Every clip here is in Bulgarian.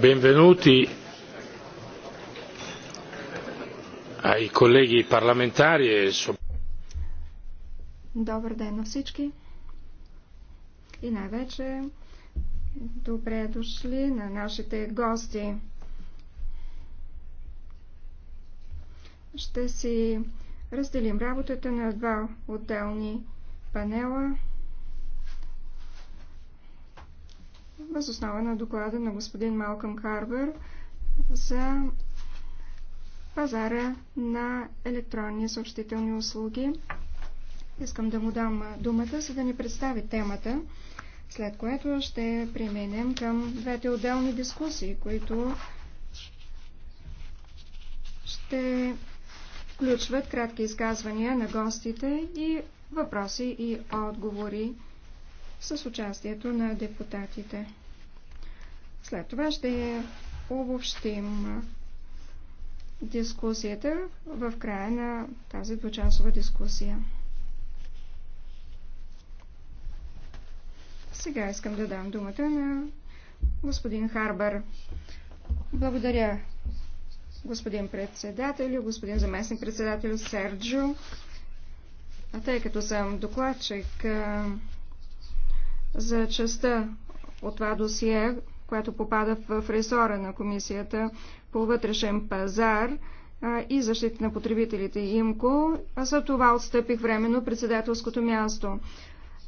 benvenuti ai colleghi parlamentari e Добър ден на всички и най-вече добре дошли на нашите гости. Ще си разделим работата на два отделни панела. възоснова на доклада на господин Малкъм Карбър за пазара на електронни съобщителни услуги. Искам да му дам думата, за да ни представи темата, след което ще преминем към двете отделни дискусии, които ще включват кратки изказвания на гостите и въпроси и отговори с участието на депутатите. След това ще обобщим дискусията в края на тази двучасова дискусия. Сега искам да дам думата на господин Харбър. Благодаря, господин председател, господин заместник председател Серджо. А тъй като съм докладчик за частта от това досие, която попада в ресора на Комисията по вътрешен пазар и защита на потребителите ИМКО. а За това отстъпих временно председателското място.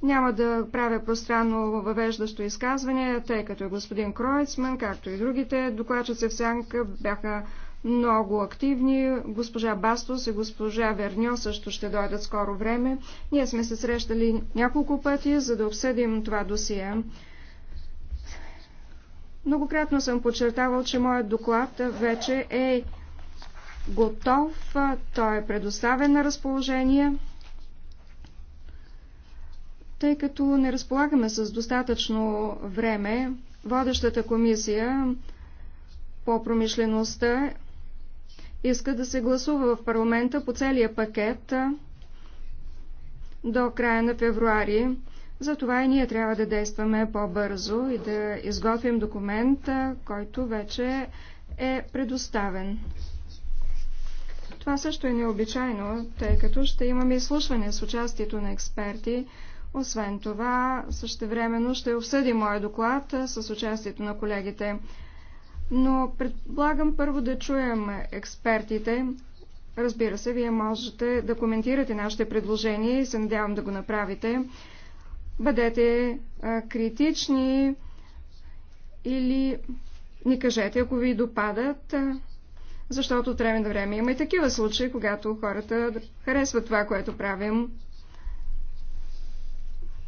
Няма да правя пространно въвеждащо изказване, тъй като господин Кройцман, както и другите, докладчици в сянка бяха много активни. Госпожа Бастос и госпожа Верньо също ще дойдат скоро време. Ние сме се срещали няколко пъти, за да обсъдим това досие. Многократно съм подчертавал, че моят доклад вече е готов, той е предоставен на разположение, тъй като не разполагаме с достатъчно време. Водещата комисия по промишлеността иска да се гласува в парламента по целия пакет до края на февруари. Затова и ние трябва да действаме по-бързо и да изготвим документ, който вече е предоставен. Това също е необичайно, тъй като ще имаме изслушване с участието на експерти. Освен това, същевременно ще обсъдим моя доклад с участието на колегите но предлагам първо да чуем експертите. Разбира се, вие можете да коментирате нашите предложения и се надявам да го направите. Бъдете а, критични или ни кажете, ако ви допадат, защото от време на време има и такива случаи, когато хората харесват това, което правим.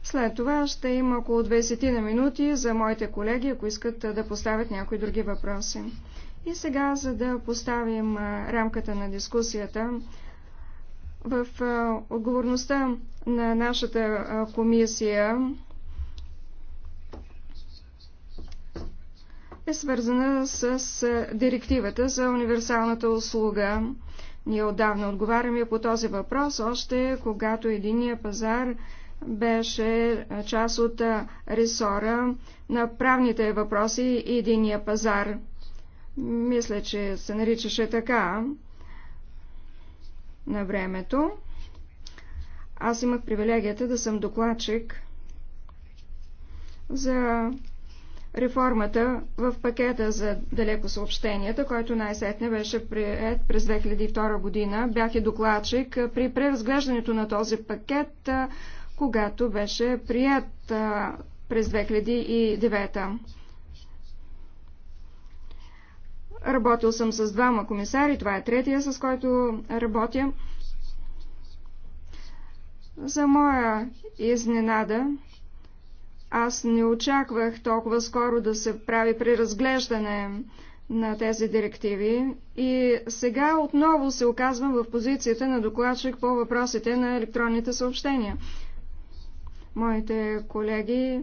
След това ще има около 20 на минути за моите колеги, ако искат да поставят някои други въпроси. И сега, за да поставим рамката на дискусията, в отговорността на нашата комисия е свързана с директивата за универсалната услуга. Ние отдавна отговаряме по този въпрос, още когато единия пазар беше част от ресора на правните въпроси и единия пазар. Мисля, че се наричаше така на времето. Аз имах привилегията да съм докладчик за реформата в пакета за далеко съобщенията, който най-сетне беше прият през 2002 година. Бях и докладчик при преразглеждането на този пакет когато беше прият през 2009. Работил съм с двама комисари, това е третия, с който работя. За моя изненада, аз не очаквах толкова скоро да се прави преразглеждане на тези директиви и сега отново се оказвам в позицията на докладчик по въпросите на електронните съобщения. Моите колеги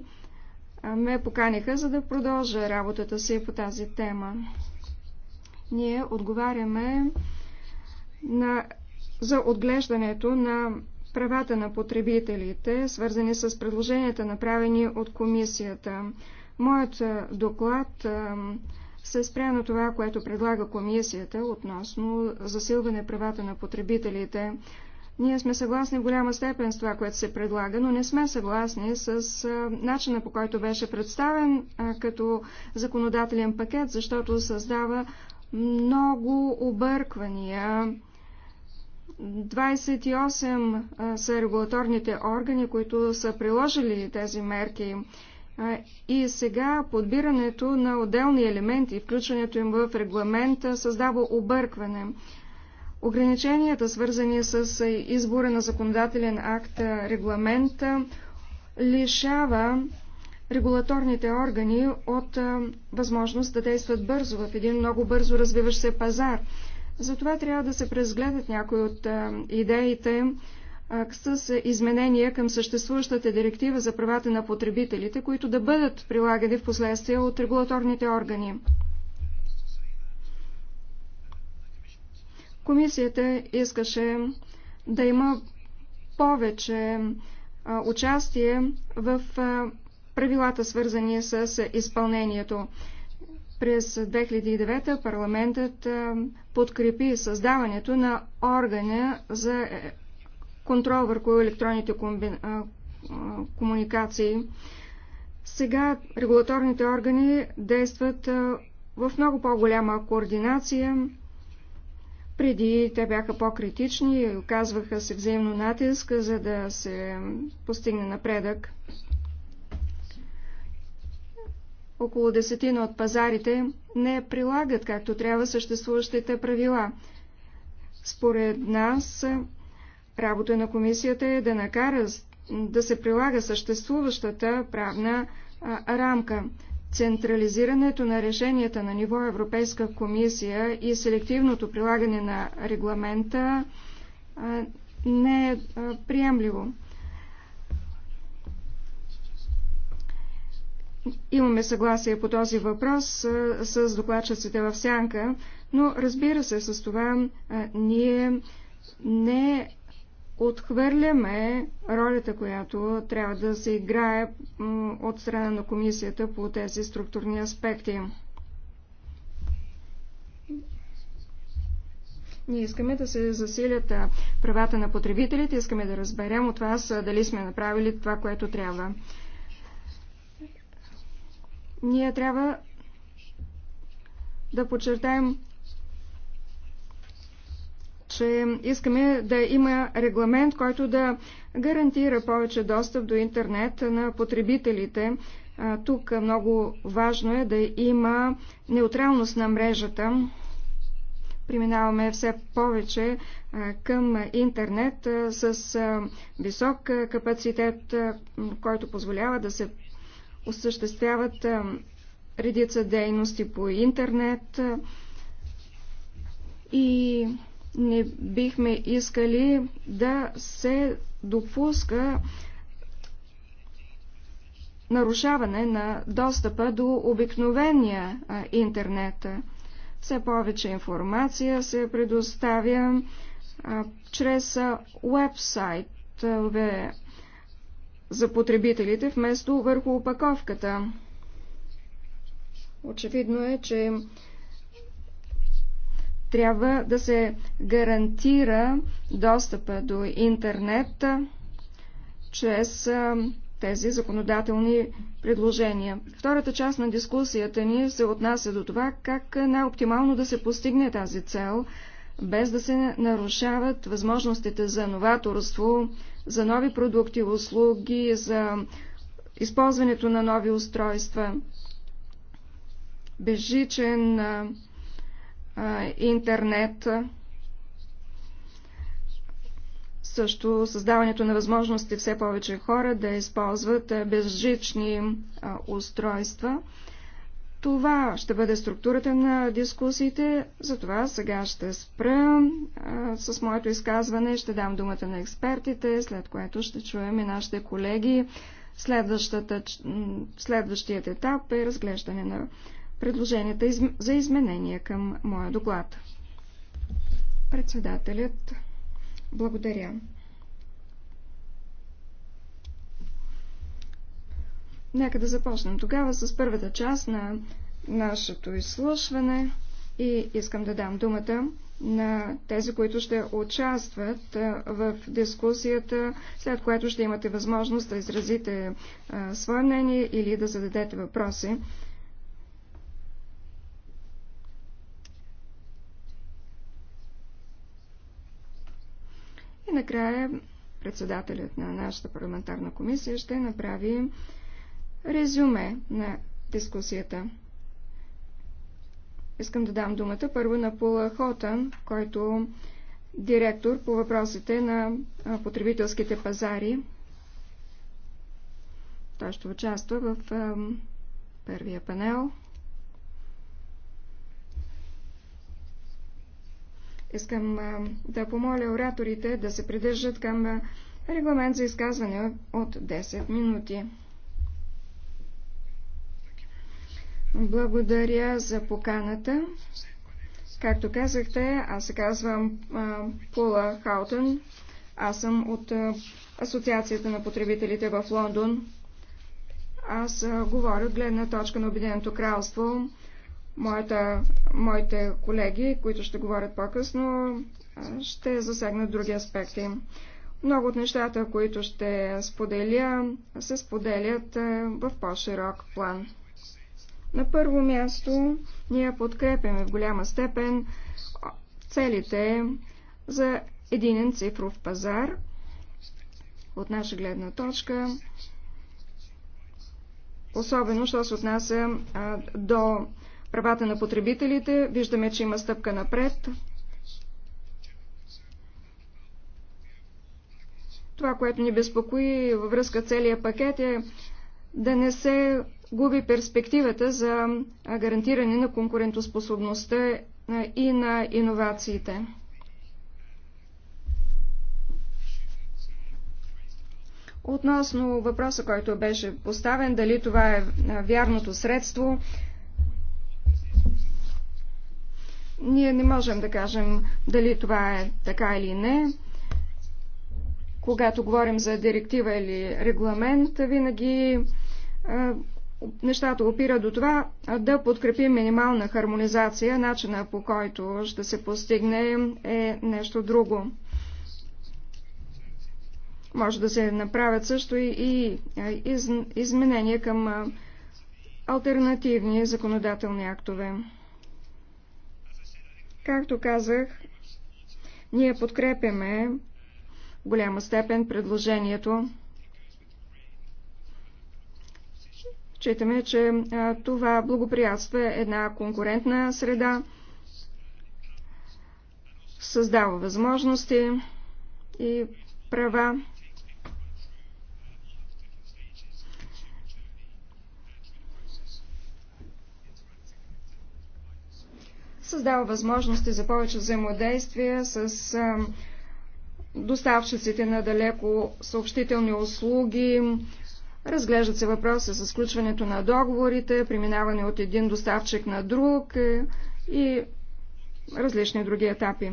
ме поканиха, за да продължа работата си по тази тема. Ние отговаряме на, за отглеждането на правата на потребителите, свързани с предложенията, направени от комисията. Моят доклад се спря на това, което предлага комисията относно засилване правата на потребителите. Ние сме съгласни в голяма степен с това, което се предлага, но не сме съгласни с начина по който беше представен като законодателен пакет, защото създава много обърквания. 28 са регулаторните органи, които са приложили тези мерки. И сега подбирането на отделни елементи, включването им в регламента създава объркване. Ограниченията, свързани с избора на законодателен акт, регламент, лишава регулаторните органи от възможност да действат бързо в един много бързо развиващ се пазар. Затова трябва да се презгледат някои от идеите с изменения към съществуващата директива за правата на потребителите, които да бъдат прилагани в последствие от регулаторните органи. Комисията искаше да има повече участие в правилата, свързани с изпълнението. През 2009 парламентът подкрепи създаването на органа за контрол върху електронните комби... комуникации. Сега регулаторните органи действат в много по-голяма координация преди те бяха по-критични и оказваха се взаимно натиск, за да се постигне напредък. Около десетина от пазарите не прилагат както трябва съществуващите правила. Според нас, работа на комисията е да накара да се прилага съществуващата правна а, рамка. Централизирането на решенията на ниво Европейска комисия и селективното прилагане на регламента не е приемливо. Имаме съгласие по този въпрос с докладчиците в сянка, но разбира се, с това ние не отхвърляме ролята, която трябва да се играе от страна на комисията по тези структурни аспекти. Ние искаме да се засилят правата на потребителите, искаме да разберем от вас дали сме направили това, което трябва. Ние трябва да подчертаем че искаме да има регламент, който да гарантира повече достъп до интернет на потребителите. Тук много важно е да има неутралност на мрежата. Преминаваме все повече към интернет с висок капацитет, който позволява да се осъществяват редица дейности по интернет и не бихме искали да се допуска нарушаване на достъпа до обикновения интернет. Все повече информация се предоставя а, чрез уебсайтове за потребителите вместо върху опаковката. Очевидно е, че трябва да се гарантира достъпа до интернет чрез тези законодателни предложения. Втората част на дискусията ни се отнася до това как най-оптимално да се постигне тази цел, без да се нарушават възможностите за новаторство, за нови продукти, услуги, за използването на нови устройства. Бежичен интернет. Също създаването на възможности все повече хора да използват безжични устройства. Това ще бъде структурата на дискусиите, затова сега ще спра а, с моето изказване, ще дам думата на експертите, след което ще чуем и нашите колеги. Следващият етап е разглеждане на предложенията за изменения към моя доклад. Председателят, благодаря. Нека да започнем тогава с първата част на нашето изслушване и искам да дам думата на тези, които ще участват в дискусията, след което ще имате възможност да изразите свое мнение или да зададете въпроси. И накрая председателят на нашата парламентарна комисия ще направи резюме на дискусията. Искам да дам думата първо на Пола Хотън, който е директор по въпросите на потребителските пазари. Той ще участва в първия панел. Искам да помоля ораторите да се придържат към регламент за изказване от 10 минути. Благодаря за поканата. Както казахте, аз се казвам Пула Хаутън. Аз съм от Асоциацията на потребителите в Лондон. Аз говоря от гледна точка на Обединеното кралство. Моята, моите колеги, които ще говорят по-късно, ще засегнат други аспекти. Много от нещата, които ще споделя, се споделят в по-широк план. На първо място ние подкрепяме в голяма степен целите за единен цифров пазар. От наша гледна точка особено, що се отнася до правата на потребителите. Виждаме, че има стъпка напред. Това, което ни безпокои във връзка целия пакет е да не се губи перспективата за гарантиране на конкурентоспособността и на иновациите. Относно въпроса, който беше поставен, дали това е вярното средство, Ние не можем да кажем дали това е така или не. Когато говорим за директива или регламент, винаги нещата опира до това да подкрепим минимална хармонизация. Начина по който ще се постигне е нещо друго. Може да се направят също и, и из, изменения към альтернативни законодателни актове. Както казах, ние подкрепяме в голяма степен предложението. Читаме, че това благоприятства една конкурентна среда, създава възможности и права създава възможности за повече взаимодействие с доставчиците на далеко съобщителни услуги, разглеждат се въпроси с включването на договорите, преминаване от един доставчик на друг е, и различни други етапи.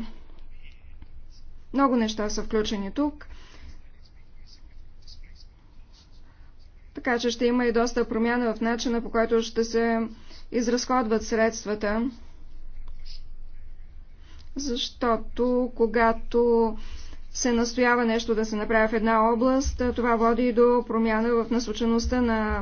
Много неща са включени тук. Така че ще има и доста промяна в начина по който ще се изразходват средствата защото когато се настоява нещо да се направи в една област, това води и до промяна в насочеността на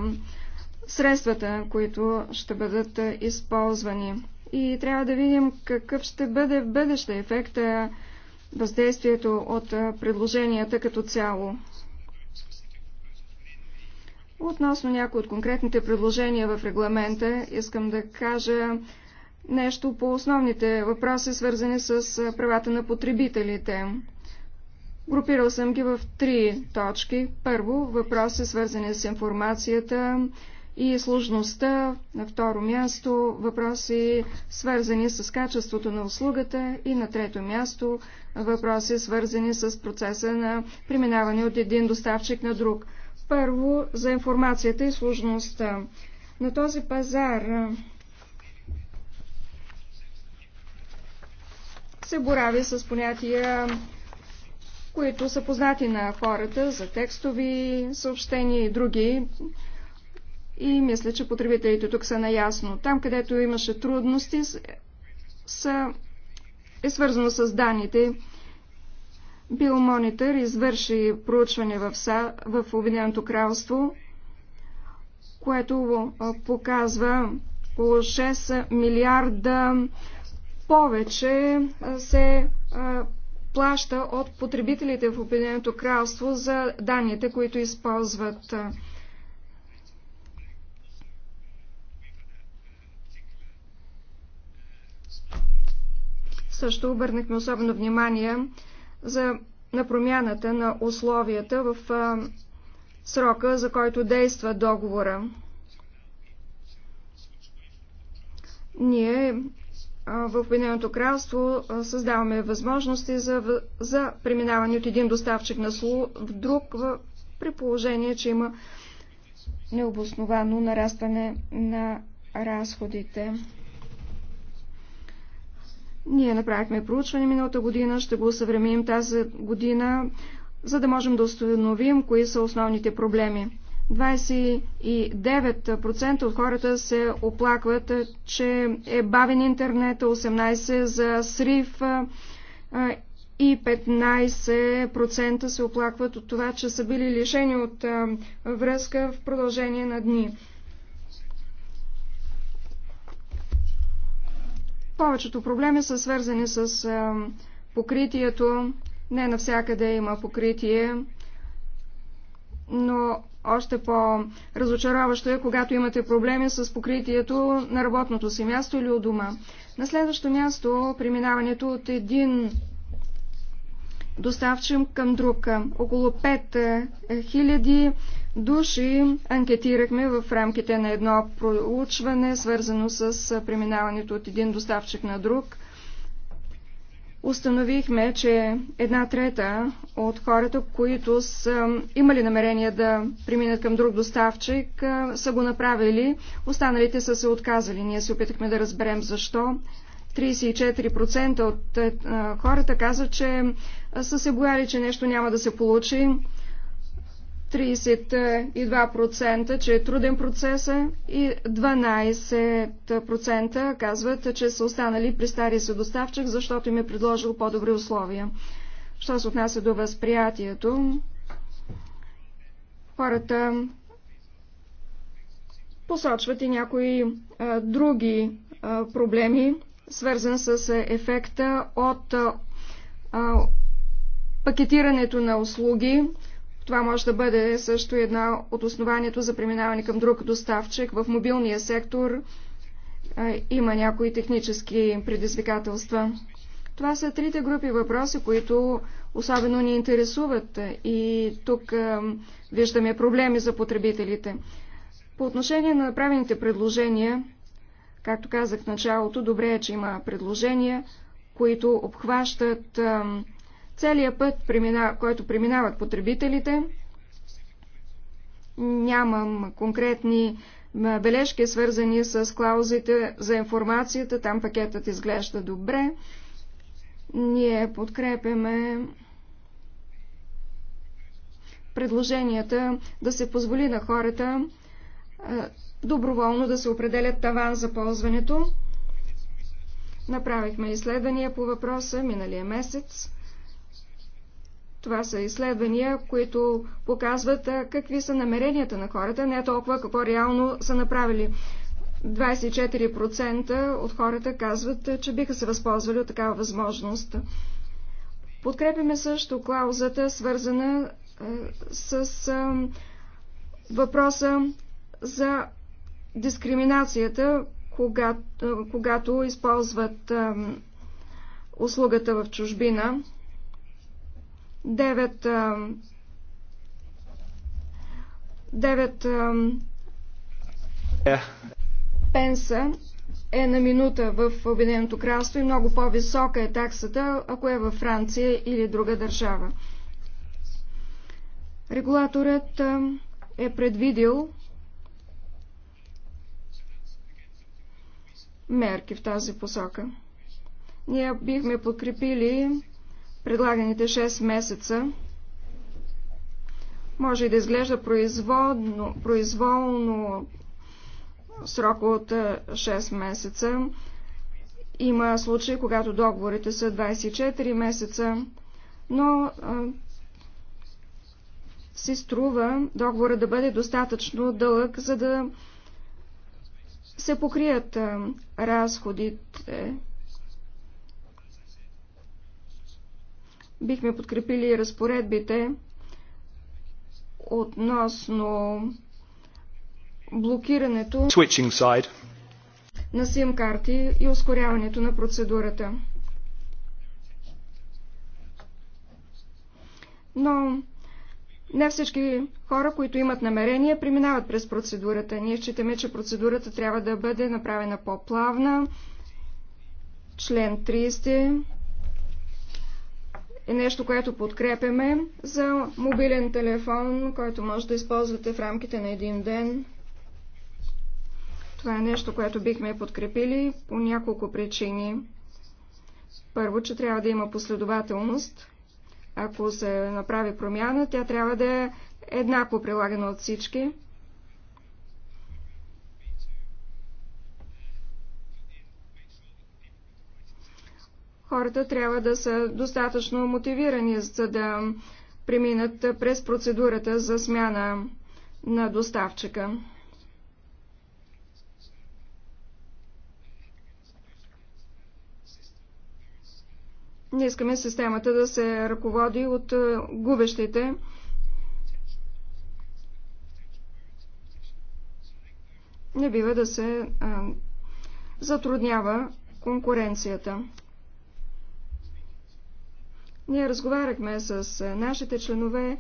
средствата, които ще бъдат използвани. И трябва да видим какъв ще бъде в бъдеще ефекта въздействието от предложенията като цяло. Относно някои от конкретните предложения в регламента, искам да кажа, нещо по основните въпроси, свързани с правата на потребителите. Групирал съм ги в три точки. Първо, въпроси свързани с информацията и сложността. На второ място, въпроси свързани с качеството на услугата. И на трето място, въпроси свързани с процеса на преминаване от един доставчик на друг. Първо, за информацията и сложността. На този пазар се борави с понятия, които са познати на хората за текстови съобщения и други. И мисля, че потребителите тук са наясно. Там, където имаше трудности, са, е свързано с данните. Бил Монитър извърши проучване в, СА, в Обединеното кралство, което показва около 6 милиарда повече се плаща от потребителите в Обединеното кралство за данните, които използват. Също обърнахме особено внимание за, на промяната на условията в а, срока, за който действа договора. Ние в Обединеното кралство създаваме възможности за, за преминаване от един доставчик на слу в друг, в, при положение, че има необосновано нарастване на разходите. Ние направихме проучване миналата година, ще го съвремим тази година, за да можем да установим кои са основните проблеми. 29% от хората се оплакват, че е бавен интернет, 18% за срив и 15% се оплакват от това, че са били лишени от връзка в продължение на дни. Повечето проблеми са свързани с покритието. Не навсякъде има покритие, но още по-разочароващо е, когато имате проблеми с покритието на работното си място или у дома. На следващо място преминаването от един доставчим към друг. Около 5000 души анкетирахме в рамките на едно проучване, свързано с преминаването от един доставчик на друг установихме, че една трета от хората, които са имали намерение да преминат към друг доставчик, са го направили, останалите са се отказали. Ние се опитахме да разберем защо. 34% от хората казват, че са се бояли, че нещо няма да се получи. 32% че е труден процеса и 12% казват, че са останали при стария си доставчик, защото им е предложил по-добри условия. Що се отнася до възприятието, хората посочват и някои а, други а, проблеми, свързан с ефекта от а, пакетирането на услуги, това може да бъде също една от основанието за преминаване към друг доставчик. В мобилния сектор а, има някои технически предизвикателства. Това са трите групи въпроси, които особено ни интересуват и тук а, виждаме проблеми за потребителите. По отношение на направените предложения, както казах в началото, добре е, че има предложения, които обхващат а, целият път, който преминават потребителите. Нямам конкретни бележки, свързани с клаузите за информацията. Там пакетът изглежда добре. Ние подкрепяме предложенията да се позволи на хората доброволно да се определят таван за ползването. Направихме изследвания по въпроса миналия месец. Това са изследвания, които показват какви са намеренията на хората, не толкова какво реално са направили. 24% от хората казват, че биха се възползвали от такава възможност. Подкрепяме също клаузата, свързана с въпроса за дискриминацията, когато, когато използват услугата в чужбина девет девет пенса е на минута в Обединеното кралство и много по-висока е таксата, ако е във Франция или друга държава. Регулаторът е предвидил мерки в тази посока. Ние бихме подкрепили предлаганите 6 месеца може да изглежда произволно, произволно срок от 6 месеца. Има случаи, когато договорите са 24 месеца, но а, си струва договорът да бъде достатъчно дълъг, за да се покрият а, разходите Бихме подкрепили разпоредбите относно блокирането на сим-карти и ускоряването на процедурата. Но не всички хора, които имат намерение, преминават през процедурата. Ние считаме, че процедурата трябва да бъде направена по-плавна. Член 30 е нещо, което подкрепяме за мобилен телефон, който може да използвате в рамките на един ден. Това е нещо, което бихме подкрепили по няколко причини. Първо, че трябва да има последователност. Ако се направи промяна, тя трябва да е еднакво прилагана от всички. Хората трябва да са достатъчно мотивирани, за да преминат през процедурата за смяна на доставчика. Не искаме системата да се ръководи от е, губещите. Не бива да се а, е, затруднява конкуренцията. Ние разговаряхме с нашите членове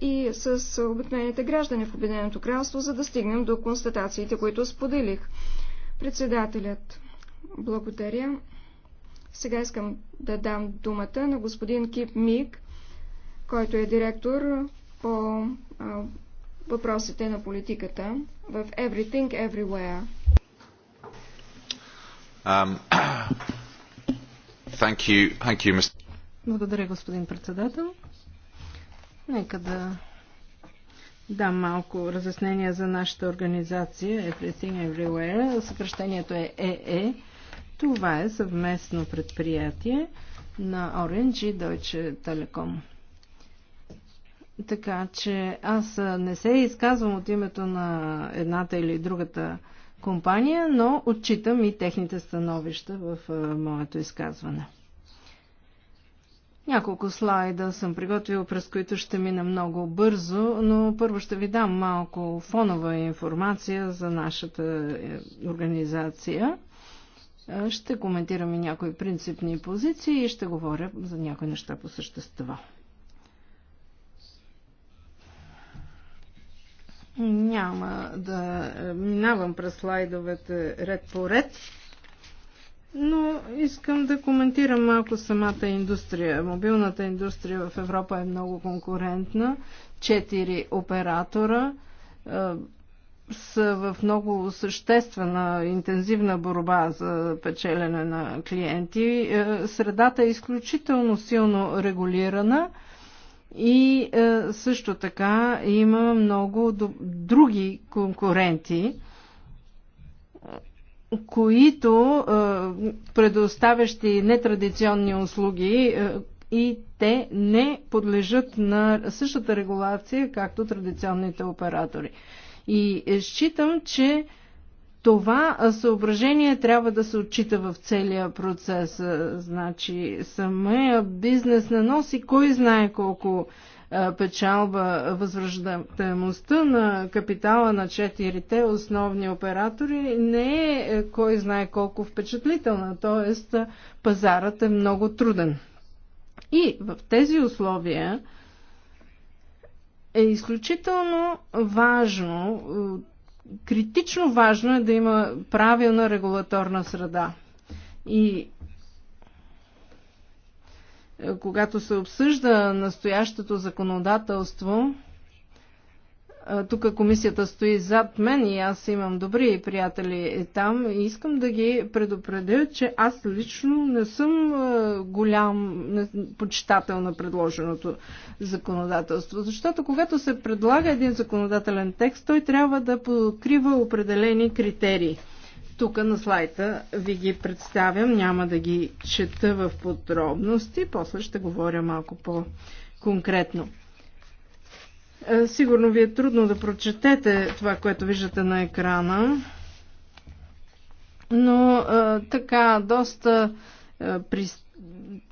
и с обикновените граждани в Обединеното кралство, за да стигнем до констатациите, които споделих. Председателят, благодаря. Сега искам да дам думата на господин Кип Миг, който е директор по въпросите на политиката в Everything Everywhere. Um, thank you, thank you, Mr. Благодаря, господин председател. Нека да дам малко разяснение за нашата организация Everything Everywhere. Съкръщението е ЕЕ. Това е съвместно предприятие на Orange и Deutsche Telekom. Така че аз не се изказвам от името на едната или другата компания, но отчитам и техните становища в моето изказване. Няколко слайда съм приготвил, през които ще мина много бързо, но първо ще ви дам малко фонова информация за нашата е, организация. Е, ще коментираме някои принципни позиции и ще говоря за някои неща по същество. Няма да е, минавам през слайдовете ред по ред. Но искам да коментирам малко самата индустрия. Мобилната индустрия в Европа е много конкурентна. Четири оператора са в много съществена, интензивна борба за печелене на клиенти. средата е изключително силно регулирана и също така има много други конкуренти които предоставящи нетрадиционни услуги и те не подлежат на същата регулация, както традиционните оператори. И е, считам, че това съображение трябва да се отчита в целия процес. Значи, самия бизнес не носи кой знае колко е, печалба възвръждаемостта на капитала на четирите основни оператори не е, е кой знае колко впечатлителна, т.е. пазарът е много труден. И в тези условия е изключително важно, е, критично важно е да има правилна регулаторна среда. И когато се обсъжда настоящото законодателство, тук комисията стои зад мен и аз имам добри приятели там и искам да ги предупредя, че аз лично не съм голям почитател на предложеното законодателство. Защото когато се предлага един законодателен текст, той трябва да покрива определени критерии. Тук на слайда ви ги представям, няма да ги чета в подробности, после ще говоря малко по-конкретно. Е, сигурно ви е трудно да прочетете това, което виждате на екрана, но е, така доста е, при...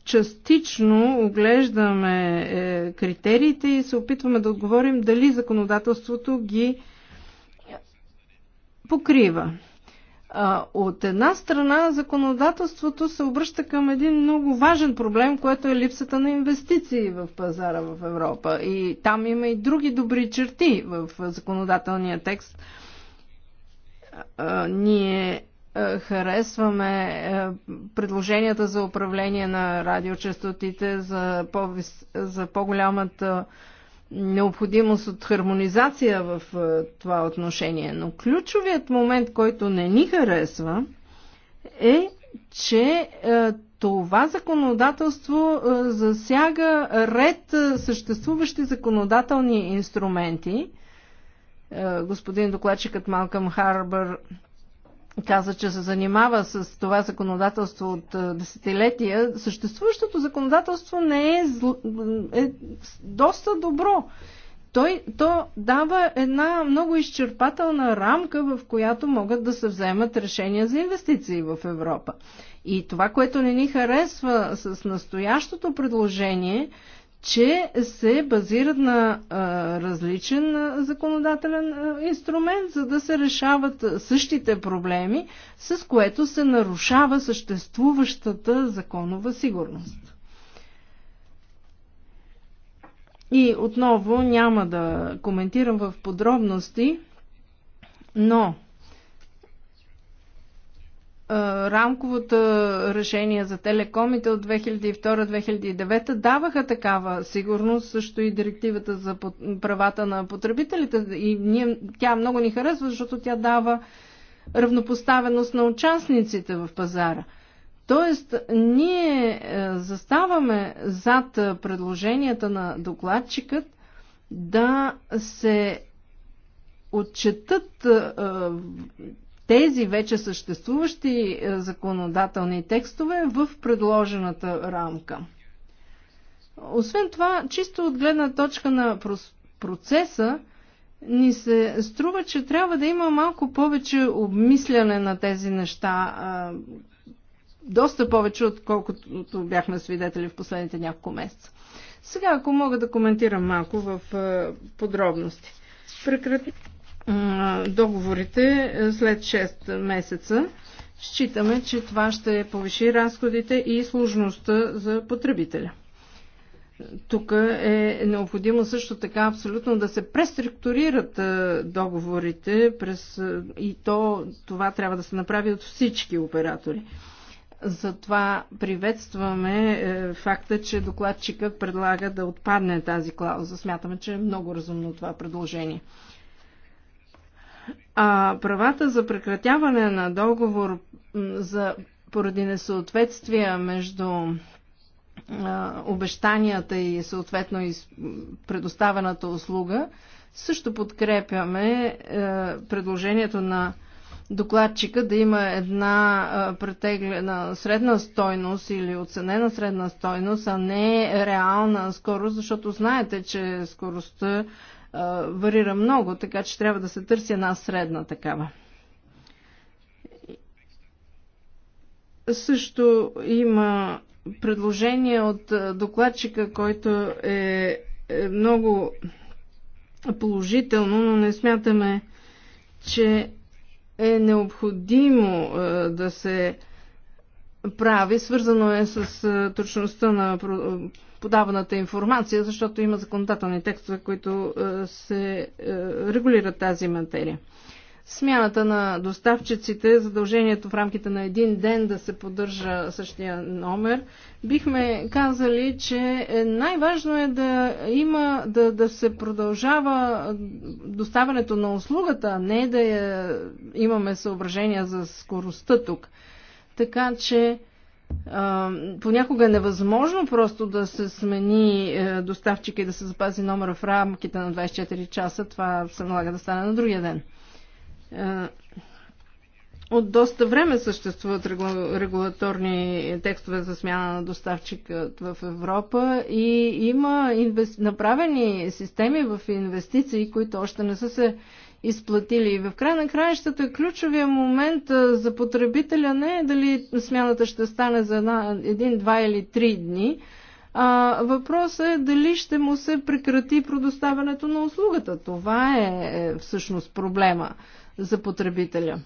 частично оглеждаме критериите и се опитваме да отговорим дали законодателството ги покрива. А, от една страна, законодателството се обръща към един много важен проблем, което е липсата на инвестиции в пазара в Европа. И там има и други добри черти в законодателния текст. А, ние харесваме предложенията за управление на радиочастотите, за, по за по-голямата необходимост от хармонизация в е, това отношение. Но ключовият момент, който не ни харесва, е, че е, това законодателство е, засяга ред съществуващи законодателни инструменти. Господин докладчикът Малкам Харбър каза, че се занимава с това законодателство от десетилетия, съществуващото законодателство не е, зл... е доста добро. Той, то дава една много изчерпателна рамка, в която могат да се вземат решения за инвестиции в Европа. И това, което не ни харесва с настоящото предложение, че се базират на а, различен законодателен а, инструмент, за да се решават същите проблеми, с което се нарушава съществуващата законова сигурност. И отново няма да коментирам в подробности, но рамковото решение за телекомите от 2002-2009 даваха такава сигурност, също и директивата за правата на потребителите. И ние, тя много ни харесва, защото тя дава равнопоставеност на участниците в пазара. Тоест, ние е, заставаме зад предложенията на докладчикът да се отчетат е, тези вече съществуващи е, законодателни текстове в предложената рамка. Освен това, чисто от гледна точка на процеса, ни се струва, че трябва да има малко повече обмисляне на тези неща, е, доста повече, отколкото бяхме свидетели в последните няколко месеца. Сега, ако мога да коментирам малко в е, подробности договорите е, след 6 месеца. Считаме, че това ще повиши разходите и сложността за потребителя. Тук е необходимо също така абсолютно да се преструктурират е, договорите през, е, и то, това трябва да се направи от всички оператори. Затова приветстваме факта, че докладчикът предлага да отпадне тази клауза. Смятаме, че е много разумно това предложение а правата за прекратяване на договор за поради несъответствия между а, обещанията и съответно из, предоставената услуга, също подкрепяме а, е, предложението на докладчика да има една а, претеглена средна стойност или оценена средна стойност, а не реална скорост, защото знаете, че скоростта варира много, така че трябва да се търси една средна такава. Също има предложение от докладчика, който е, е много положително, но не смятаме, че е необходимо да се прави. Свързано е с точността на подаваната информация, защото има законодателни текстове, които е, се е, регулират тази материя. Смяната на доставчиците, задължението в рамките на един ден да се поддържа същия номер, бихме казали, че е, най-важно е да има, да, да се продължава доставането на услугата, а не да я, имаме съображения за скоростта тук. Така че понякога е невъзможно просто да се смени е, доставчика и да се запази номера в рамките на 24 часа. Това се налага да стане на другия ден. Е, от доста време съществуват регулаторни текстове за смяна на доставчика в Европа и има направени системи в инвестиции, които още не са се изплатили. И в край на краищата ключовия момент за потребителя не е дали смяната ще стане за една, един, два или три дни. А, въпросът е дали ще му се прекрати предоставянето на услугата. Това е, е всъщност проблема за потребителя.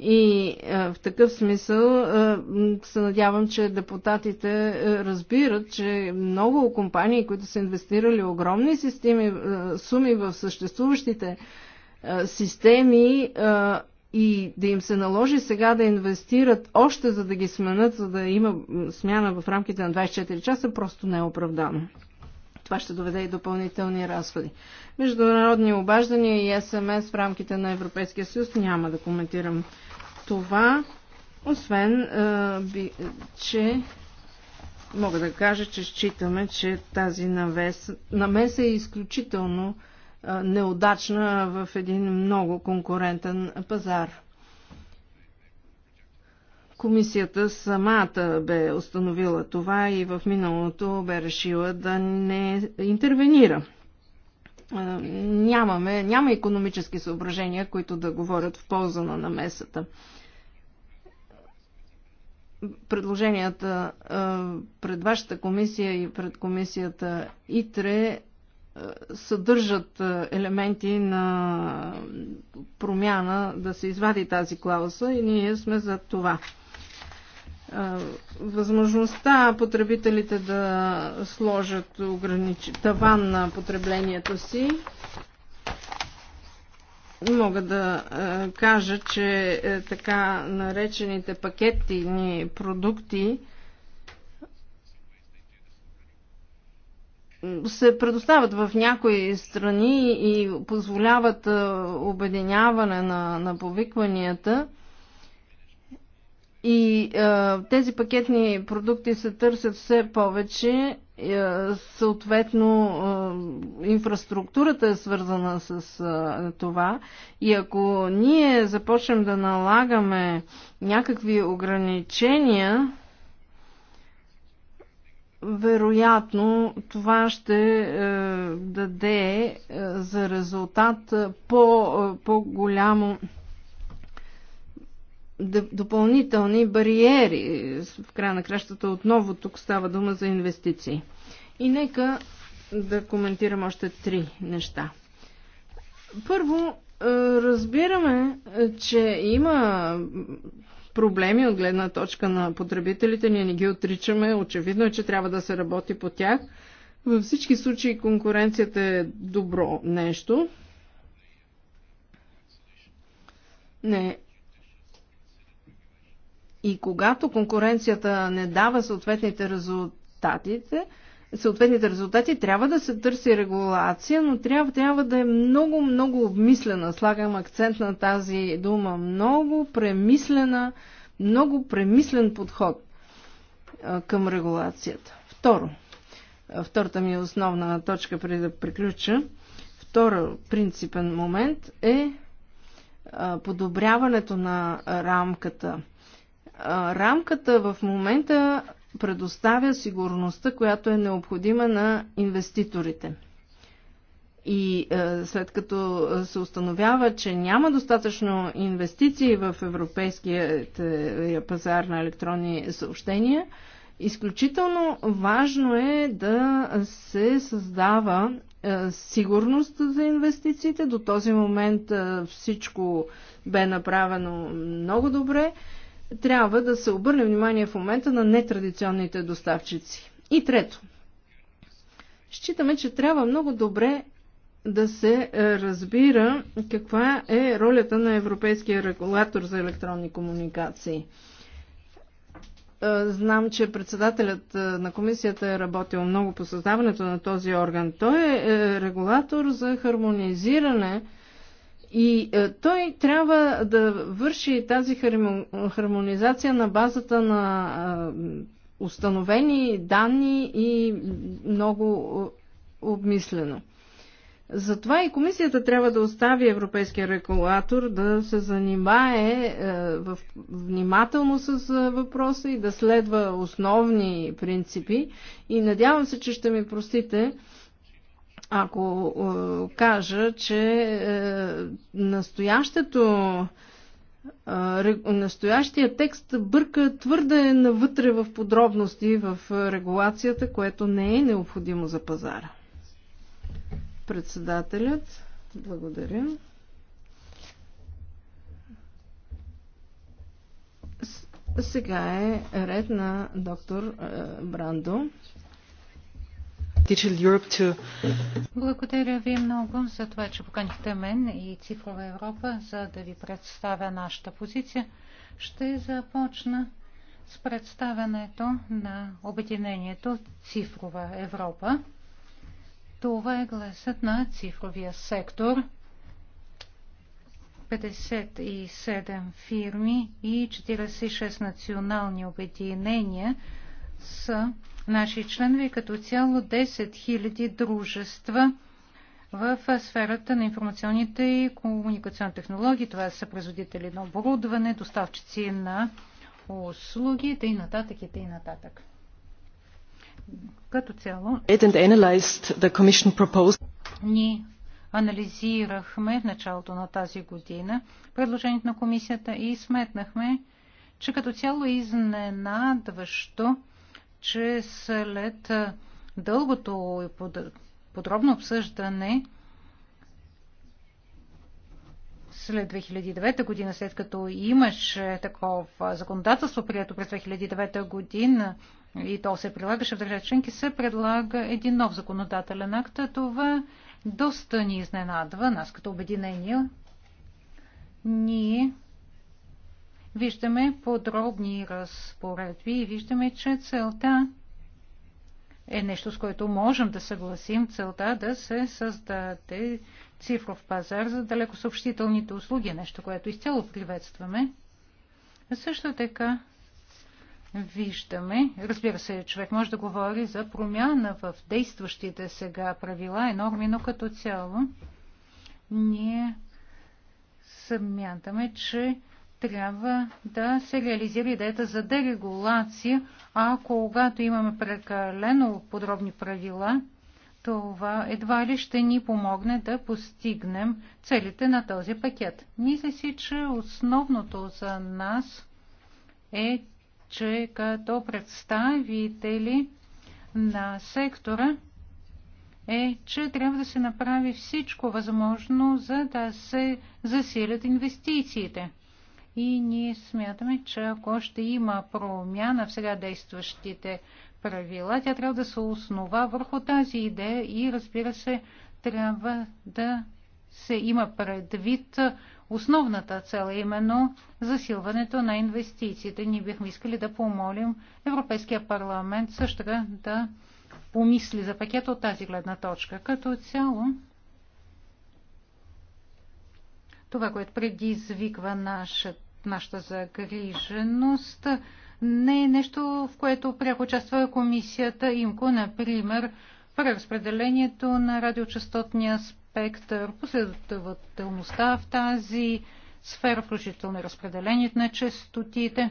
И е, в такъв смисъл е, се надявам, че депутатите разбират, че много компании, които са инвестирали огромни системи, суми в съществуващите системи и да им се наложи сега да инвестират още за да ги сменят, за да има смяна в рамките на 24 часа, просто не е оправдано. Това ще доведе и допълнителни разходи. Международни обаждания и СМС в рамките на Европейския съюз няма да коментирам това, освен, че мога да кажа, че считаме, че тази намеса е изключително неудачна в един много конкурентен пазар. Комисията самата бе установила това и в миналото бе решила да не интервенира. Нямаме, няма економически съображения, които да говорят в полза на намесата предложенията пред вашата комисия и пред комисията ИТРЕ съдържат е, елементи на промяна да се извади тази клауса и ние сме за това. Е, възможността потребителите да сложат огранич... таван на потреблението си мога да е, кажа, че така наречените пакетни продукти се предоставят в някои страни и позволяват обединяване на, на повикванията. И е, тези пакетни продукти се търсят все повече. Е, съответно, е, инфраструктурата е свързана с е, това. И ако ние започнем да налагаме някакви ограничения, вероятно това ще е, даде е, за резултат е, по, е, по-голямо допълнителни бариери. В края на кращата отново тук става дума за инвестиции. И нека да коментирам още три неща. Първо, е, разбираме, е, че има проблеми от гледна точка на потребителите, ние не ги отричаме, очевидно е, че трябва да се работи по тях. Във всички случаи конкуренцията е добро нещо. Не. И когато конкуренцията не дава съответните резултатите, съответните резултати, трябва да се търси регулация, но трябва, трябва да е много, много обмислена. Слагам акцент на тази дума. Много премислена, много премислен подход към регулацията. Второ, втората ми основна точка преди да приключа, втора принципен момент е подобряването на рамката. Рамката в момента предоставя сигурността, която е необходима на инвеститорите. И е, след като се установява, че няма достатъчно инвестиции в европейския е, пазар на електронни съобщения, изключително важно е да се създава е, сигурност за инвестициите. До този момент е, всичко бе направено много добре. Е, трябва да се обърне внимание в момента на нетрадиционните доставчици. И трето, считаме, че трябва много добре да се е, разбира каква е ролята на Европейския регулатор за електронни комуникации. Е, знам, че председателят е, на комисията е работил много по създаването на този орган. Той е регулатор за хармонизиране и е, той трябва да върши тази хармонизация на базата на е, установени данни и много е, обмислено. Затова и комисията трябва да остави европейския регулатор да се занимае внимателно с въпроса и да следва основни принципи. И надявам се, че ще ми простите, ако е, кажа, че е, настоящето е, настоящия текст бърка твърде навътре в подробности в регулацията, което не е необходимо за пазара. Председателят, благодаря. Сега е ред на доктор е, Брандо. Благодаря ви много за това, че поканихте мен и Цифрова Европа, за да ви представя нашата позиция. Ще започна с представянето на обединението Цифрова Европа. Това е гласът на цифровия сектор. 57 фирми и 46 национални обединения – са наши членове като цяло 10 000 дружества в сферата на информационните и комуникационни технологии. Това са производители на оборудване, доставчици на услуги, и нататък и тъй нататък. Като цяло, ние анализирахме в началото на тази година предложението на комисията и сметнахме, че като цяло е изненадващо че след дългото и подробно обсъждане след 2009 година, след като имаше такова законодателство, прието през 2009 година и то се прилагаше в държавите членки, се предлага един нов законодателен акт. Това доста ни изненадва нас като обединение виждаме подробни разпоредби и виждаме, че целта е нещо, с което можем да съгласим. Целта е да се създаде цифров пазар за далекосъобщителните услуги, нещо, което изцяло приветстваме. Също така виждаме, разбира се, човек може да говори за промяна в действащите сега правила и норми, но като цяло ние смятаме, че трябва да се реализира идеята за дерегулация, а когато имаме прекалено подробни правила, това едва ли ще ни помогне да постигнем целите на този пакет. Мисля си, че основното за нас е, че като представители на сектора е, че трябва да се направи всичко възможно, за да се засилят инвестициите – и ние смятаме, че ако ще има промяна в сега действащите правила, тя трябва да се основа върху тази идея и разбира се, трябва да се има предвид основната цел, именно засилването на инвестициите. Ние бихме искали да помолим Европейския парламент също да помисли за пакет от тази гледна точка. Като цяло, това, което предизвиква наша, нашата загриженост, не е нещо, в което пряко участва комисията ИМКО, например, преразпределението на радиочастотния спектър, последователността в тази сфера, включително разпределението на частотите.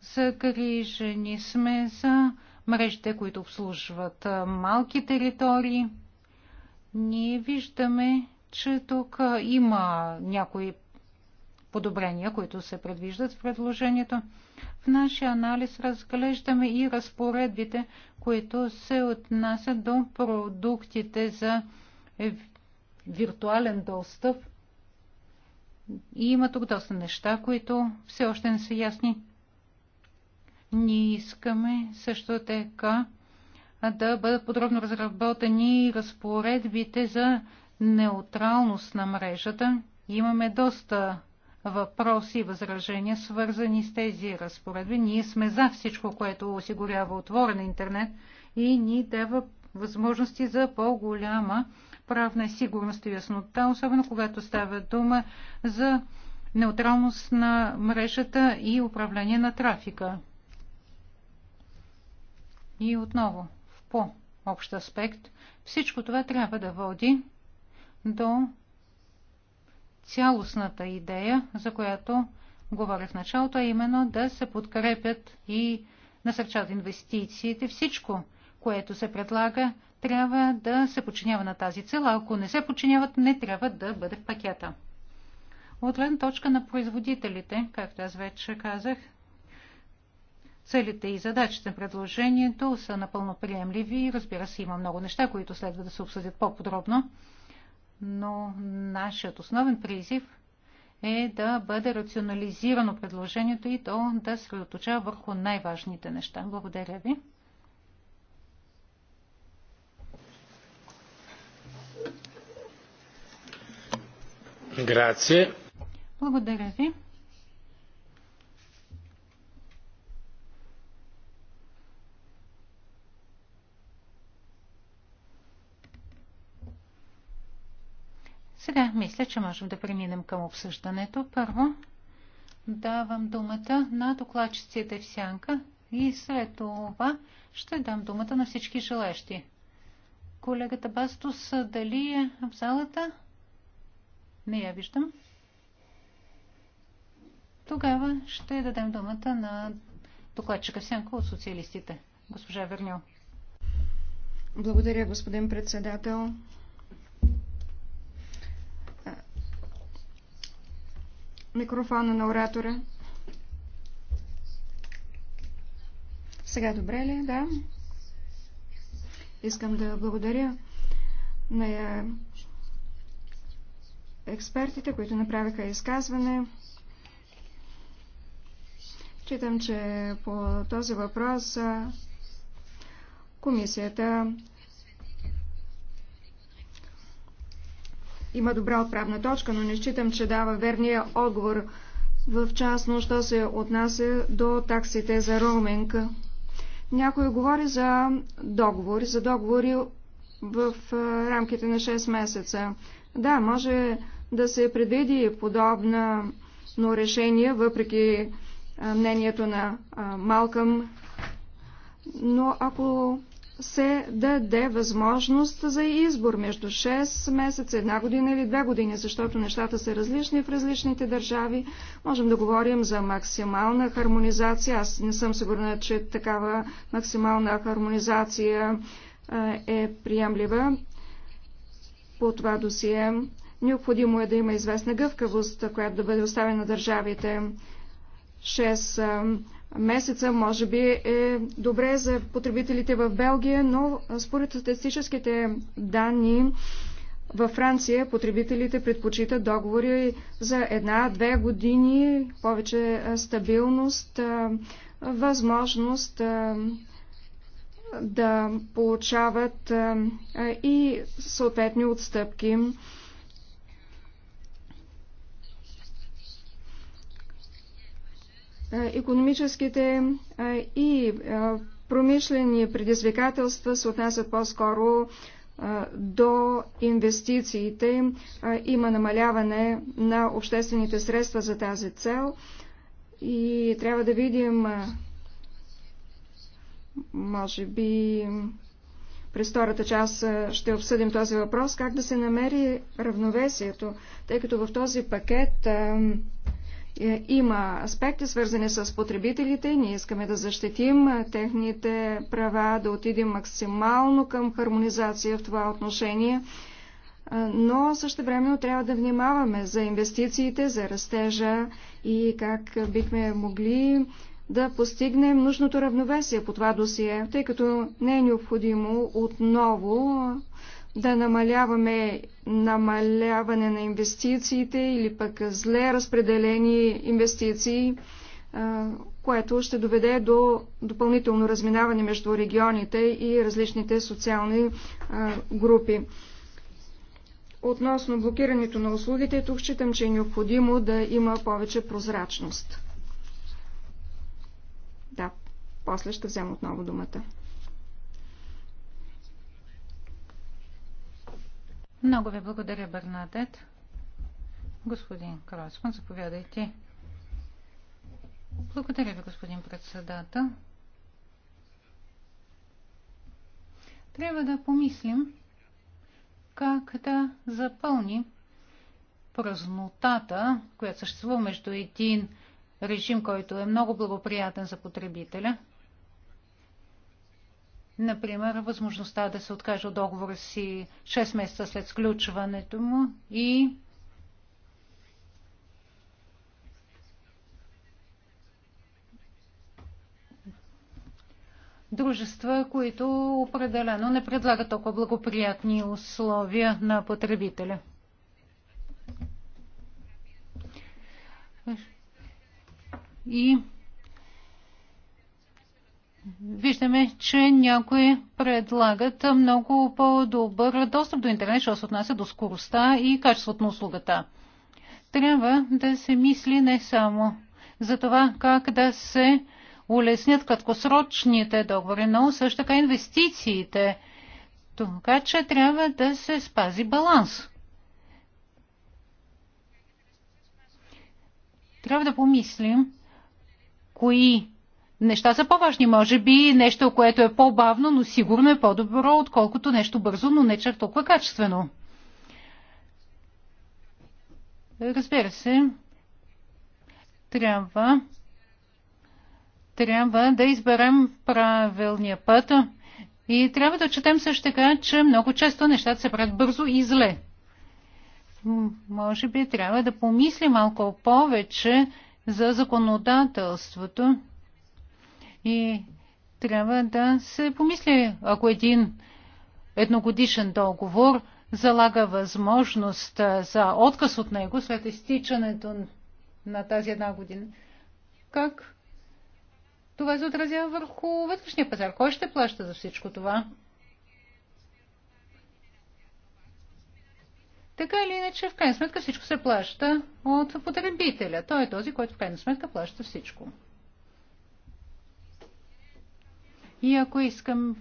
Загрижени сме за мрежите, които обслужват малки територии. Ние виждаме че тук има някои подобрения, които се предвиждат в предложението. В нашия анализ разглеждаме и разпоредбите, които се отнасят до продуктите за виртуален достъп. И има тук доста неща, които все още не са ясни. Ние искаме също така да бъдат подробно разработени разпоредбите за неутралност на мрежата, имаме доста въпроси и възражения, свързани с тези разпоредби. Ние сме за всичко, което осигурява отворен интернет и ни дава възможности за по-голяма правна сигурност и яснота, особено когато става дума за неутралност на мрежата и управление на трафика. И отново, в по-общ аспект, всичко това трябва да води до цялостната идея, за която говоря в началото, а именно да се подкрепят и насърчат инвестициите. Всичко, което се предлага, трябва да се подчинява на тази цел, а ако не се подчиняват, не трябва да бъде в пакета. От гледна точка на производителите, както аз вече казах, целите и задачите на предложението са напълно приемливи. Разбира се, има много неща, които следва да се обсъдят по-подробно но нашият основен призив е да бъде рационализирано предложението и то да се съсредоточава върху най-важните неща. Благодаря ви. Благодаря ви. Сега мисля, че можем да преминем към обсъждането. Първо давам думата на докладчиците в сянка и след това ще дам думата на всички желащи. Колегата Бастус, дали е в залата? Не я виждам. Тогава ще дадем думата на докладчика Сянко от социалистите. Госпожа Верньо. Благодаря, господин председател. микрофона на оратора. Сега добре ли? Да. Искам да благодаря на експертите, които направиха изказване. Читам, че по този въпрос комисията има добра отправна точка, но не считам, че дава верния отговор в частно, що се отнася до таксите за роуминг. Някой говори за договори, за договори в рамките на 6 месеца. Да, може да се предвиди подобно решение, въпреки мнението на Малкъм, но ако се даде възможност за избор между 6 месеца, една година или две години, защото нещата са различни в различните държави. Можем да говорим за максимална хармонизация. Аз не съм сигурна, че такава максимална хармонизация е, е приемлива по това досие. Необходимо е да има известна гъвкавост, която да бъде оставена на държавите. 6 месеца може би е добре за потребителите в Белгия, но според статистическите данни във Франция потребителите предпочитат договори за една-две години, повече стабилност, възможност да получават и съответни отстъпки. економическите и промишлени предизвикателства се отнасят по-скоро до инвестициите. Има намаляване на обществените средства за тази цел и трябва да видим, може би през втората част ще обсъдим този въпрос, как да се намери равновесието, тъй като в този пакет е, има аспекти, свързани с потребителите. Ние искаме да защитим е, техните права, да отидем максимално към хармонизация в това отношение. Е, но също времено трябва да внимаваме за инвестициите, за растежа и как бихме могли да постигнем нужното равновесие по това досие, тъй като не е необходимо отново да намаляваме намаляване на инвестициите или пък зле разпределени инвестиции, което ще доведе до допълнително разминаване между регионите и различните социални групи. Относно блокирането на услугите, тук считам, че е необходимо да има повече прозрачност. Да, после ще взема отново думата. Много ви благодаря, Бернадет. Господин Кросман, заповядайте. Благодаря ви, господин председател. Трябва да помислим как да запълним празнотата, която съществува между един режим, който е много благоприятен за потребителя – Например, възможността да се откаже от договора си 6 месеца след сключването му и дружества, които определено не предлагат толкова благоприятни условия на потребителя. И виждаме, че някои предлагат много по-добър достъп до интернет, що се отнася до скоростта и качеството на услугата. Трябва да се мисли не само за това как да се улеснят краткосрочните договори, но също така инвестициите. Така че трябва да се спази баланс. Трябва да помислим кои неща са по-важни. Може би нещо, което е по-бавно, но сигурно е по-добро, отколкото нещо бързо, но не чак толкова качествено. Разбира се, трябва, трябва да изберем правилния път и трябва да четем също така, че много често нещата се правят бързо и зле. Може би трябва да помисли малко повече за законодателството и трябва да се помисли, ако един едногодишен договор залага възможност за отказ от него след изтичането на тази една година, как това се отразява върху вътрешния пазар? Кой ще плаща за всичко това? Така или иначе, в крайна сметка всичко се плаща от потребителя. Той е този, който в крайна сметка плаща всичко. И ако искаме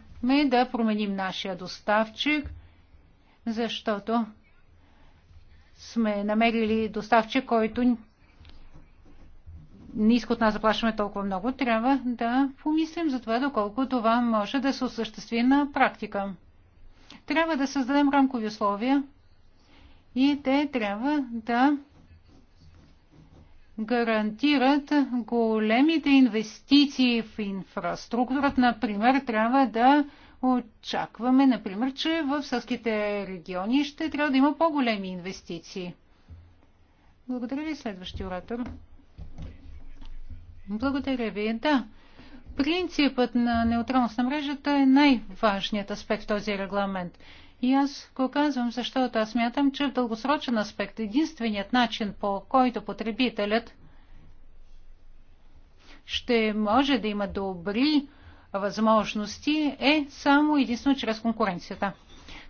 да променим нашия доставчик, защото сме намерили доставчик, който не иска от нас да плащаме толкова много, трябва да помислим за това, доколко това може да се осъществи на практика. Трябва да създадем рамкови условия и те трябва да гарантират големите инвестиции в инфраструктурата. Например, трябва да очакваме, например, че в сълските региони ще трябва да има по-големи инвестиции. Благодаря ви, следващия оратор. Благодаря ви. Да, принципът на неутралност на мрежата е най-важният аспект в този регламент. И аз го казвам, защото аз мятам, че в дългосрочен аспект единственият начин, по който потребителят ще може да има добри възможности, е само единствено чрез конкуренцията.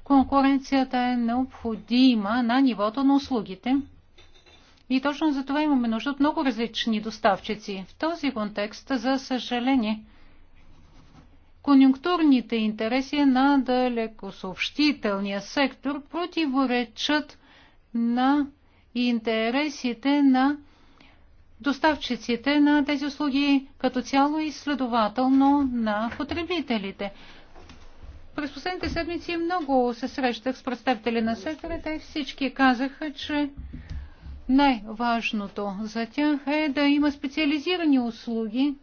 Конкуренцията е необходима на нивото на услугите. И точно за това имаме нужда от много различни доставчици. В този контекст, за съжаление, конюнктурните интереси е на далекосъобщителния сектор противоречат на интересите на доставчиците на тези услуги като цяло и следователно на потребителите. През последните седмици много се срещах с представители на сектора. Те всички казаха, че най-важното за тях е да има специализирани услуги,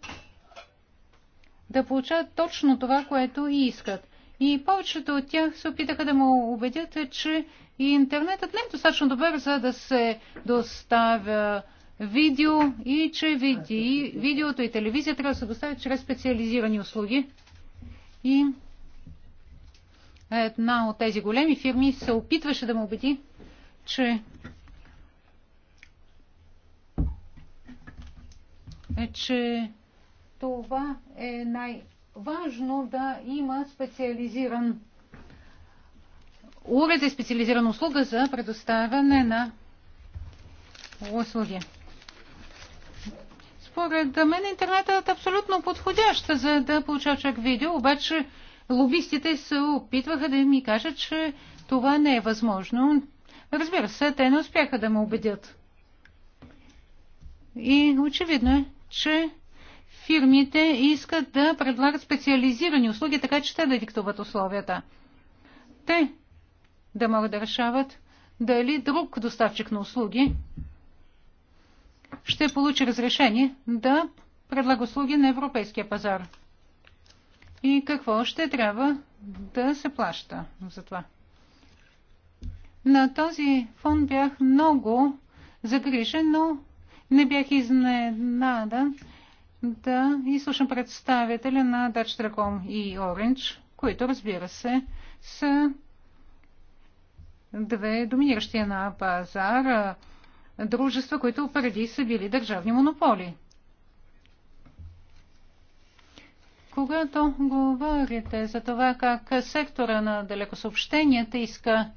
да получат точно това, което искат. И повечето от тях се опитаха да му убедят, че и интернетът не е достатъчно добър, за да се доставя видео и че види, видеото и телевизия трябва да се доставят чрез специализирани услуги. И една от тези големи фирми се опитваше да му убеди, че е, че това е най-важно да има специализиран уред и специализирана услуга за предоставяне на услуги. Според мен интернетът е абсолютно подходящ за да получа чак видео, обаче лобистите се опитваха да ми кажат, че това не е възможно. Разбира се, те не успяха да ме убедят. И очевидно е, че фирмите искат да предлагат специализирани услуги, така че те да диктуват условията. Те да могат да решават дали друг доставчик на услуги ще получи разрешение да предлага услуги на европейския пазар. И какво ще трябва да се плаща за това? На този фон бях много загрижен, но не бях изненадан, да изслушам представителя на Dutch Telecom и Orange, които, разбира се, са две доминиращи на пазар дружества, които преди са били държавни монополи. Когато говорите за това как сектора на далекосъобщенията иска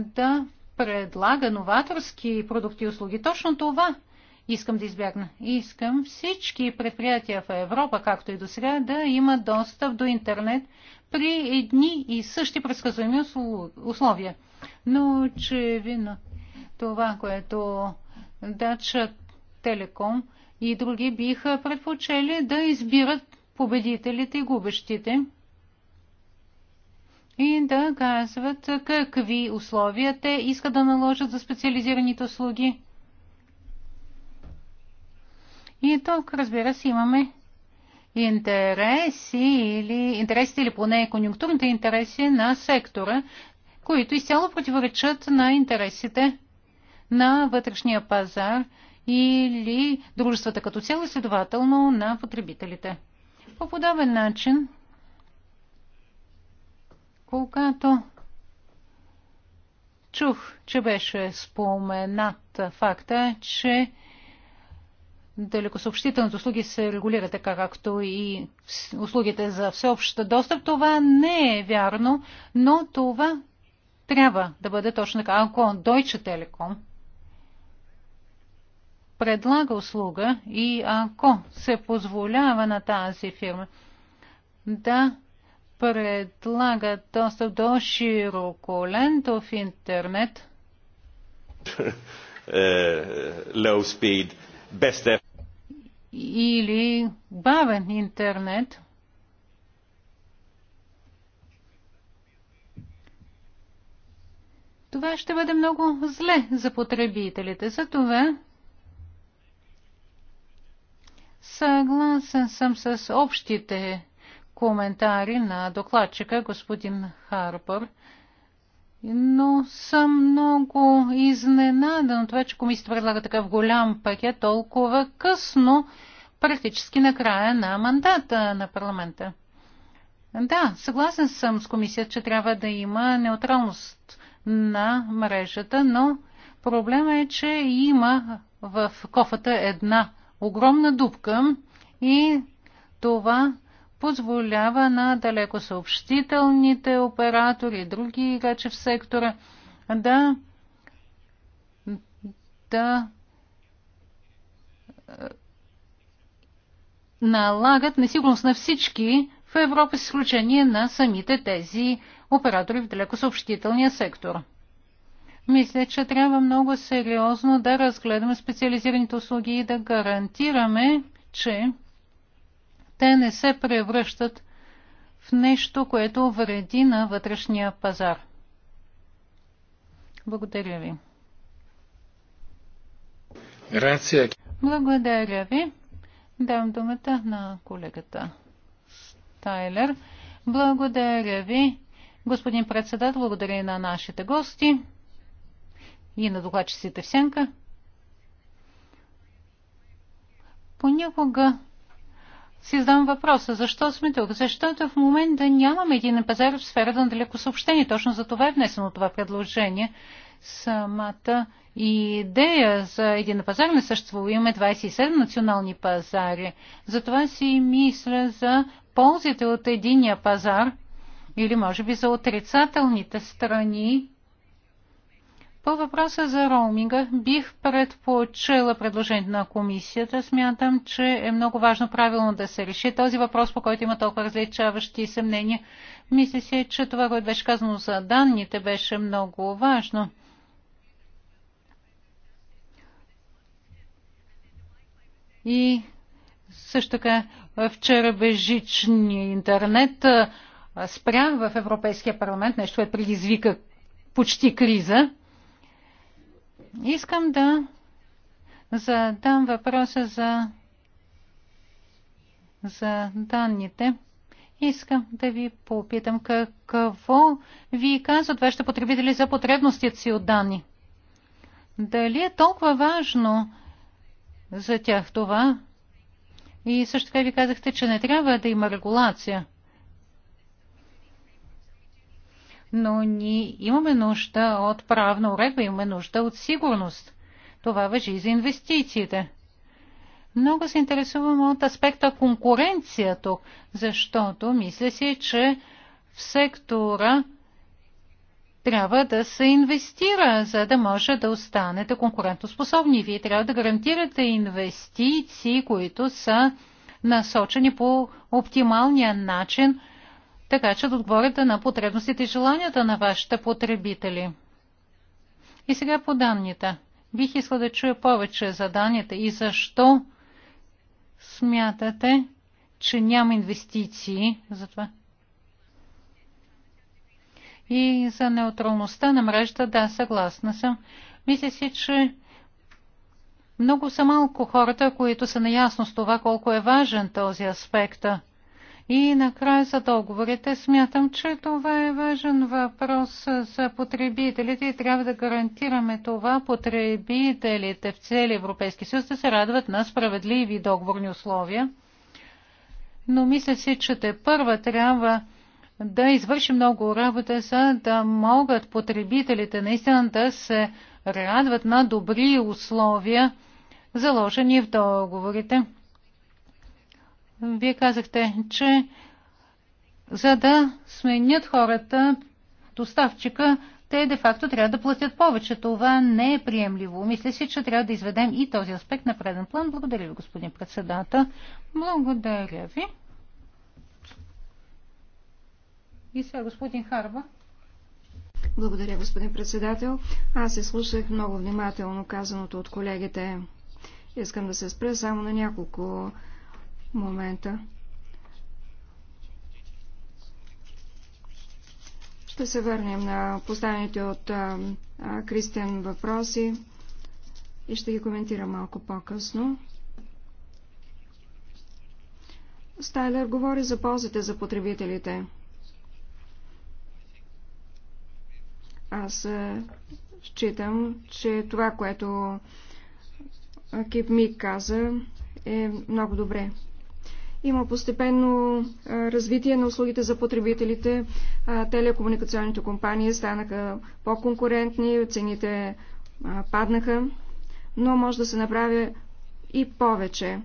да предлага новаторски продукти и услуги, точно това – искам да избягна. Искам всички предприятия в Европа, както и до сега, да имат достъп до интернет при едни и същи предсказуеми условия. Но очевидно това, което Дача Телеком и други биха предпочели да избират победителите и губещите и да казват какви условия те искат да наложат за специализираните услуги. И тук, разбира се, имаме интереси или интересите или поне конъюнктурните интереси на сектора, които изцяло противоречат на интересите на вътрешния пазар или дружествата като цяло, следователно на потребителите. По подобен начин, когато чух, че беше споменат факта, че далекосъобщителните услуги се регулират така, както и услугите за всеобщ достъп. Това не е вярно, но това трябва да бъде точно така. Ако Deutsche Telekom предлага услуга и ако се позволява на тази фирма да предлага достъп до широколентов интернет, е, е, low speed best или бавен интернет. Това ще бъде много зле за потребителите. За това, съгласен съм с общите коментари на докладчика господин Харпор но съм много изненадан от това, че комисията предлага такъв голям пакет толкова късно, практически на края на мандата на парламента. Да, съгласен съм с комисията, че трябва да има неутралност на мрежата, но проблема е, че има в кофата една огромна дупка и това позволява на далекосъобщителните оператори и други играчи в сектора да, да е, налагат несигурност на всички в Европа, с изключение на самите тези оператори в далекосъобщителния сектор. Мисля, че трябва много сериозно да разгледаме специализираните услуги и да гарантираме, че те не се превръщат в нещо, което вреди на вътрешния пазар. Благодаря ви. Грация. Благодаря ви. Дам думата на колегата Тайлер. Благодаря ви, господин председател. Благодаря и на нашите гости и на докладчиците в Сенка. Понякога си задам въпроса, защо сме тук? Защото в момента нямаме един пазар в сферата на далеко съобщение. Точно за това е внесено това предложение. Самата идея за един пазар не съществува. Имаме 27 национални пазари. Затова си мисля за ползите от единия пазар или може би за отрицателните страни по въпроса за роуминга бих предпочела предложението на комисията. Смятам, че е много важно правилно да се реши този въпрос, по който има толкова различаващи съмнения. Мисля се, че това, което беше казано за данните, беше много важно. И също така вчера бежичния интернет спря в Европейския парламент, нещо е предизвика почти криза. Искам да задам въпроса за, за данните. Искам да ви попитам какво ви казват вашите потребители за потребностите си от данни. Дали е толкова важно за тях това? И също така ви казахте, че не трябва да има регулация. но ние имаме нужда от правна уредба, имаме нужда от сигурност. Това въжи и за инвестициите. Много се интересувам от аспекта конкуренцията, защото мисля си, че в сектора трябва да се инвестира, за да може да останете конкурентоспособни. Вие трябва да гарантирате инвестиции, които са насочени по оптималния начин – така че да отговорите на потребностите и желанията на вашите потребители. И сега по данните. Бих искал да чуя повече за данните и защо смятате, че няма инвестиции за това. И за неутралността на мрежата, да, съгласна съм. Мисля си, че много са малко хората, които са наясно с това колко е важен този аспект. И накрая за договорите. Смятам, че това е важен въпрос за потребителите и трябва да гарантираме това потребителите в цели Европейски съюз да се радват на справедливи договорни условия. Но мисля си, че те първа трябва да извърши много работа, за да могат потребителите наистина да се радват на добри условия, заложени в договорите. Вие казахте, че за да сменят хората доставчика, те де-факто трябва да платят повече. Това не е приемливо. Мисля си, че трябва да изведем и този аспект на преден план. Благодаря ви, господин председател. Благодаря ви. И сега господин Харба. Благодаря, господин председател. Аз се слушах много внимателно казаното от колегите. Искам да се спре само на няколко момента. Ще се върнем на поставените от Кристиан въпроси и ще ги коментирам малко по-късно. Стайлер говори за ползите за потребителите. Аз считам, че това, което Кип Мик каза, е много добре. Има постепенно развитие на услугите за потребителите. Телекомуникационните компании станаха по-конкурентни, цените паднаха, но може да се направи и повече.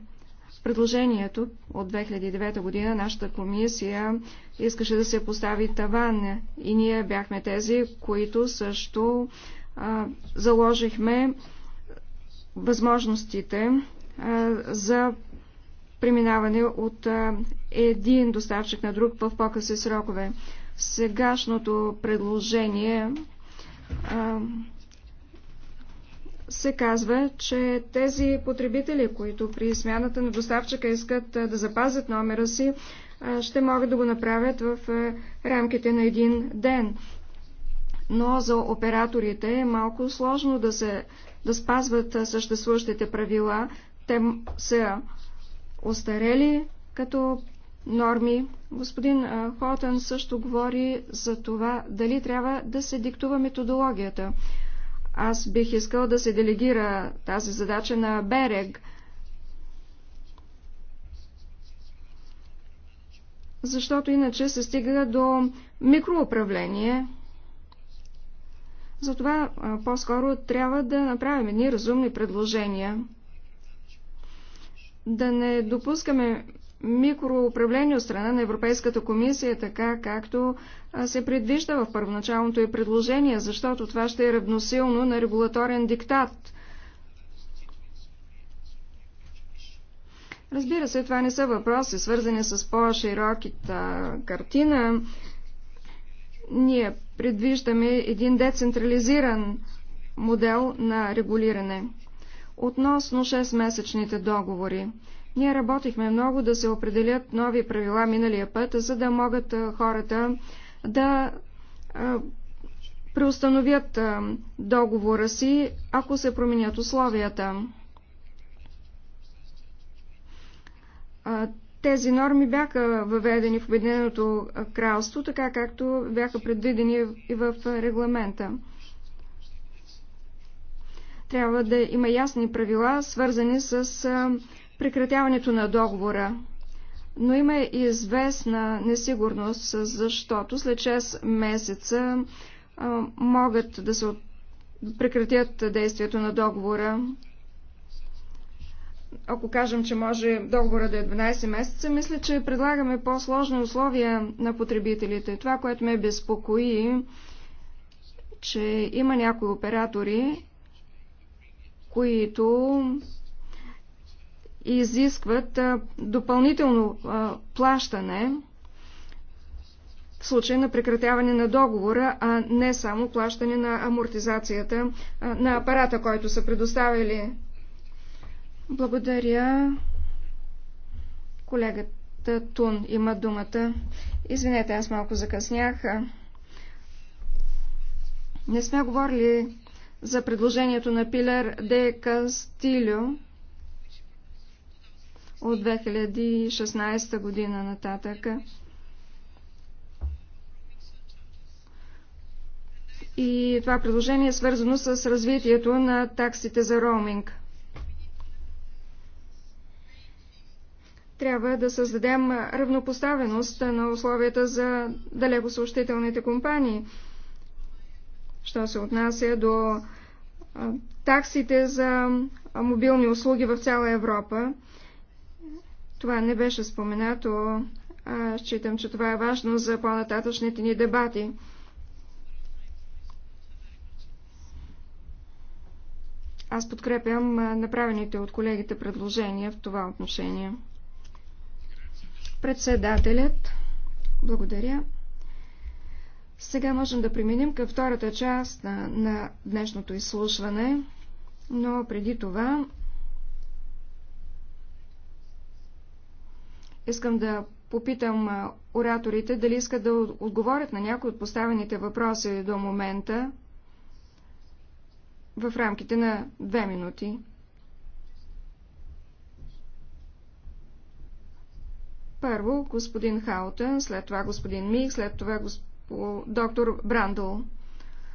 В предложението от 2009 година нашата комисия искаше да се постави таван и ние бяхме тези, които също а, заложихме възможностите а, за преминаване от един доставчик на друг в по-къси срокове. Сегашното предложение се казва, че тези потребители, които при смяната на доставчика искат да запазят номера си, ще могат да го направят в рамките на един ден. Но за операторите е малко сложно да, се, да спазват съществуващите правила. Те са устарели като норми. Господин Хотън също говори за това дали трябва да се диктува методологията. Аз бих искал да се делегира тази задача на Берег, защото иначе се стига до микроуправление. Затова по-скоро трябва да направим едни разумни предложения да не допускаме микроуправление от страна на Европейската комисия, така както се предвижда в първоначалното и предложение, защото това ще е равносилно на регулаторен диктат. Разбира се, това не са въпроси, свързани с по-широката картина. Ние предвиждаме един децентрализиран модел на регулиране. Относно 6-месечните договори. Ние работихме много да се определят нови правила миналия път, за да могат хората да преустановят договора си, ако се променят условията. Тези норми бяха въведени в Обединеното кралство, така както бяха предвидени и в регламента. Трябва да има ясни правила, свързани с прекратяването на договора. Но има известна несигурност, защото след 6 месеца могат да се прекратят действието на договора. Ако кажем, че може договора да е 12 месеца, мисля, че предлагаме по-сложни условия на потребителите. Това, което ме безпокои, че има някои оператори, които изискват допълнително плащане в случай на прекратяване на договора, а не само плащане на амортизацията на апарата, който са предоставили. Благодаря. Колегата Тун има думата. Извинете, аз малко закъснях. Не сме говорили за предложението на Пилер де Кастилио от 2016 година нататък. И това предложение е свързано с развитието на таксите за роуминг. Трябва да създадем равнопоставеност на условията за далекосъобщителните компании. компании що се отнася до таксите за мобилни услуги в цяла Европа. Това не беше споменато. Считам, че това е важно за по-нататъчните ни дебати. Аз подкрепям направените от колегите предложения в това отношение. Председателят, благодаря. Сега можем да преминем към втората част на, на днешното изслушване, но преди това искам да попитам ораторите дали искат да отговорят на някои от поставените въпроси до момента в рамките на две минути. Първо господин Хаутен, след това господин Миг, след това господин по доктор Брандол.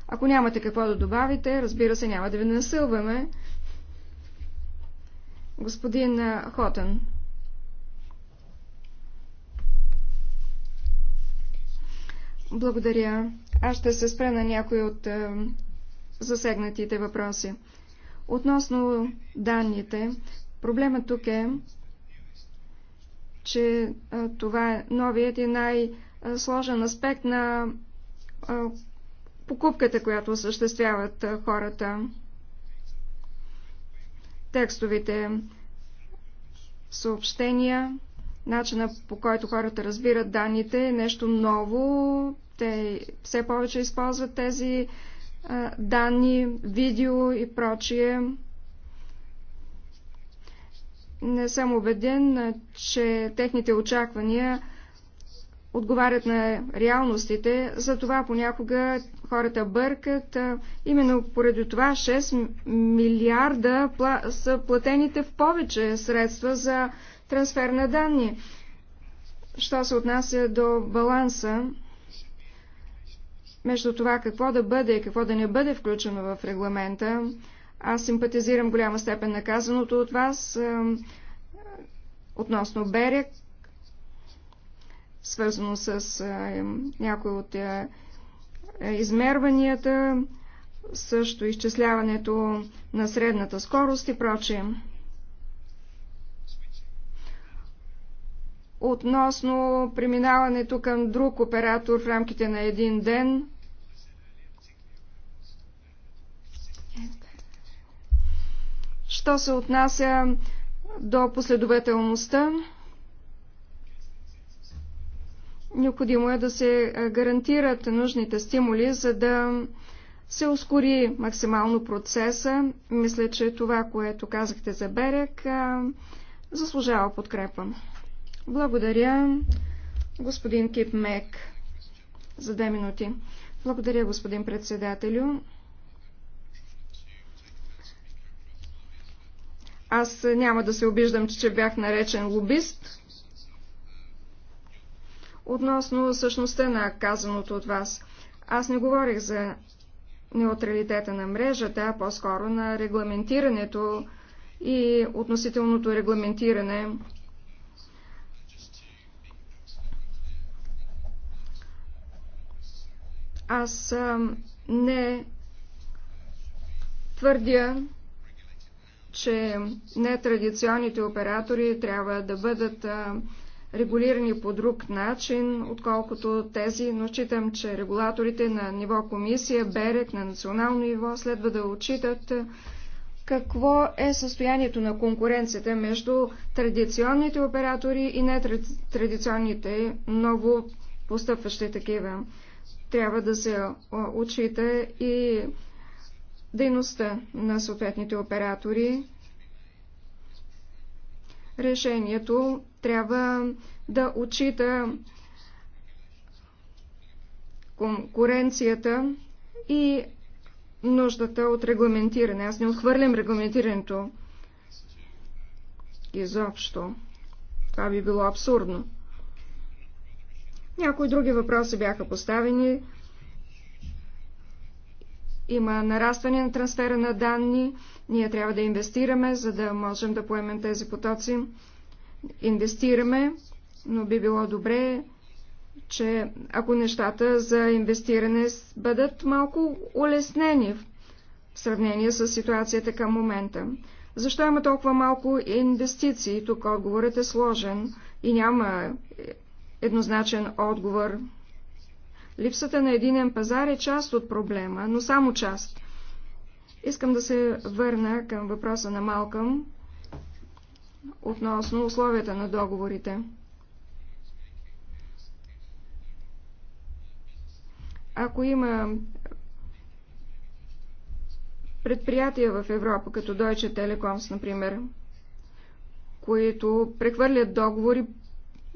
Ако нямате какво да добавите, разбира се, няма да ви насилваме. Господин Хотън. Благодаря. Аз ще се спра на някои от е, засегнатите въпроси. Относно данните, проблемът тук е, че е, това е новият и най- е, сложен аспект на е, покупката, която осъществяват е, хората. Текстовите съобщения, начина по който хората разбират данните е нещо ново. Те все повече използват тези данни, видео и прочие. Не съм убеден, че техните очаквания отговарят на реалностите, затова понякога хората бъркат. Именно поради това 6 милиарда са платените в повече средства за трансфер на данни. Що се отнася до баланса между това какво да бъде и какво да не бъде включено в регламента, аз симпатизирам голяма степен наказаното от вас относно Берек свързано с някои от измерванията, също изчисляването на средната скорост и прочее. Относно преминаването към друг оператор в рамките на един ден, що се отнася до последователността, Необходимо е да се гарантират нужните стимули, за да се ускори максимално процеса. Мисля, че това, което казахте за Берек, заслужава подкрепа. Благодаря, господин Кип Мек, за две минути. Благодаря, господин председателю. Аз няма да се обиждам, че бях наречен лобист, относно същността на казаното от вас. Аз не говорих за неутралитета на мрежата, а по-скоро на регламентирането и относителното регламентиране. Аз не твърдя, че нетрадиционните оператори трябва да бъдат регулирани по друг начин, отколкото тези, но считам, че регулаторите на ниво комисия, БЕРЕК, на национално ниво следва да отчитат какво е състоянието на конкуренцията между традиционните оператори и нетрадиционните, ново постъпващи такива. Трябва да се отчита и дейността на съответните оператори. Решението трябва да отчита конкуренцията и нуждата от регламентиране. Аз не отхвърлям регламентирането изобщо. Това би било абсурдно. Някои други въпроси бяха поставени. Има нарастване на трансфера на данни. Ние трябва да инвестираме, за да можем да поемем тези потоци инвестираме, но би било добре, че ако нещата за инвестиране бъдат малко улеснени в сравнение с ситуацията към момента. Защо има толкова малко инвестиции? Тук отговорът е сложен и няма еднозначен отговор. Липсата на единен пазар е част от проблема, но само част. Искам да се върна към въпроса на Малкъм относно условията на договорите. Ако има предприятия в Европа, като Deutsche Telecoms, например, които прехвърлят договори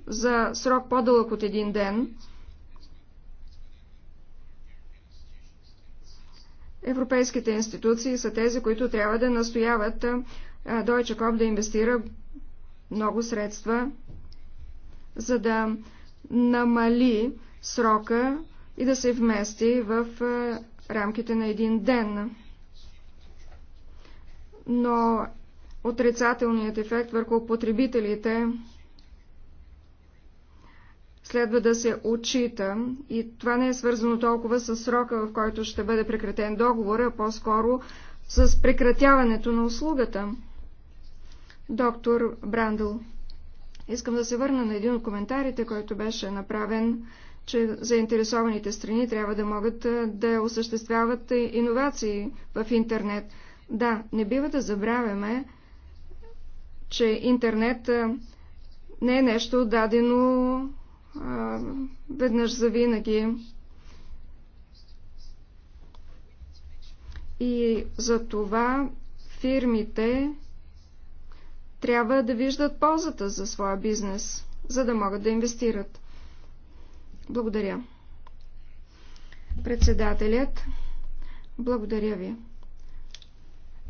за срок по-дълъг от един ден, европейските институции са тези, които трябва да настояват Deutsche КОП да инвестира много средства, за да намали срока и да се вмести в рамките на един ден. Но отрицателният ефект върху потребителите следва да се отчита и това не е свързано толкова с срока, в който ще бъде прекратен договор, а по-скоро с прекратяването на услугата доктор Брандъл. Искам да се върна на един от коментарите, който беше направен, че заинтересованите страни трябва да могат да осъществяват иновации в интернет. Да, не бива да забравяме, че интернет не е нещо дадено а, веднъж за винаги. И за това фирмите трябва да виждат ползата за своя бизнес, за да могат да инвестират. Благодаря. Председателят, благодаря ви.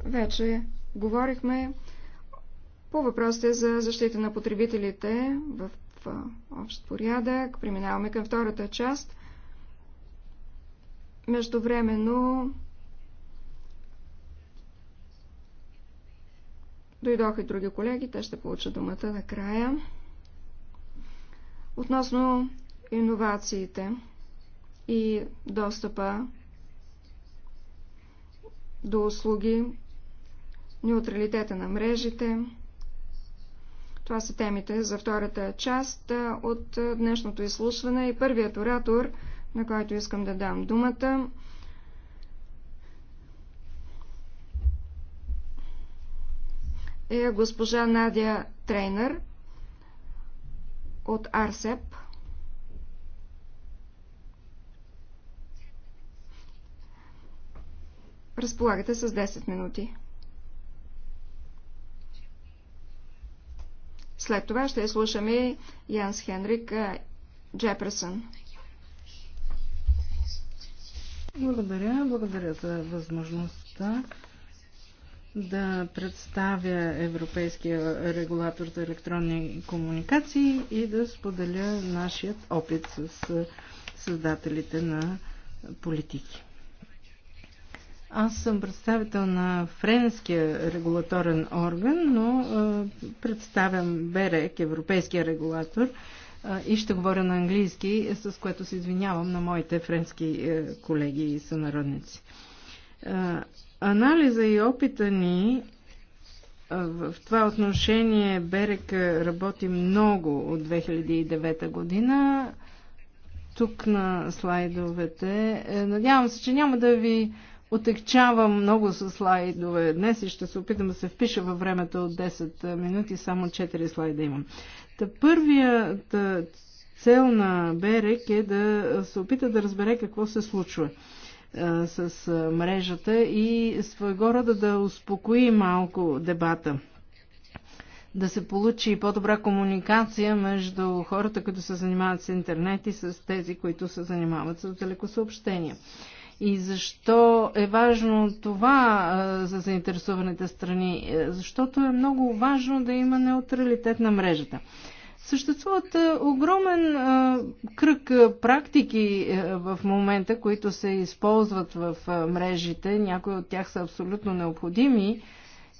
Вече говорихме по въпросите за защита на потребителите в общ порядък. Преминаваме към втората част. Междувременно Дойдоха и други колеги, те ще получат думата накрая. Относно иновациите и достъпа до услуги, неутралитета на мрежите. Това са темите за втората част от днешното изслушване и първият оратор, на който искам да дам думата, е госпожа Надя Трейнер от Арсеп. Разполагате с 10 минути. След това ще слушаме Янс Хенрик Джепърсън. Благодаря. Благодаря за възможността да представя Европейския регулатор за електронни комуникации и да споделя нашият опит с създателите на политики. Аз съм представител на френския регулаторен орган, но представям БЕРЕК, европейския регулатор, и ще говоря на английски, с което се извинявам на моите френски колеги и сънародници. Анализа и опита ни в това отношение Берек работи много от 2009 година. Тук на слайдовете. Е, надявам се, че няма да ви отекчавам много с слайдове днес и ще се опитам да се впиша във времето от 10 минути. Само 4 слайда имам. Та първият цел на Берек е да се опита да разбере какво се случва а, с мрежата и своего рода да успокои малко дебата. Да се получи по-добра комуникация между хората, които се занимават с интернет и с тези, които се занимават с далекосъобщения. И защо е важно това за заинтересованите страни? Е, защото е много важно да има неутралитет на мрежата. Съществуват е, огромен а, е, кръг е, практики а, в момента, които се използват в а, мрежите. Някои от тях са абсолютно необходими,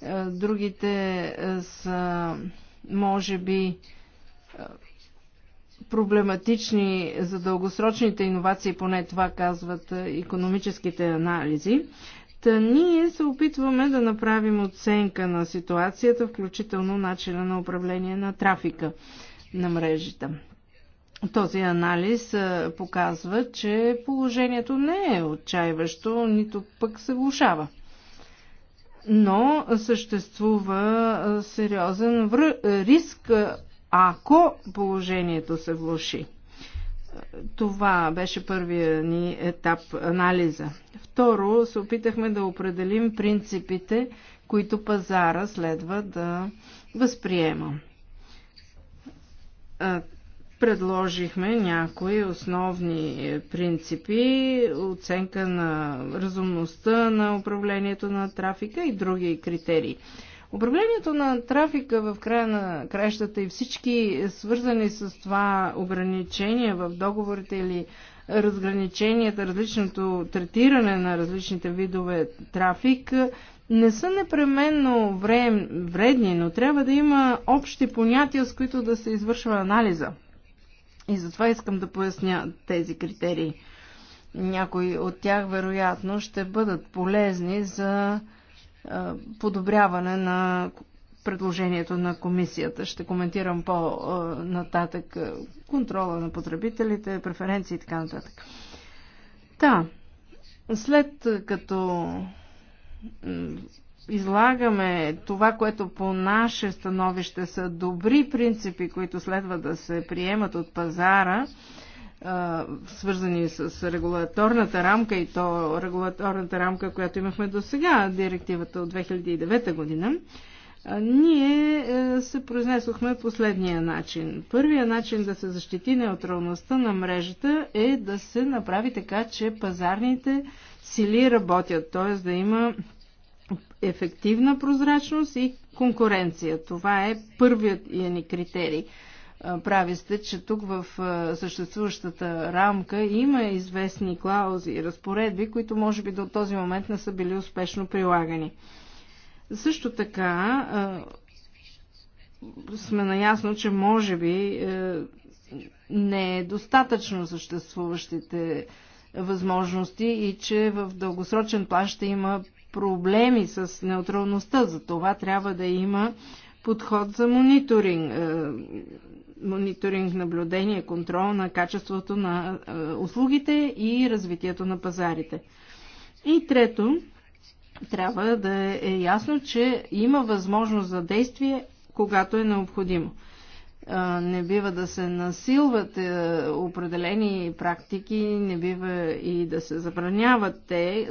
а, другите са, може би, а, проблематични за дългосрочните иновации, поне това казват економическите анализи. Та ние се опитваме да направим оценка на ситуацията, включително начина на управление на трафика на мрежата. Този анализ показва, че положението не е отчаиващо, нито пък се влушава. Но съществува сериозен риск, ако положението се влуши. Това беше първия ни етап анализа. Второ, се опитахме да определим принципите, които пазара следва да възприема предложихме някои основни принципи, оценка на разумността на управлението на трафика и други критерии. Управлението на трафика в края на краищата и всички свързани с това ограничения в договорите или разграниченията, различното третиране на различните видове трафик не са непременно вредни, но трябва да има общи понятия, с които да се извършва анализа. И затова искам да поясня тези критерии. Някои от тях, вероятно, ще бъдат полезни за подобряване на предложението на комисията. Ще коментирам по-нататък контрола на потребителите, преференции и така нататък. Та, след като излагаме това, което по наше становище са добри принципи, които следва да се приемат от пазара, свързани с регулаторната рамка и то регулаторната рамка, която имахме до сега, директивата от 2009 година, ние е, се произнесохме последния начин. Първия начин да се защити неутралността на мрежата е да се направи така, че пазарните сили работят, т.е. да има ефективна прозрачност и конкуренция. Това е първият е ни критерий. Прави сте, че тук в съществуващата рамка има известни клаузи и разпоредби, които може би до този момент не са били успешно прилагани. Също така сме наясно, че може би е, не е достатъчно съществуващите възможности и че в дългосрочен план ще има проблеми с неутралността. За това трябва да има подход за мониторинг, е, мониторинг, наблюдение, контрол на качеството на е, услугите и развитието на пазарите. И трето, трябва да е ясно, че има възможност за действие, когато е необходимо не бива да се насилват е, определени практики, не бива и да се забраняват те.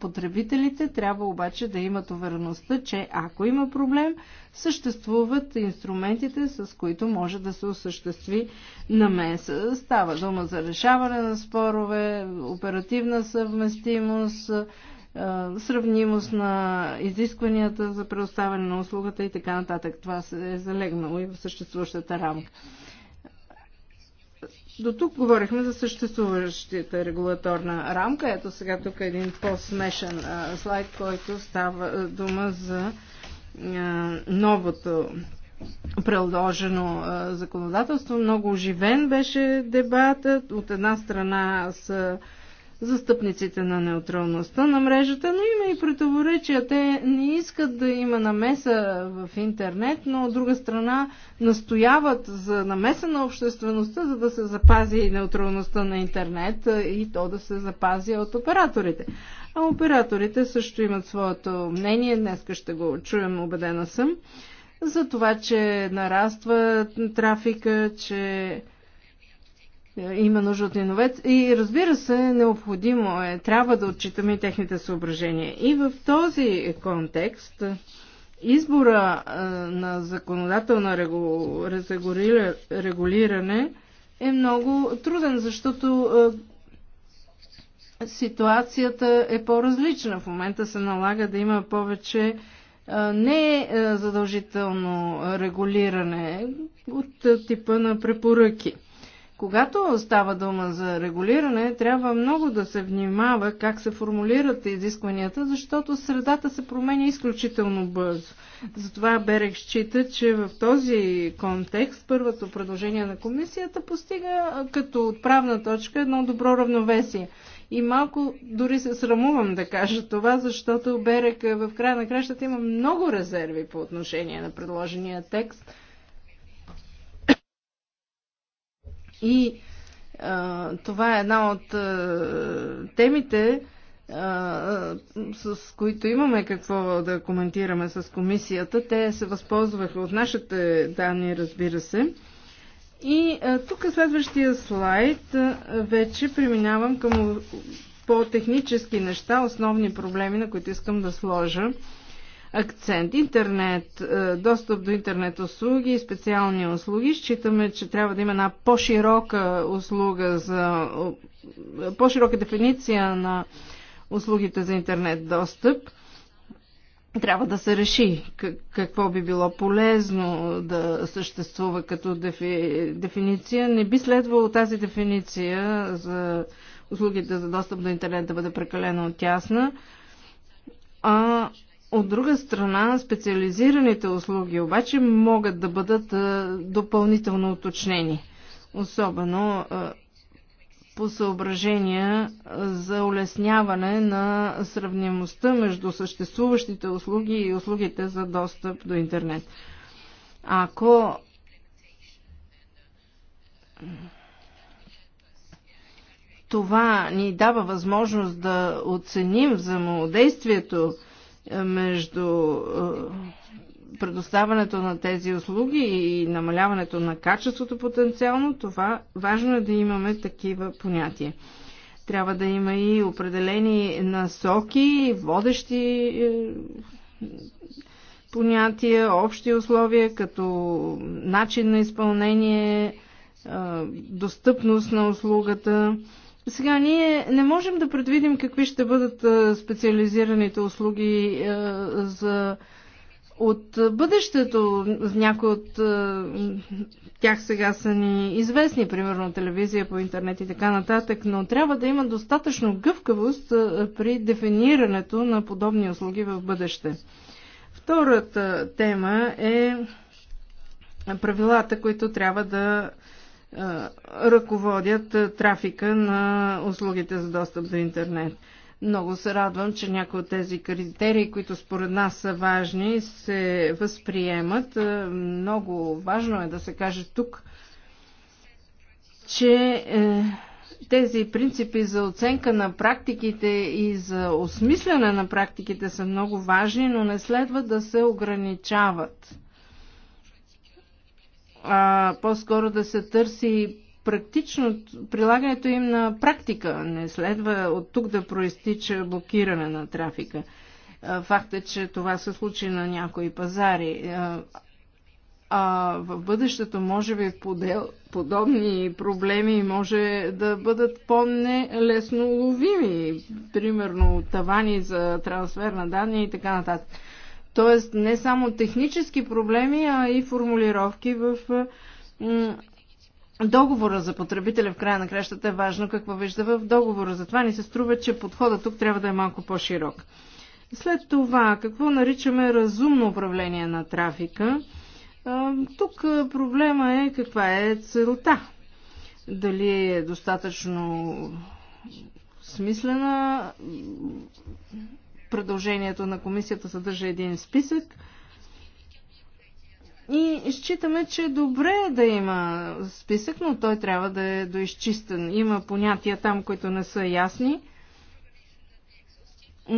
Потребителите трябва обаче да имат увереността, че ако има проблем, съществуват инструментите, с които може да се осъществи намеса. Става дума за решаване на спорове, оперативна съвместимост, сравнимост на изискванията за предоставяне на услугата и така нататък. Това се е залегнало и в съществуващата рамка. До тук говорихме за съществуващата регулаторна рамка. Ето сега тук е един по-смешен слайд, който става дума за новото предложено законодателство. Много оживен беше дебатът. От една страна са застъпниците на неутралността на мрежата, но има и противоречия. Те не искат да има намеса в интернет, но от друга страна настояват за намеса на обществеността, за да се запази неутралността на интернет и то да се запази от операторите. А операторите също имат своето мнение, днеска ще го чуем, убедена съм, за това, че нараства трафика, че има нужда от иновец. И разбира се, необходимо е, трябва да отчитаме и техните съображения. И в този контекст избора на законодателно регулиране е много труден, защото ситуацията е по-различна. В момента се налага да има повече не задължително регулиране от типа на препоръки. Когато става дума за регулиране, трябва много да се внимава как се формулират изискванията, защото средата се променя изключително бързо. Затова Берег счита, че в този контекст първото предложение на комисията постига като отправна точка едно добро равновесие. И малко дори се срамувам да кажа това, защото Берег в края на кращата има много резерви по отношение на предложения текст – И а, това е една от а, темите, а, с които имаме какво да коментираме с комисията. Те се възползваха от нашите данни, разбира се. И а, тук е следващия слайд а, вече преминавам към по-технически неща, основни проблеми, на които искам да сложа акцент. Интернет, е, достъп до интернет услуги, специални услуги. Считаме, че трябва да има една по-широка услуга за е, по-широка дефиниция на услугите за интернет достъп. Трябва да се реши какво би било полезно да съществува като дефи, дефиниция. Не би следвало тази дефиниция за услугите за достъп до интернет да бъде прекалено тясна, а от друга страна, специализираните услуги обаче могат да бъдат е, допълнително уточнени, особено е, по съображения е, за улесняване на сравнимостта между съществуващите услуги и услугите за достъп до интернет. Ако това ни дава възможност да оценим взаимодействието, между е, предоставането на тези услуги и намаляването на качеството потенциално, това важно е да имаме такива понятия. Трябва да има и определени насоки, водещи е, понятия, общи условия, като начин на изпълнение, е, достъпност на услугата, сега ние не можем да предвидим какви ще бъдат специализираните услуги за от бъдещето. Някои от тях сега са ни известни, примерно телевизия по интернет и така нататък, но трябва да има достатъчно гъвкавост при дефинирането на подобни услуги в бъдеще. Втората тема е правилата, които трябва да ръководят трафика на услугите за достъп до интернет. Много се радвам, че някои от тези критерии, които според нас са важни, се възприемат. Много важно е да се каже тук, че е, тези принципи за оценка на практиките и за осмисляне на практиките са много важни, но не следва да се ограничават а по-скоро да се търси практично прилагането им на практика. Не следва от тук да проистича блокиране на трафика. Факт е, че това се случи на някои пазари. А в бъдещето, може би, подел, подобни проблеми може да бъдат по-нелесно ловими. Примерно тавани за трансфер на данни и така нататък. Тоест не само технически проблеми, а и формулировки в договора за потребителя в края на кращата е важно какво вижда в договора. Затова ни се струва, че подходът тук трябва да е малко по-широк. След това, какво наричаме разумно управление на трафика? Тук проблема е каква е целта. Дали е достатъчно смислена Предложението на комисията съдържа един списък. И считаме, че е добре да има списък, но той трябва да е доизчистен. Има понятия там, които не са ясни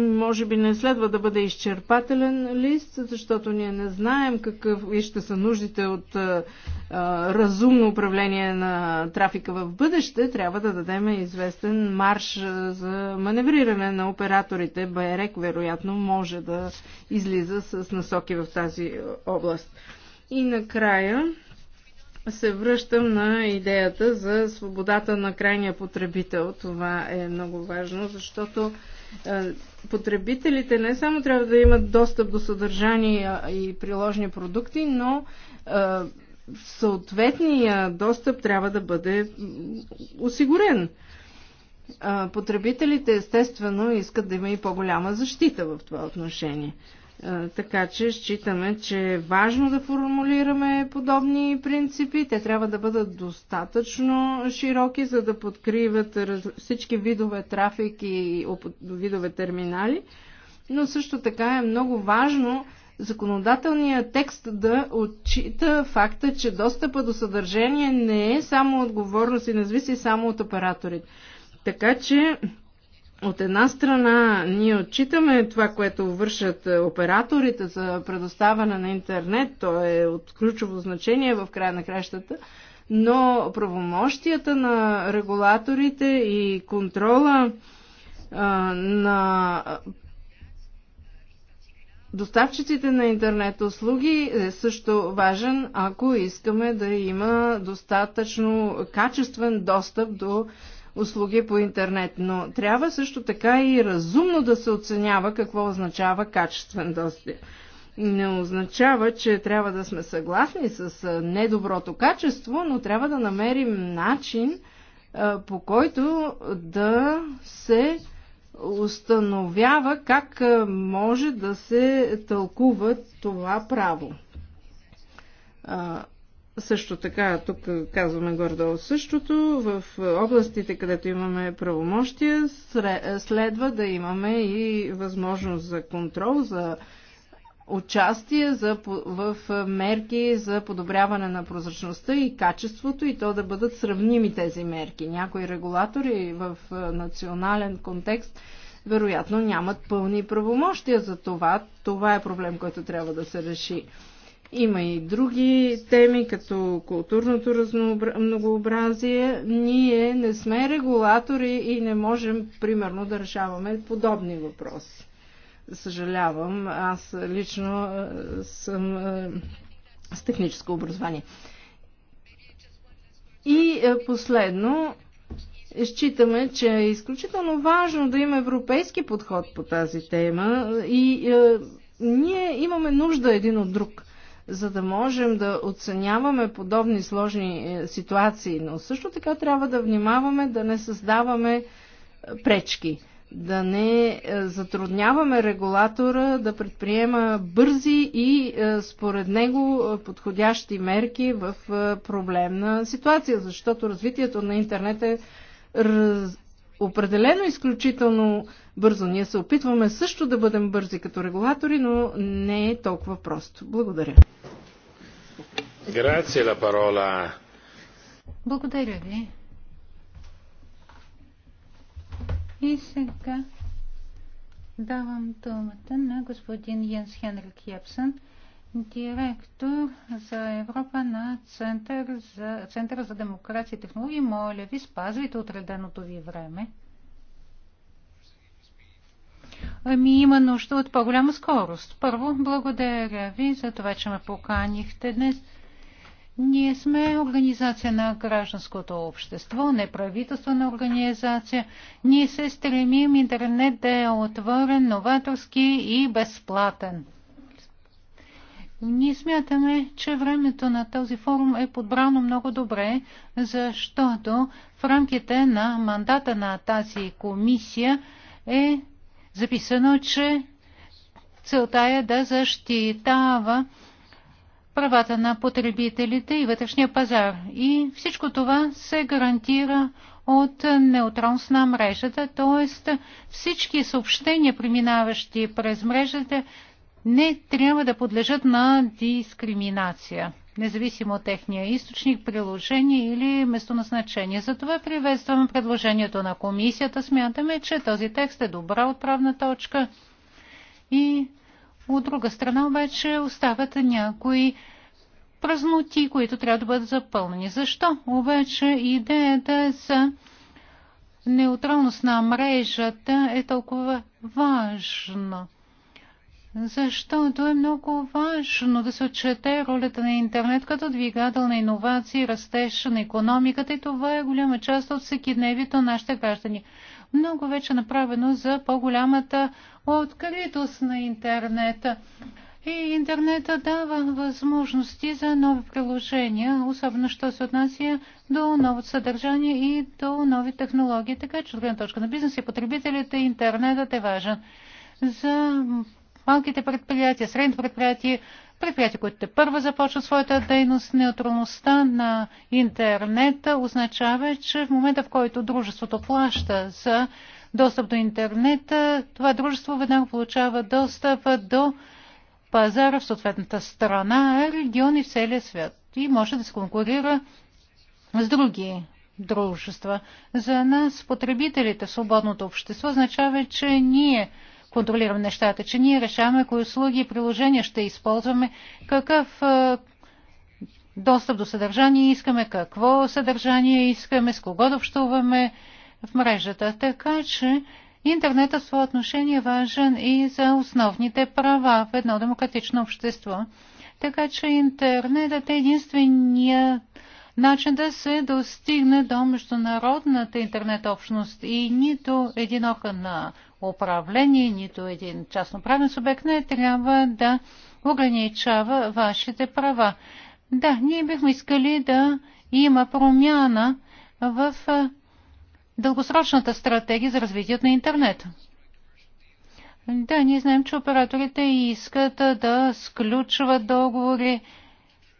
може би не следва да бъде изчерпателен лист, защото ние не знаем какъв и ще са нуждите от а, разумно управление на трафика в бъдеще. Трябва да дадем известен марш за маневриране на операторите. БРЕК вероятно може да излиза с насоки в тази област. И накрая се връщам на идеята за свободата на крайния потребител. Това е много важно, защото потребителите не само трябва да имат достъп до съдържания и приложни продукти, но съответния достъп трябва да бъде осигурен. Потребителите естествено искат да има и по-голяма защита в това отношение. Така че считаме, че е важно да формулираме подобни принципи. Те трябва да бъдат достатъчно широки, за да подкриват всички видове трафик и видове терминали. Но също така е много важно законодателният текст да отчита факта, че достъпа до съдържание не е само отговорност и не зависи само от операторите. Така че от една страна ние отчитаме това, което вършат е, операторите за предоставяне на интернет, то е от ключово значение в края на кращата, но правомощията на регулаторите и контрола а, е, на доставчиците на интернет услуги е също важен, ако искаме да има достатъчно качествен достъп до услуги по интернет. Но трябва също така и разумно да се оценява какво означава качествен достъп. Не означава, че трябва да сме съгласни с недоброто качество, но трябва да намерим начин по който да се установява как може да се тълкува това право. Също така, тук казваме гордо същото, в областите, където имаме правомощия, следва да имаме и възможност за контрол, за участие за, в мерки за подобряване на прозрачността и качеството и то да бъдат сравними тези мерки. Някои регулатори в национален контекст вероятно нямат пълни правомощия за това. Това е проблем, който трябва да се реши. Има и други теми, като културното многообразие. Ние не сме регулатори и не можем, примерно, да решаваме подобни въпроси. Съжалявам, аз лично съм с техническо образование. И последно, считаме, че е изключително важно да има европейски подход по тази тема и ние имаме нужда един от друг за да можем да оценяваме подобни сложни е, ситуации, но също така трябва да внимаваме да не създаваме е, пречки, да не е, затрудняваме регулатора да предприема бързи и според него подходящи мерки в проблемна ситуация, защото развитието на интернет е определено изключително бързо. Ние се опитваме също да бъдем бързи като регулатори, но не е толкова просто. Благодаря. Грация ла parola. Благодаря ви. И сега давам думата на господин Йенс Хенрик Япсън директор за Европа на Център за, Центъра за демокрация и технологии. Моля ви, спазвайте отреденото ви време. Ами има нужда от по-голяма скорост. Първо, благодаря ви за това, че ме поканихте днес. Ние сме организация на гражданското общество, неправителствена организация. Ние се стремим интернет да е отворен, новаторски и безплатен. Ние смятаме, че времето на този форум е подбрано много добре, защото в рамките на мандата на тази комисия е записано, че целта е да защитава правата на потребителите и вътрешния пазар. И всичко това се гарантира от неутралност на мрежата, т.е. всички съобщения, преминаващи през мрежата, не трябва да подлежат на дискриминация, независимо от техния източник, приложение или местоназначение. Затова приветстваме предложението на комисията. Смятаме, че този текст е добра отправна точка и от друга страна обаче остават някои празноти, които трябва да бъдат запълнени. Защо? Обаче идеята за неутралност на мрежата е толкова важна защото е много важно да се отчете ролята на интернет като двигател на иновации, растеж на економиката и това е голяма част от всекидневието на нашите граждани. Много вече е направено за по-голямата откритост на интернета. И интернета дава възможности за нови приложения, особено що се отнася до новото съдържание и до нови технологии. Така че от гледна точка на бизнес и потребителите интернетът е важен. За малките предприятия, средните предприятия, предприятия, които те първо започват своята дейност, неутралността на интернета означава, че в момента, в който дружеството плаща за достъп до интернета, това дружество веднага получава достъп до пазара в съответната страна, региони в целия свят и може да се конкурира с други дружества. За нас, потребителите в свободното общество, означава, че ние контролираме нещата, че ние решаваме кои услуги и приложения ще използваме, какъв достъп до съдържание искаме, какво съдържание искаме, с кого да общуваме в мрежата. Така че интернетът в това отношение е важен и за основните права в едно демократично общество. Така че интернетът е единствения начин да се достигне до международната интернет-общност и нито един орган на управление, нито един частноправен субект не трябва да ограничава вашите права. Да, ние бихме искали да има промяна в дългосрочната стратегия за развитието на интернет. Да, ние знаем, че операторите искат да сключват договори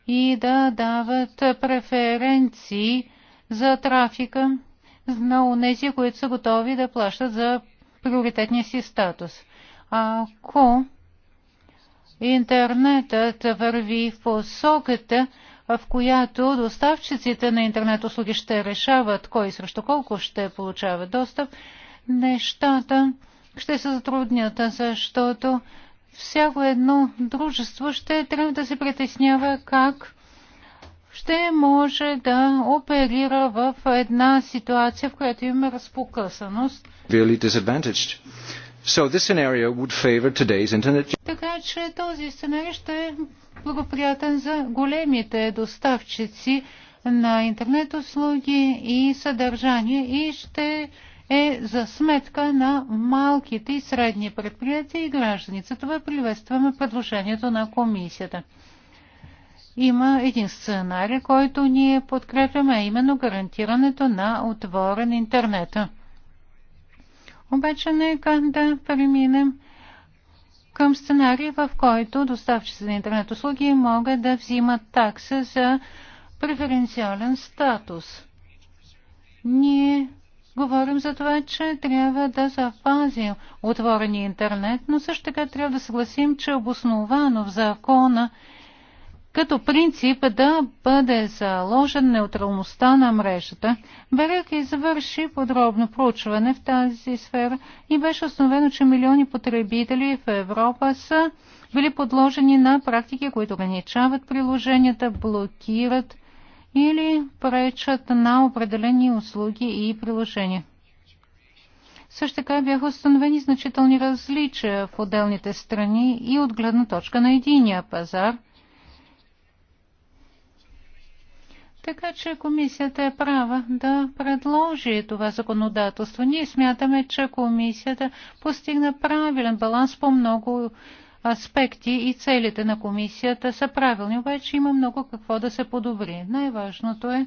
и да дават преференции за трафика на унези, които са готови да плащат за приоритетния си статус. Ако интернетът върви в посоката, в която доставчиците на интернет услуги ще решават кой срещу колко ще получава достъп, нещата ще се затруднят, защото всяко едно дружество ще трябва да се притеснява как ще може да оперира в една ситуация, в която има разпокъсаност. So this scenario would favor today's internet. Така че този сценарий ще е благоприятен за големите доставчици на интернет услуги и съдържание и ще е за сметка на малките и средни предприятия и гражданица. Това приветстваме предложението на комисията има един сценарий, който ние подкрепяме, именно гарантирането на отворен интернет. Обаче нека да преминем към сценарий, в който доставчиците на интернет услуги могат да взимат такса за преференциален статус. Ние говорим за това, че трябва да запазим отворения интернет, но също така трябва да съгласим, че е обосновано в закона като принцип да бъде заложен неутралността на мрежата. Берек извърши подробно проучване в тази сфера и беше установено, че милиони потребители в Европа са били подложени на практики, които ограничават приложенията, блокират или пречат на определени услуги и приложения. Също така бяха установени значителни различия в отделните страни и от гледна точка на единия пазар – Така че комисията е права да предложи това законодателство. Ние смятаме, че комисията постигна правилен баланс по много аспекти и целите на комисията са правилни, обаче има много какво да се подобри. Най-важното е,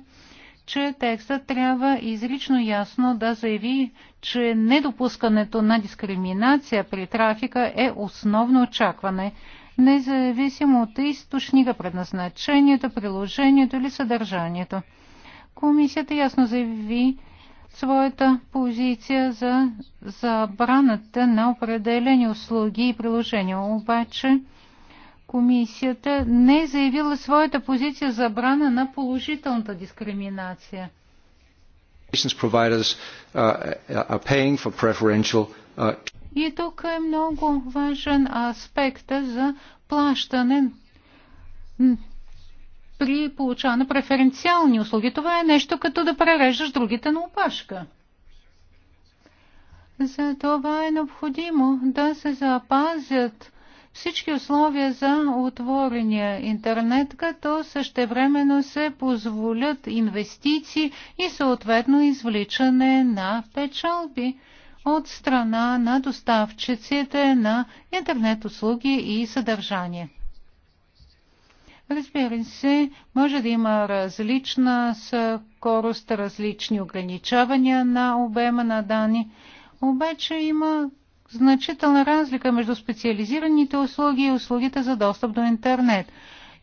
че текстът трябва изрично ясно да заяви, че недопускането на дискриминация при трафика е основно очакване независимо от източника, предназначението, приложението или съдържанието. Комисията ясно заяви своята позиция за забраната на определени услуги и приложения. Обаче комисията не е заявила своята позиция за забрана на положителната дискриминация. Providers uh, are paying for preferential uh, и тук е много важен аспект за плащане при получаване на преференциални услуги. Това е нещо като да пререждаш другите на опашка. За това е необходимо да се запазят всички условия за отворения интернет, като същевременно се позволят инвестиции и съответно извличане на печалби от страна на доставчиците на интернет услуги и съдържание. Разбира се, може да има различна скорост, различни ограничавания на обема на данни, обаче има значителна разлика между специализираните услуги и услугите за достъп до интернет.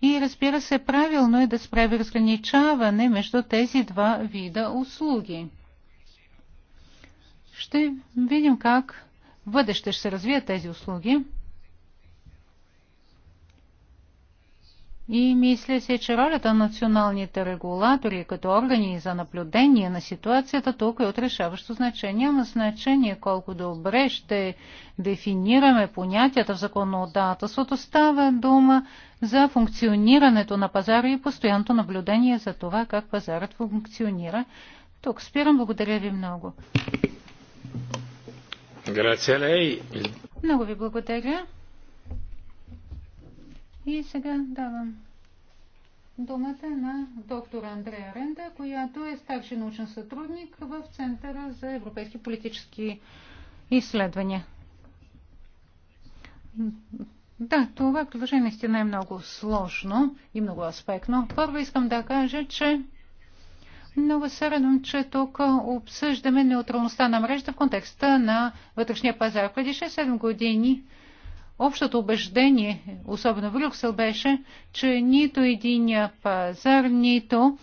И разбира се, правилно е да справи разграничаване между тези два вида услуги. Ще видим как в бъдеще ще се развият тези услуги. И мисля се, че ролята на националните регулатори като органи за наблюдение на ситуацията тук е от решаващо значение. Няма значение колко добре ще дефинираме понятията в законодателството. Става дума за функционирането на пазара и постоянното наблюдение за това как пазарът функционира. Тук спирам. Благодаря ви много. Много ви благодаря. И сега давам думата на доктор Андрея Ренда, която е старши научен сътрудник в Центъра за европейски политически изследвания. Да, това предложение наистина е много сложно и много аспектно. Първо искам да кажа, че но се радвам, че тук обсъждаме неутралността на мрежата в контекста на вътрешния пазар. Преди 6-7 години общото убеждение, особено в Брюксел, беше, че нито единия пазар, нито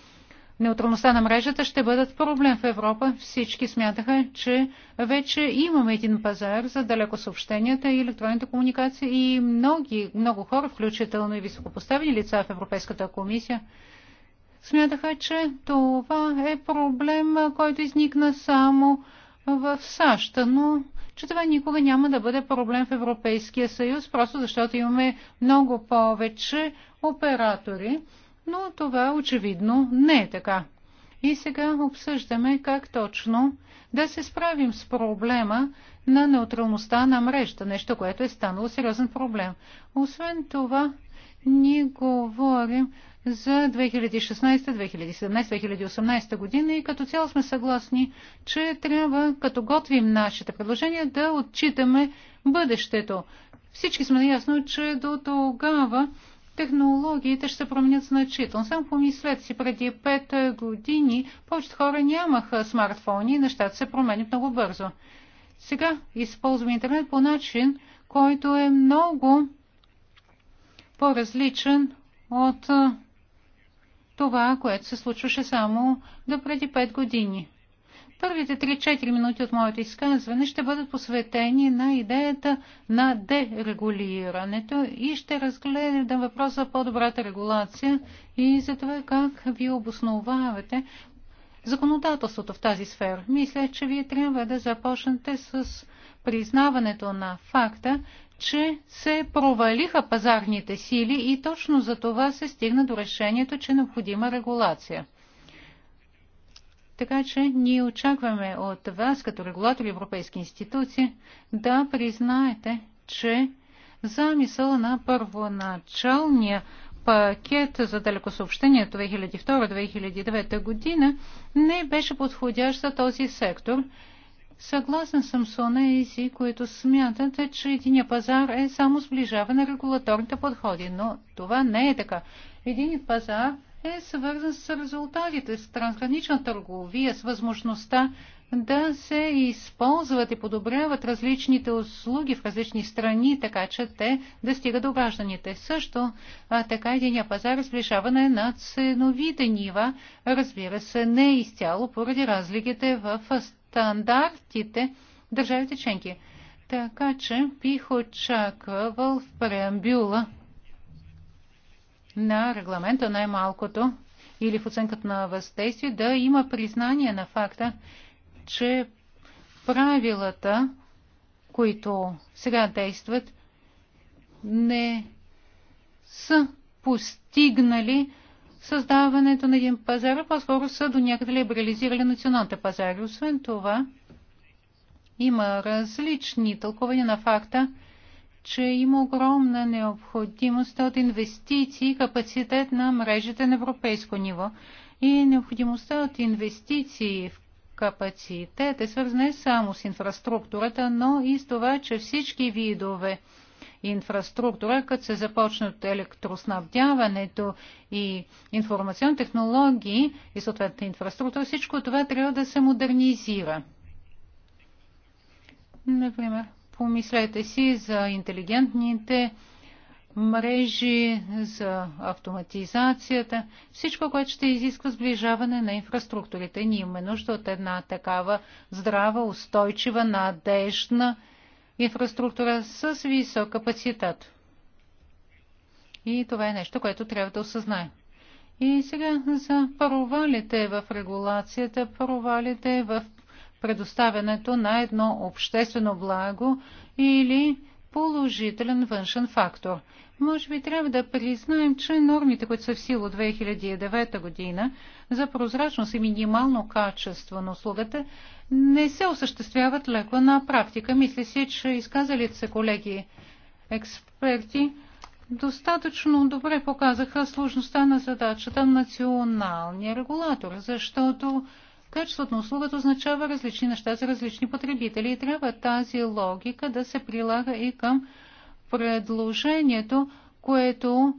неутралността на мрежата ще бъдат проблем в Европа. Всички смятаха, че вече имаме един пазар за далеко съобщенията и електронните комуникации и многи, много хора, включително и високопоставени лица в Европейската комисия, смятаха, че това е проблем, който изникна само в САЩ, но че това никога няма да бъде проблем в Европейския съюз, просто защото имаме много повече оператори, но това очевидно не е така. И сега обсъждаме как точно да се справим с проблема на неутралността на мрежата, нещо, което е станало сериозен проблем. Освен това, ние говорим за 2016, 2017, 2018 година и като цяло сме съгласни, че трябва, като готвим нашите предложения, да отчитаме бъдещето. Всички сме наясно, че до тогава технологиите ще се променят значително. Само помислете си, преди 5 години повечето хора нямаха смартфони и нещата се променят много бързо. Сега използваме интернет по начин, който е много по-различен от това, което се случваше само до преди 5 години. Първите 3-4 минути от моето изказване ще бъдат посветени на идеята на дерегулирането и ще разгледам въпрос за по-добрата регулация и за това как ви обосновавате законодателството в тази сфера. Мисля, че вие трябва да започнете с признаването на факта, че се провалиха пазарните сили и точно за това се стигна до решението, че е необходима регулация. Така че ние очакваме от вас, като регулатори европейски институции, да признаете, че замисъл на първоначалния пакет за далекосъобщение 2002-2009 година не беше подходящ за този сектор Съгласна съм с онези, които смятат, че единия пазар е само сближаване на регулаторните подходи, но това не е така. Единият пазар е свързан с резултатите, с трансгранична търговия, с възможността да се използват и подобряват различните услуги в различни страни, така че те да стигат до гражданите. Също а така единия пазар е сближаване на ценовите нива, разбира се, не е изцяло поради разликите в стандартите в държавите членки. Така че бих очаквал в преамбюла на регламента най-малкото или в оценката на въздействие да има признание на факта, че правилата, които сега действат, не са постигнали създаването на един пазар, а по-скоро са до някъде либерализирали националните пазари. Освен това, има различни тълкования на факта, че има огромна необходимост от инвестиции и капацитет на мрежите на европейско ниво. И необходимостта от инвестиции в капацитет е свързана не само с инфраструктурата, но и с това, че всички видове инфраструктура, като се започнат електроснабдяването и информационни технологии и съответната инфраструктура, всичко това трябва да се модернизира. Например, помислете си за интелигентните мрежи, за автоматизацията, всичко, което ще изисква сближаване на инфраструктурите. Ние имаме нужда от една такава здрава, устойчива, надежна инфраструктура с висок капацитет. И това е нещо, което трябва да осъзнае. И сега за провалите в регулацията, провалите в предоставянето на едно обществено благо или положителен външен фактор. Може би трябва да признаем, че нормите, които са в сила 2009 година за прозрачност и минимално качество на услугата, не се осъществяват леко на практика. Мисля си, че изказали, се колеги експерти достатъчно добре показаха сложността на задачата на националния регулатор, защото Качеството на услугата означава различни неща за различни потребители и трябва тази логика да се прилага и към предложението, което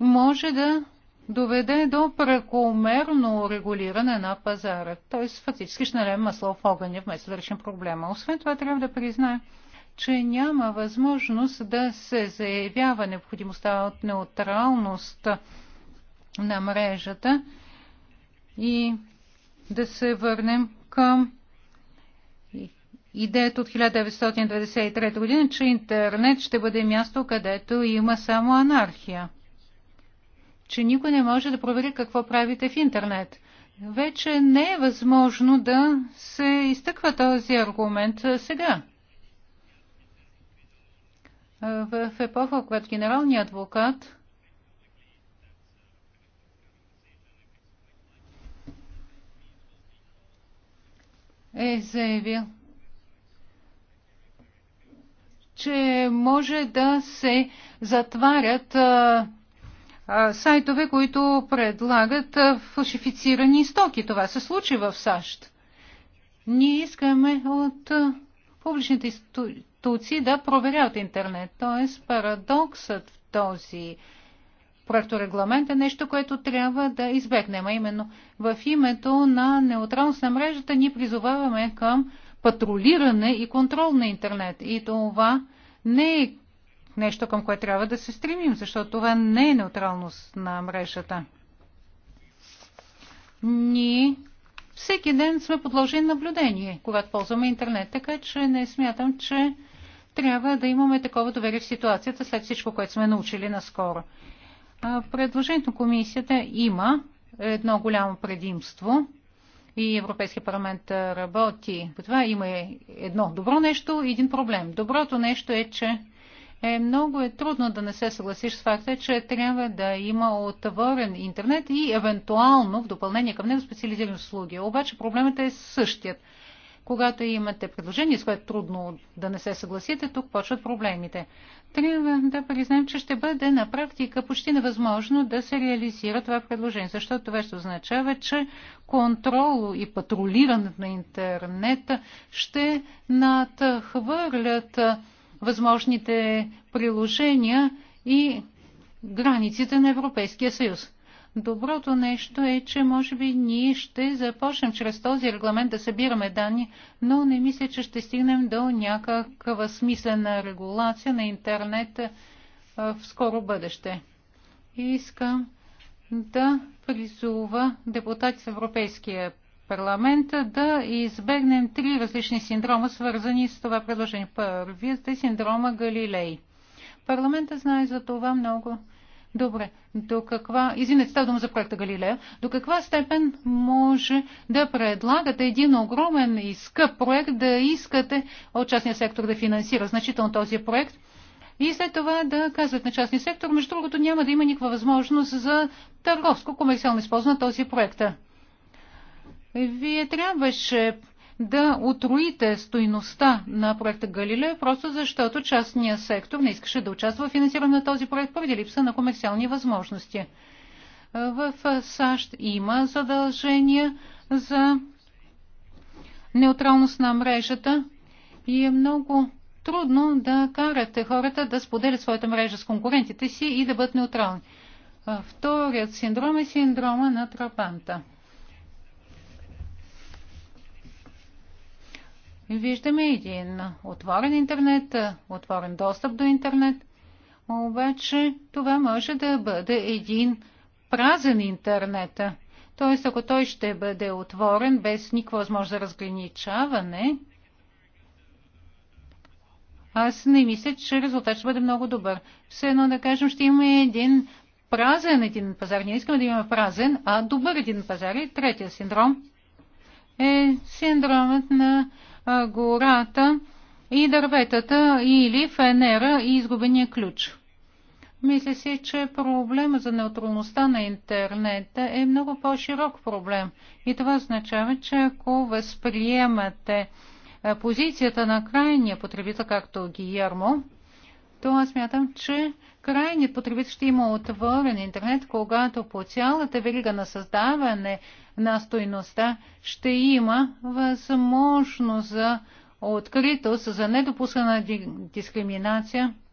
може да доведе до прекомерно регулиране на пазара. Т.е. фактически ще налем масло в огъня, вместо да решим проблема. Освен това трябва да признаем, че няма възможност да се заявява необходимостта от неутралност на мрежата и да се върнем към идеята от 1993 година, е, че интернет ще бъде място, където има само анархия. Че никой не може да провери какво правите в интернет. Вече не е възможно да се изтъква този аргумент сега. В епоха, когато генералният адвокат е заявил, че може да се затварят а, а, сайтове, които предлагат а, фалшифицирани стоки. Това се случи в САЩ. Ние искаме от а, публичните институции да проверяват интернет. Тоест парадоксът в този проекторегламент е нещо, което трябва да избегнем. А именно в името на неутралност на мрежата ние призоваваме към патрулиране и контрол на интернет. И това не е нещо, към което трябва да се стремим, защото това не е неутралност на мрежата. Ние всеки ден сме подложени наблюдение, когато ползваме интернет, така че не смятам, че трябва да имаме такова доверие в ситуацията след всичко, което сме научили наскоро. Предложението на комисията има едно голямо предимство и Европейския парламент работи. По това има е едно добро нещо и един проблем. Доброто нещо е, че е много е трудно да не се съгласиш с факта, че трябва да има отворен интернет и евентуално в допълнение към него специализирани услуги. Обаче проблемът е същият. Когато имате предложение, с което трудно да не се съгласите, тук почват проблемите трябва да признаем, че ще бъде на практика почти невъзможно да се реализира това предложение, защото това ще означава, че контрол и патрулирането на интернета ще надхвърлят възможните приложения и границите на Европейския съюз. Доброто нещо е, че може би ние ще започнем чрез този регламент да събираме данни, но не мисля, че ще стигнем до някаква смислена регулация на интернет в скоро бъдеще. Искам да призува депутати в Европейския парламент да избегнем три различни синдрома, свързани с това предложение. Първият е синдрома Галилей. Парламентът знае за това много Добре, до каква, извинете, става дума за проекта Галилея, до каква степен може да предлагате един огромен и скъп проект, да искате от частния сектор да финансира значително този проект и след това да казват на частния сектор, между другото няма да има никаква възможност за търговско комерциално използване на този проект. Вие трябваше да отруите стоиността на проекта Галилео, просто защото частният сектор не искаше да участва в финансиране на този проект поради липса на комерциални възможности. В САЩ има задължения за неутралност на мрежата и е много трудно да карате хората да споделят своята мрежа с конкурентите си и да бъдат неутрални. Вторият синдром е синдрома на трапанта. Виждаме един отворен интернет, отворен достъп до интернет, обаче това може да бъде един празен интернет. Т.е. ако той ще бъде отворен без никаква възможност за разграничаване, аз не мисля, че резултат ще бъде много добър. Все едно да кажем, ще имаме един празен един пазар. Не искаме да имаме празен, а добър един пазар. И третия синдром е синдромът на гората и дърветата или фенера и изгубения ключ. Мисля си, че проблема за неутралността на интернета е много по-широк проблем. И това означава, че ако възприемате позицията на крайния потребител, както Гиермо, то аз смятам, че крайният потребител ще има отворен интернет, когато по цялата верига на създаване на стойността ще има възможност за откритост, за недопускана дискриминация –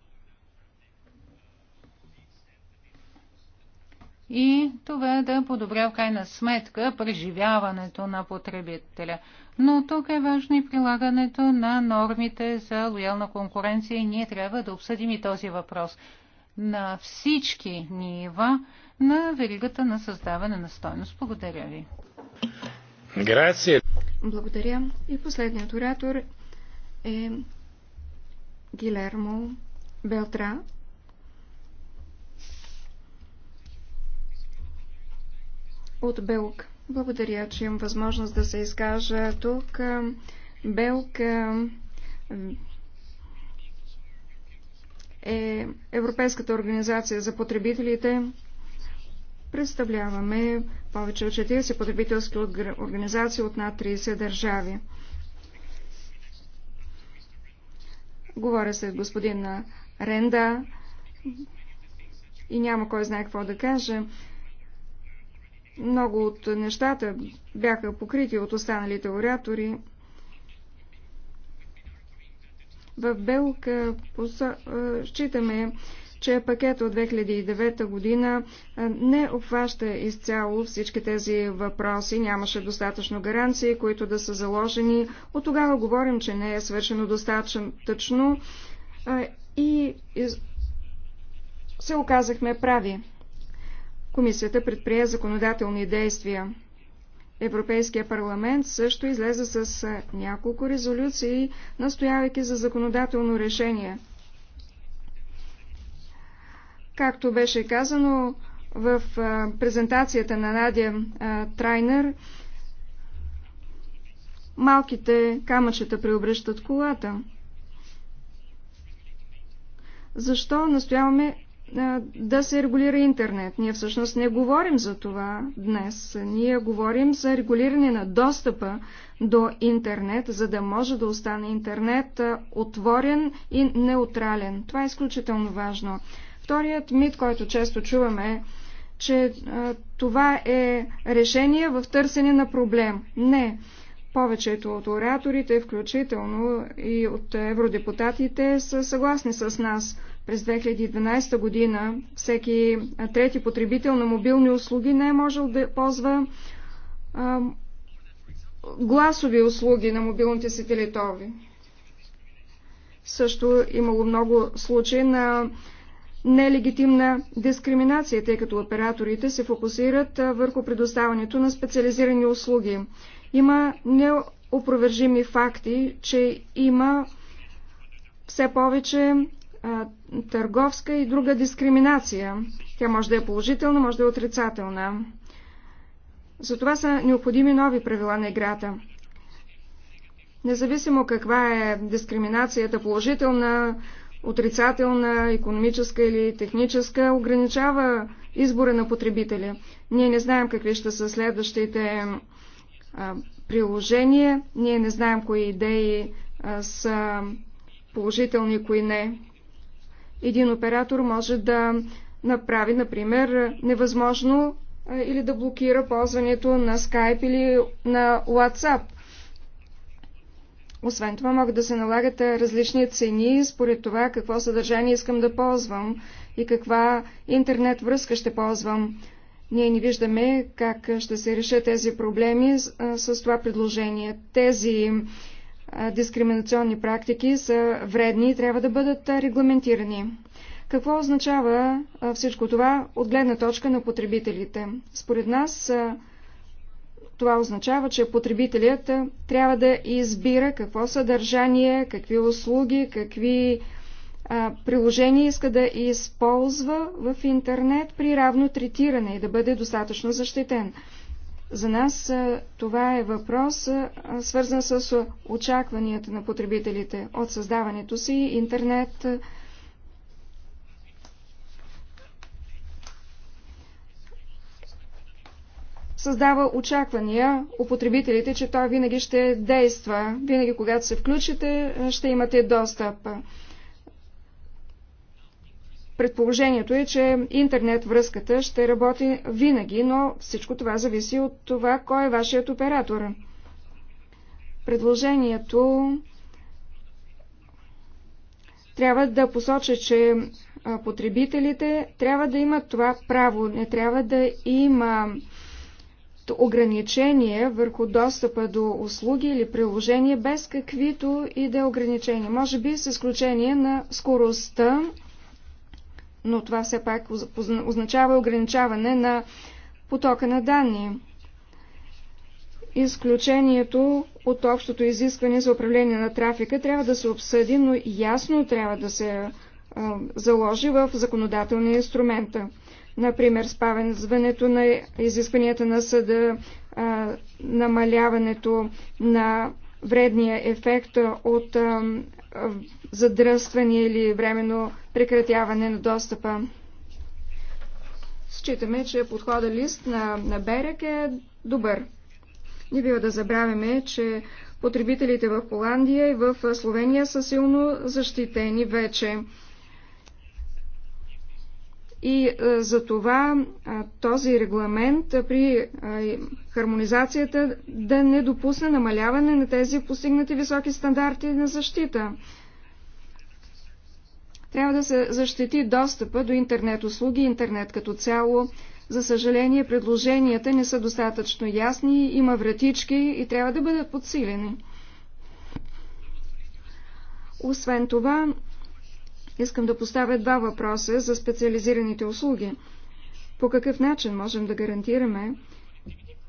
и това е да подобря в крайна сметка преживяването на потребителя. Но тук е важно и прилагането на нормите за лоялна конкуренция и ние трябва да обсъдим и този въпрос на всички нива на веригата на създаване на стойност. Благодаря ви. Грация. Благодаря. И последният оратор е Гилермо Белтра от Белк. Благодаря, че имам възможност да се изкажа тук. Белк е, е Европейската организация за потребителите. Представляваме повече от 40 потребителски организации от над 30 държави. Говоря се господин Ренда и няма кой знае какво да каже. Много от нещата бяха покрити от останалите оратори. В Белка поса... считаме, че пакет от 2009 година не обхваща изцяло всички тези въпроси. Нямаше достатъчно гаранции, които да са заложени. От тогава говорим, че не е свършено достатъчно и се оказахме прави. Комисията предприе законодателни действия. Европейския парламент също излезе с няколко резолюции, настоявайки за законодателно решение. Както беше казано в презентацията на Надя Трайнер, малките камъчета преобръщат колата. Защо настояваме да се регулира интернет. Ние всъщност не говорим за това днес. Ние говорим за регулиране на достъпа до интернет, за да може да остане интернет отворен и неутрален. Това е изключително важно. Вторият мит, който често чуваме, че това е решение в търсене на проблем. Не. Повечето от ораторите, включително и от евродепутатите, са съгласни с нас – през 2012 година всеки трети потребител на мобилни услуги не е можел да ползва а, гласови услуги на мобилните си телетови. Също имало много случаи на нелегитимна дискриминация, тъй като операторите се фокусират върху предоставянето на специализирани услуги. Има неопровержими факти, че има все повече търговска и друга дискриминация. Тя може да е положителна, може да е отрицателна. Затова са необходими нови правила на играта. Независимо каква е дискриминацията, положителна, отрицателна, економическа или техническа, ограничава избора на потребителя. Ние не знаем какви ще са следващите а, приложения, ние не знаем кои идеи а, са положителни, кои не. Един оператор може да направи, например, невъзможно или да блокира ползването на Skype или на WhatsApp. Освен това могат да се налагат различни цени според това какво съдържание искам да ползвам и каква интернет връзка ще ползвам. Ние не виждаме как ще се решат тези проблеми с това предложение. Тези дискриминационни практики са вредни и трябва да бъдат регламентирани. Какво означава всичко това от гледна точка на потребителите? Според нас това означава, че потребителят трябва да избира какво съдържание, какви услуги, какви приложения иска да използва в интернет при равно третиране и да бъде достатъчно защитен. За нас е, това е въпрос, е, свързан с очакванията на потребителите от създаването си, интернет. Създава очаквания у потребителите, че той винаги ще действа. Винаги, когато се включите, ще имате достъп. Предположението е, че интернет връзката ще работи винаги, но всичко това зависи от това, кой е вашият оператор. Предложението трябва да посоча, че потребителите трябва да имат това право, не трябва да има ограничения върху достъпа до услуги или приложения без каквито и да е ограничения. Може би с изключение на скоростта но това все пак означава ограничаване на потока на данни. Изключението от общото изискване за управление на трафика трябва да се обсъди, но ясно трябва да се а, заложи в законодателния инструмента. Например, спавенето на изискванията на съда, а, намаляването на вредния ефект от а, задръстване или временно прекратяване на достъпа. Считаме, че подхода лист на, на Берек е добър. Не бива да забравяме, че потребителите в Холандия и в Словения са силно защитени вече. И е, за това е, този регламент е, при хармонизацията да не допусне намаляване на тези постигнати високи стандарти на защита. Трябва да се защити достъпа до интернет услуги, интернет като цяло. За съжаление, предложенията не са достатъчно ясни, има вратички и трябва да бъдат подсилени. Освен това, Искам да поставя два въпроса за специализираните услуги. По какъв начин можем да гарантираме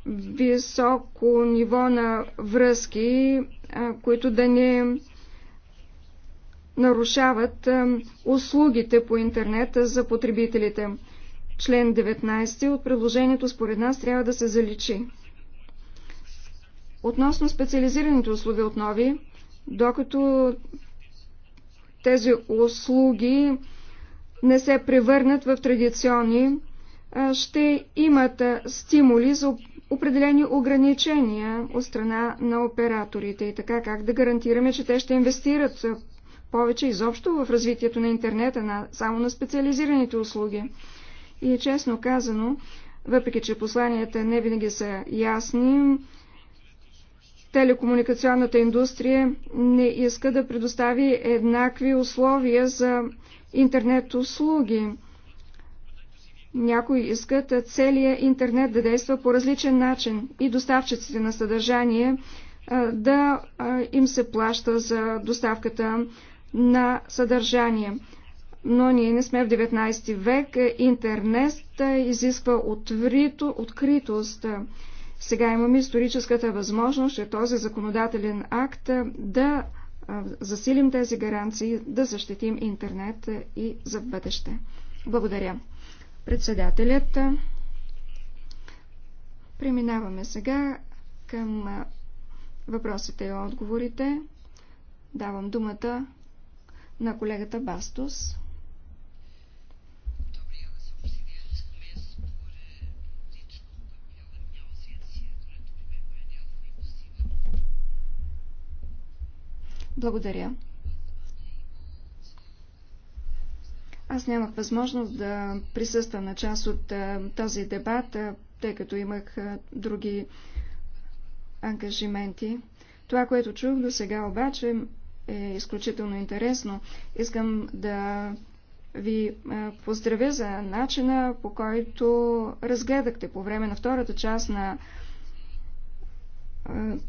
високо ниво на връзки, които да не нарушават услугите по интернета за потребителите? Член 19 от предложението според нас трябва да се заличи. Относно специализираните услуги отнови, докато тези услуги не се превърнат в традиционни, ще имат стимули за определени ограничения от страна на операторите и така как да гарантираме, че те ще инвестират повече изобщо в развитието на интернета, на, само на специализираните услуги. И честно казано, въпреки че посланията не винаги са ясни, телекомуникационната индустрия не иска да предостави еднакви условия за интернет услуги. Някои искат целият интернет да действа по различен начин и доставчиците на съдържание да им се плаща за доставката на съдържание. Но ние не сме в 19 век. Интернет изисква открито, откритост. Сега имаме историческата възможност, че този законодателен акт да засилим тези гаранции, да защитим интернет и за бъдеще. Благодаря. Председателят. Преминаваме сега към въпросите и отговорите. Давам думата на колегата Бастус. Благодаря. Аз нямах възможност да присъствам на част от този дебат, тъй като имах други ангажименти. Това, което чух до сега обаче е изключително интересно. Искам да ви поздравя за начина, по който разгледахте по време на втората част на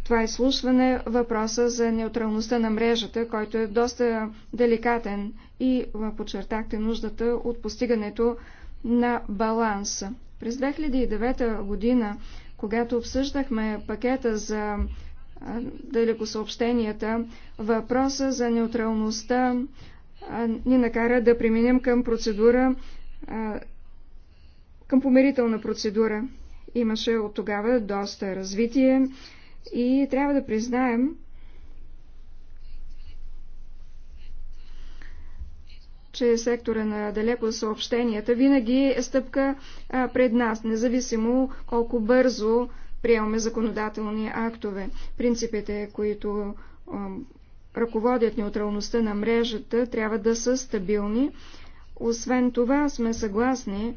това изслушване е въпроса за неутралността на мрежата, който е доста деликатен и подчертахте нуждата от постигането на баланса. През 2009 година, когато обсъждахме пакета за далекосъобщенията, въпроса за неутралността ни накара да преминем към процедура, към помирителна процедура. Имаше от тогава доста развитие и трябва да признаем, че сектора на далеко съобщенията винаги е стъпка а, пред нас, независимо колко бързо приемаме законодателни актове. Принципите, които а, ръководят неутралността на мрежата, трябва да са стабилни. Освен това сме съгласни,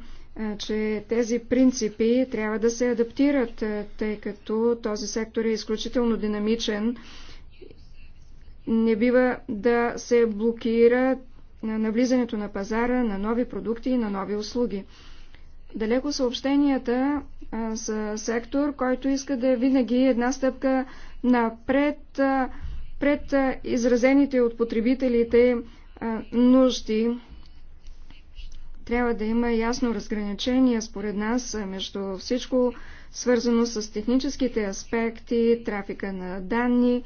че тези принципи трябва да се адаптират, тъй като този сектор е изключително динамичен. Не бива да се блокира навлизането на пазара на нови продукти и на нови услуги. Далеко съобщенията са сектор, който иска да е винаги една стъпка напред пред изразените от потребителите нужди трябва да има ясно разграничение, според нас, между всичко свързано с техническите аспекти, трафика на данни,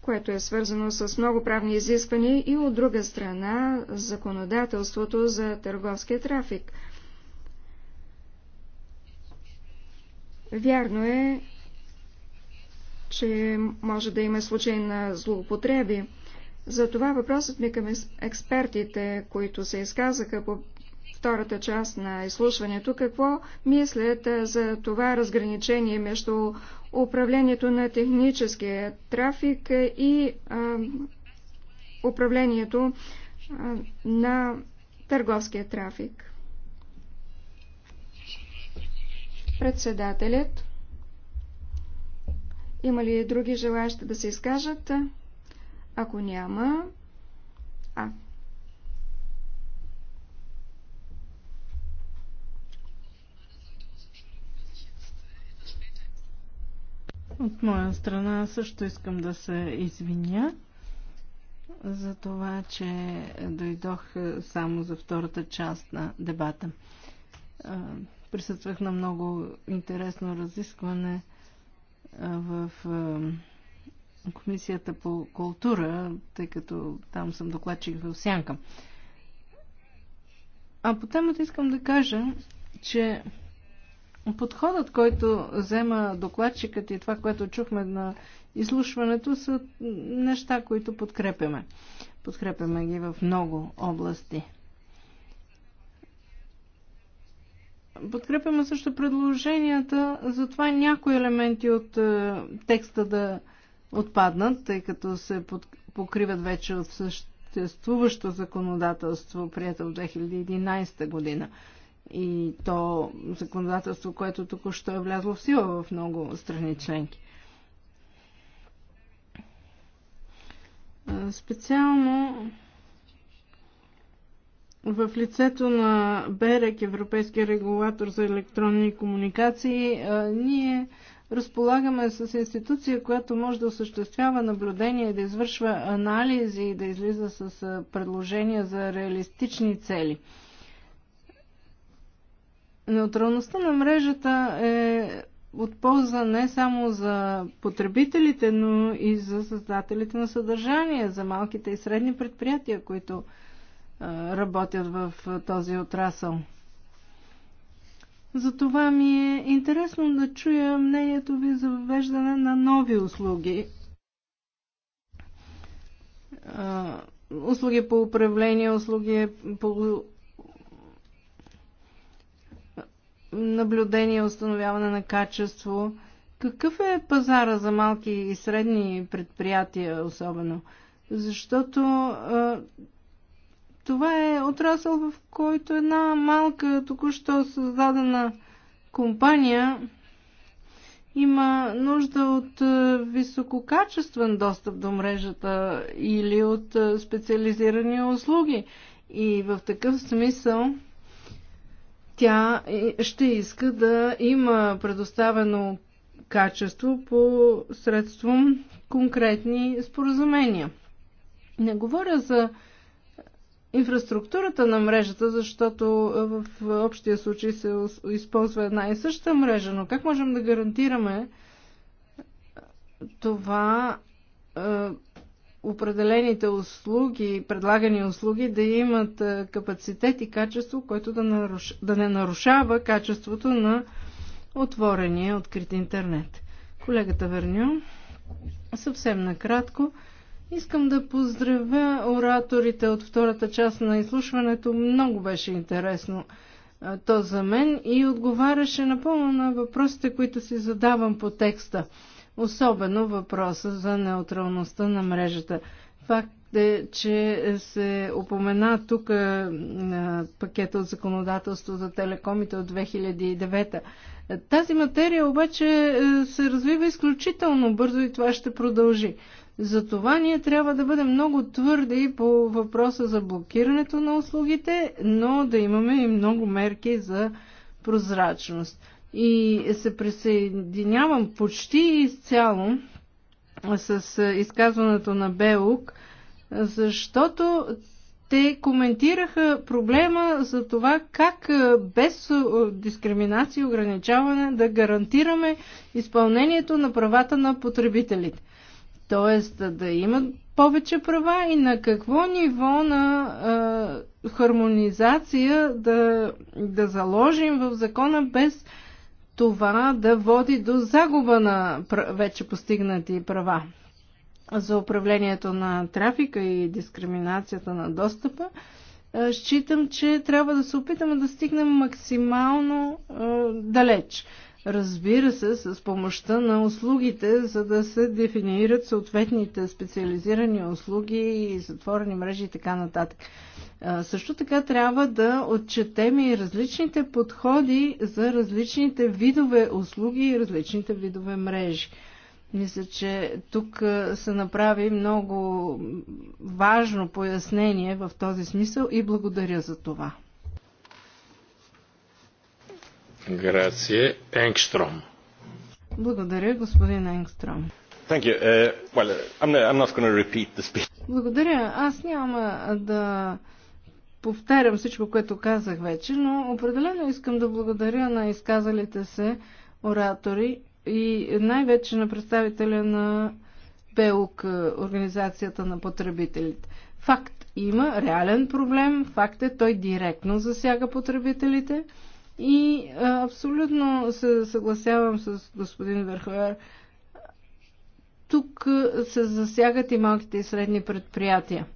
което е свързано с много правни изисквания и от друга страна законодателството за търговския трафик. Вярно е, че може да има случай на злоупотреби. Затова въпросът ми към експертите, които се изказаха по втората част на изслушването, какво мислят за това разграничение между управлението на техническия трафик и а, управлението а, на търговския трафик. Председателят. Има ли други желаящи да се изкажат? Ако няма... А. От моя страна също искам да се извиня за това, че дойдох само за втората част на дебата. Присъствах на много интересно разискване в Комисията по култура, тъй като там съм докладчик в Сянка. А по темата искам да кажа, че подходът, който взема докладчикът и това, което чухме на изслушването, са неща, които подкрепяме. Подкрепяме ги в много области. Подкрепяме също предложенията за това някои елементи от е, текста да отпаднат, тъй като се под, покриват вече от съществуващо законодателство, прието в 2011 година. И то законодателство, което току-що е влязло в сила в много страни членки. Специално в лицето на БЕРЕК, Европейския регулатор за електронни комуникации, ние разполагаме с институция, която може да осъществява наблюдение, да извършва анализи и да излиза с предложения за реалистични цели. Неутралността на мрежата е от полза не само за потребителите, но и за създателите на съдържание, за малките и средни предприятия, които работят в този отрасъл. Затова ми е интересно да чуя мнението ви за въвеждане на нови услуги. Услуги по управление, услуги по наблюдение, установяване на качество. Какъв е пазара за малки и средни предприятия особено? Защото а, това е отрасъл, в който една малка, току-що създадена компания има нужда от е, висококачествен достъп до мрежата или от е, специализирани услуги. И в такъв смисъл тя ще иска да има предоставено качество по средством конкретни споразумения. Не говоря за инфраструктурата на мрежата, защото в общия случай се използва една и съща мрежа, но как можем да гарантираме това определените услуги, предлагани услуги да имат капацитет и качество, което да, наруш... да не нарушава качеството на отворения открит интернет. Колегата Верню, съвсем накратко, Искам да поздравя ораторите от втората част на изслушването. Много беше интересно то за мен и отговаряше напълно на въпросите, които си задавам по текста. Особено въпроса за неутралността на мрежата. Факт е, че се опомена тук пакета от законодателство за телекомите от 2009. Тази материя обаче е, се развива изключително бързо и това ще продължи. Затова ние трябва да бъдем много твърди по въпроса за блокирането на услугите, но да имаме и много мерки за прозрачност. И се присъединявам почти изцяло с изказването на Белук, защото те коментираха проблема за това как без дискриминация и ограничаване да гарантираме изпълнението на правата на потребителите. Т.е. да имат повече права и на какво ниво на а, хармонизация да, да заложим в закона без това да води до загуба на вече постигнати права. За управлението на трафика и дискриминацията на достъпа считам, че трябва да се опитаме да стигнем максимално а, далеч разбира се, с помощта на услугите, за да се дефинират съответните специализирани услуги и затворени мрежи и така нататък. Също така трябва да отчетем и различните подходи за различните видове услуги и различните видове мрежи. Мисля, че тук се направи много важно пояснение в този смисъл и благодаря за това. Грация. Енгстром. Благодаря, господин Енгстром. Uh, well, I'm not, I'm Благодаря. Аз няма да повтарям всичко, което казах вече, но определено искам да благодаря на изказалите се оратори и най-вече на представителя на ПЕУК, е, Организацията на потребителите. Факт има, реален проблем, факт е, той директно засяга потребителите – и а, абсолютно се съгласявам с господин Верховер. Тук се засягат и малките и средни предприятия.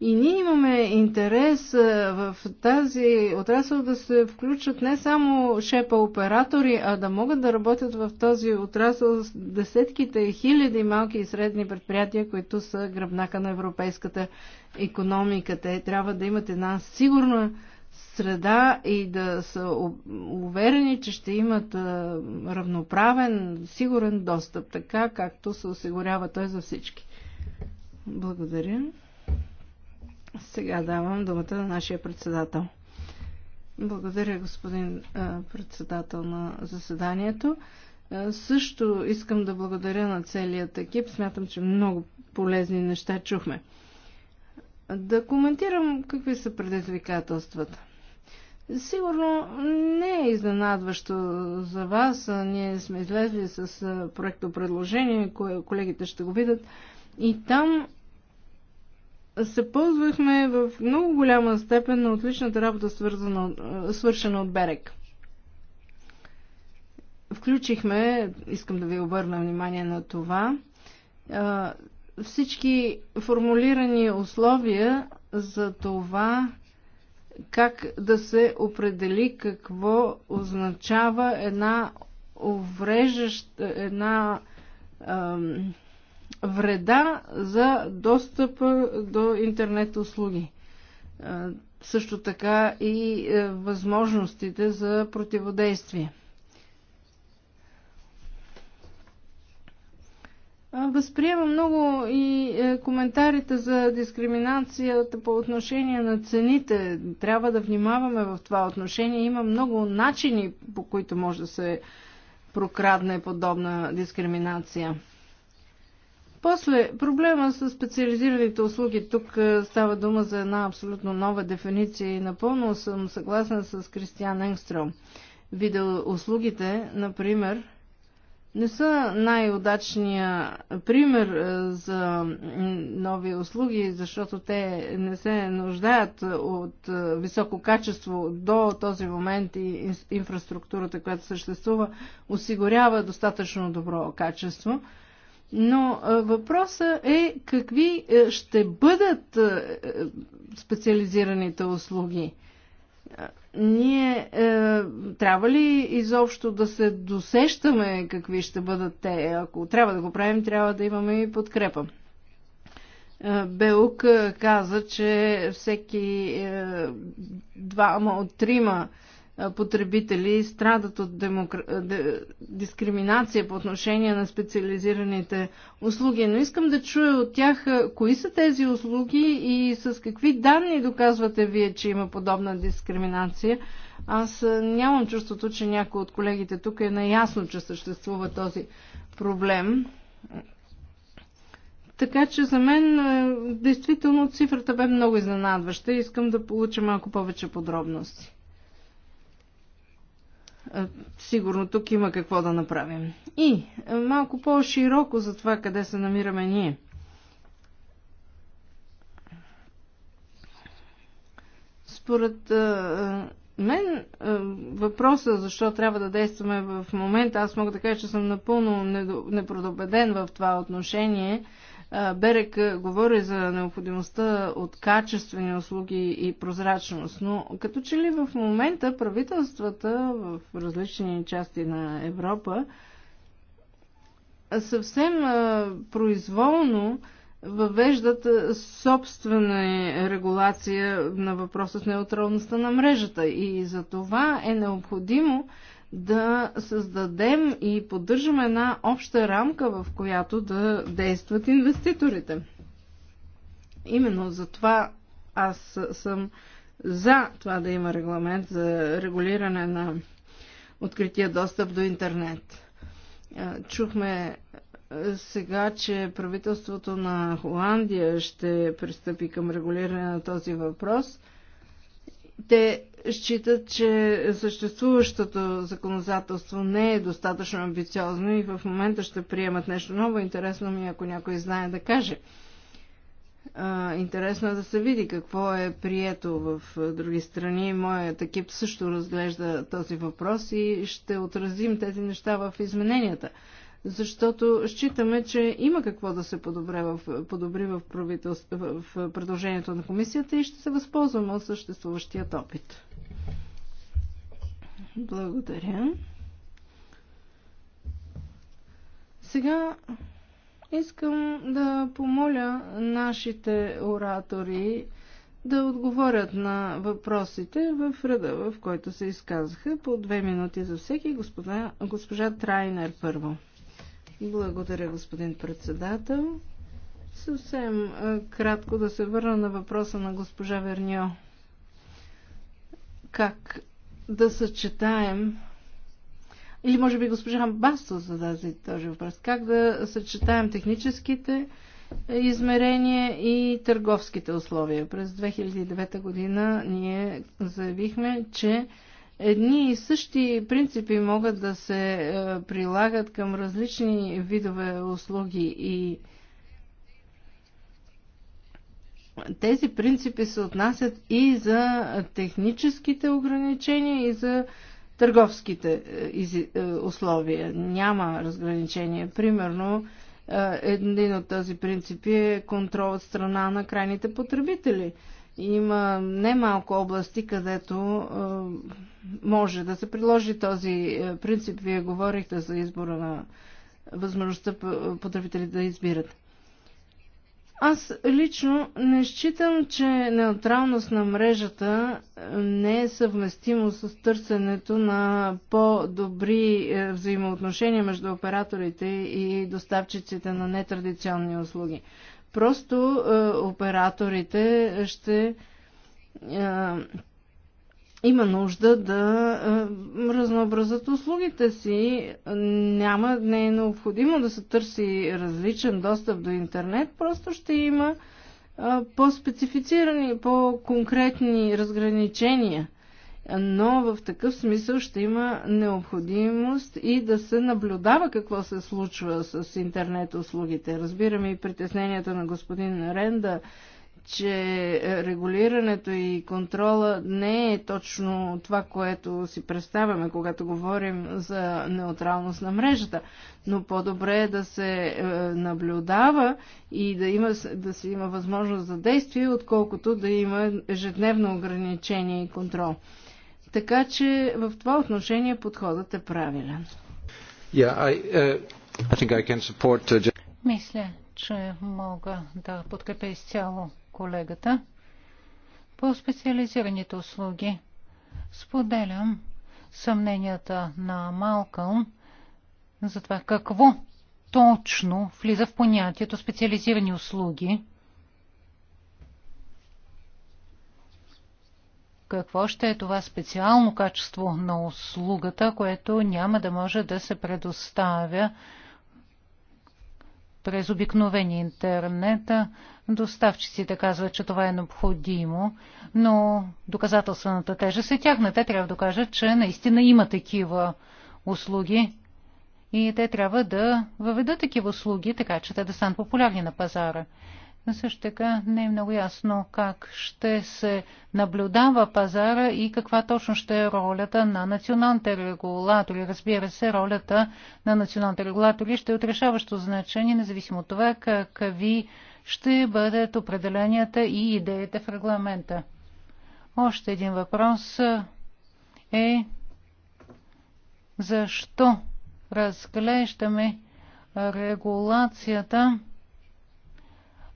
И ние имаме интерес в тази отрасъл да се включат не само шепа оператори, а да могат да работят в този отрасъл с десетките и хиляди малки и средни предприятия, които са гръбнака на европейската економика. Те трябва да имат една сигурна среда и да са уверени, че ще имат равноправен, сигурен достъп, така както се осигурява той за всички. Благодаря. Сега давам думата на нашия председател. Благодаря, господин председател на заседанието. Също искам да благодаря на целият екип. Смятам, че много полезни неща чухме. Да коментирам какви са предизвикателствата. Сигурно не е изненадващо за вас. Ние сме излезли с проекто предложение, кое колегите ще го видят. И там се ползвахме в много голяма степен на отличната работа, свързана, свършена от Берек. Включихме, искам да ви обърна внимание на това, всички формулирани условия за това как да се определи какво означава една увреждаща, една ам, вреда за достъпа до интернет услуги. също така и е, възможностите за противодействие. Възприема много и е, коментарите за дискриминацията по отношение на цените. Трябва да внимаваме в това отношение. Има много начини, по които може да се прокрадне подобна дискриминация. После, проблема с специализираните услуги. Тук е, става дума за една абсолютно нова дефиниция и напълно съм съгласна с Кристиан Енгстром. Видеоуслугите, например, не са най-удачния пример е, за нови услуги, защото те не се нуждаят от е, високо качество до този момент и инфраструктурата, която съществува, осигурява достатъчно добро качество. Но е, въпросът е какви ще бъдат специализираните услуги – ние е, трябва ли изобщо да се досещаме какви ще бъдат те? Ако трябва да го правим, трябва да имаме и подкрепа. Е, Белук е, каза, че всеки е, двама от трима потребители страдат от демокра... дискриминация по отношение на специализираните услуги. Но искам да чуя от тях кои са тези услуги и с какви данни доказвате вие, че има подобна дискриминация. Аз нямам чувството, че някой от колегите тук е наясно, че съществува този проблем. Така че за мен действително цифрата бе много изненадваща и искам да получа малко повече подробности. Е, сигурно тук има какво да направим. И е, малко по-широко за това къде се намираме ние. Според е, мен въпроса защо трябва да действаме в момента, аз мога да кажа, че съм напълно непродобеден в това отношение – Берек говори за необходимостта от качествени услуги и прозрачност, но като че ли в момента правителствата в различни части на Европа съвсем произволно въвеждат собствена регулация на въпроса с неутралността на мрежата и за това е необходимо да създадем и поддържаме една обща рамка, в която да действат инвеститорите. Именно за това аз съм за това да има регламент за регулиране на открития достъп до интернет. Чухме сега, че правителството на Холандия ще пристъпи към регулиране на този въпрос – те считат, че съществуващото законодателство не е достатъчно амбициозно и в момента ще приемат нещо ново. Интересно ми, е, ако някой знае да каже. Интересно е да се види какво е прието в други страни. Моят екип също разглежда този въпрос и ще отразим тези неща в измененията защото считаме, че има какво да се подобре в, подобри в, в предложението на комисията и ще се възползваме от съществуващият опит. Благодаря. Сега искам да помоля нашите оратори да отговорят на въпросите в реда, в който се изказаха по две минути за всеки. госпожа, госпожа Трайнер първо. Благодаря, господин председател. Съвсем кратко да се върна на въпроса на госпожа Верньо. Как да съчетаем или може би госпожа Басто зададе този въпрос. Как да съчетаем техническите измерения и търговските условия? През 2009 година ние заявихме, че едни и същи принципи могат да се е, прилагат към различни видове услуги и тези принципи се отнасят и за техническите ограничения и за търговските е, е, условия. Няма разграничение. Примерно, един от тези принципи е контрол от страна на крайните потребители – има немалко области, където може да се приложи този принцип. Вие говорихте за избора на възможността потребителите да избират. Аз лично не считам, че неутралност на мрежата не е съвместимо с търсенето на по-добри взаимоотношения между операторите и доставчиците на нетрадиционни услуги. Просто е, операторите ще е, има нужда да е, разнообразят услугите си. Няма, не е необходимо да се търси различен достъп до интернет, просто ще има по-специфицирани, по-конкретни разграничения но в такъв смисъл ще има необходимост и да се наблюдава какво се случва с интернет услугите. Разбираме и притесненията на господин Ренда, че регулирането и контрола не е точно това, което си представяме, когато говорим за неутралност на мрежата, но по-добре е да се е, наблюдава и да, има, да се има възможност за действие, отколкото да има ежедневно ограничение и контрол. Така че в това отношение подходът е правилен. Yeah, I, uh, I think I can support, uh... Мисля, че мога да подкрепя изцяло колегата. По специализираните услуги споделям съмненията на Малкълм за това какво точно влиза в понятието специализирани услуги – какво ще е това специално качество на услугата, което няма да може да се предоставя през обикновени интернета. Доставчиците казват, че това е необходимо, но доказателствената тежест е тяхна. Те трябва да кажат, че наистина има такива услуги и те трябва да въведат такива услуги, така че те да станат популярни на пазара. Също така не е много ясно как ще се наблюдава пазара и каква точно ще е ролята на националните регулатори. Разбира се, ролята на националните регулатори ще е отрешаващо значение, независимо от това какви ще бъдат определенията и идеите в регламента. Още един въпрос е защо разглеждаме регулацията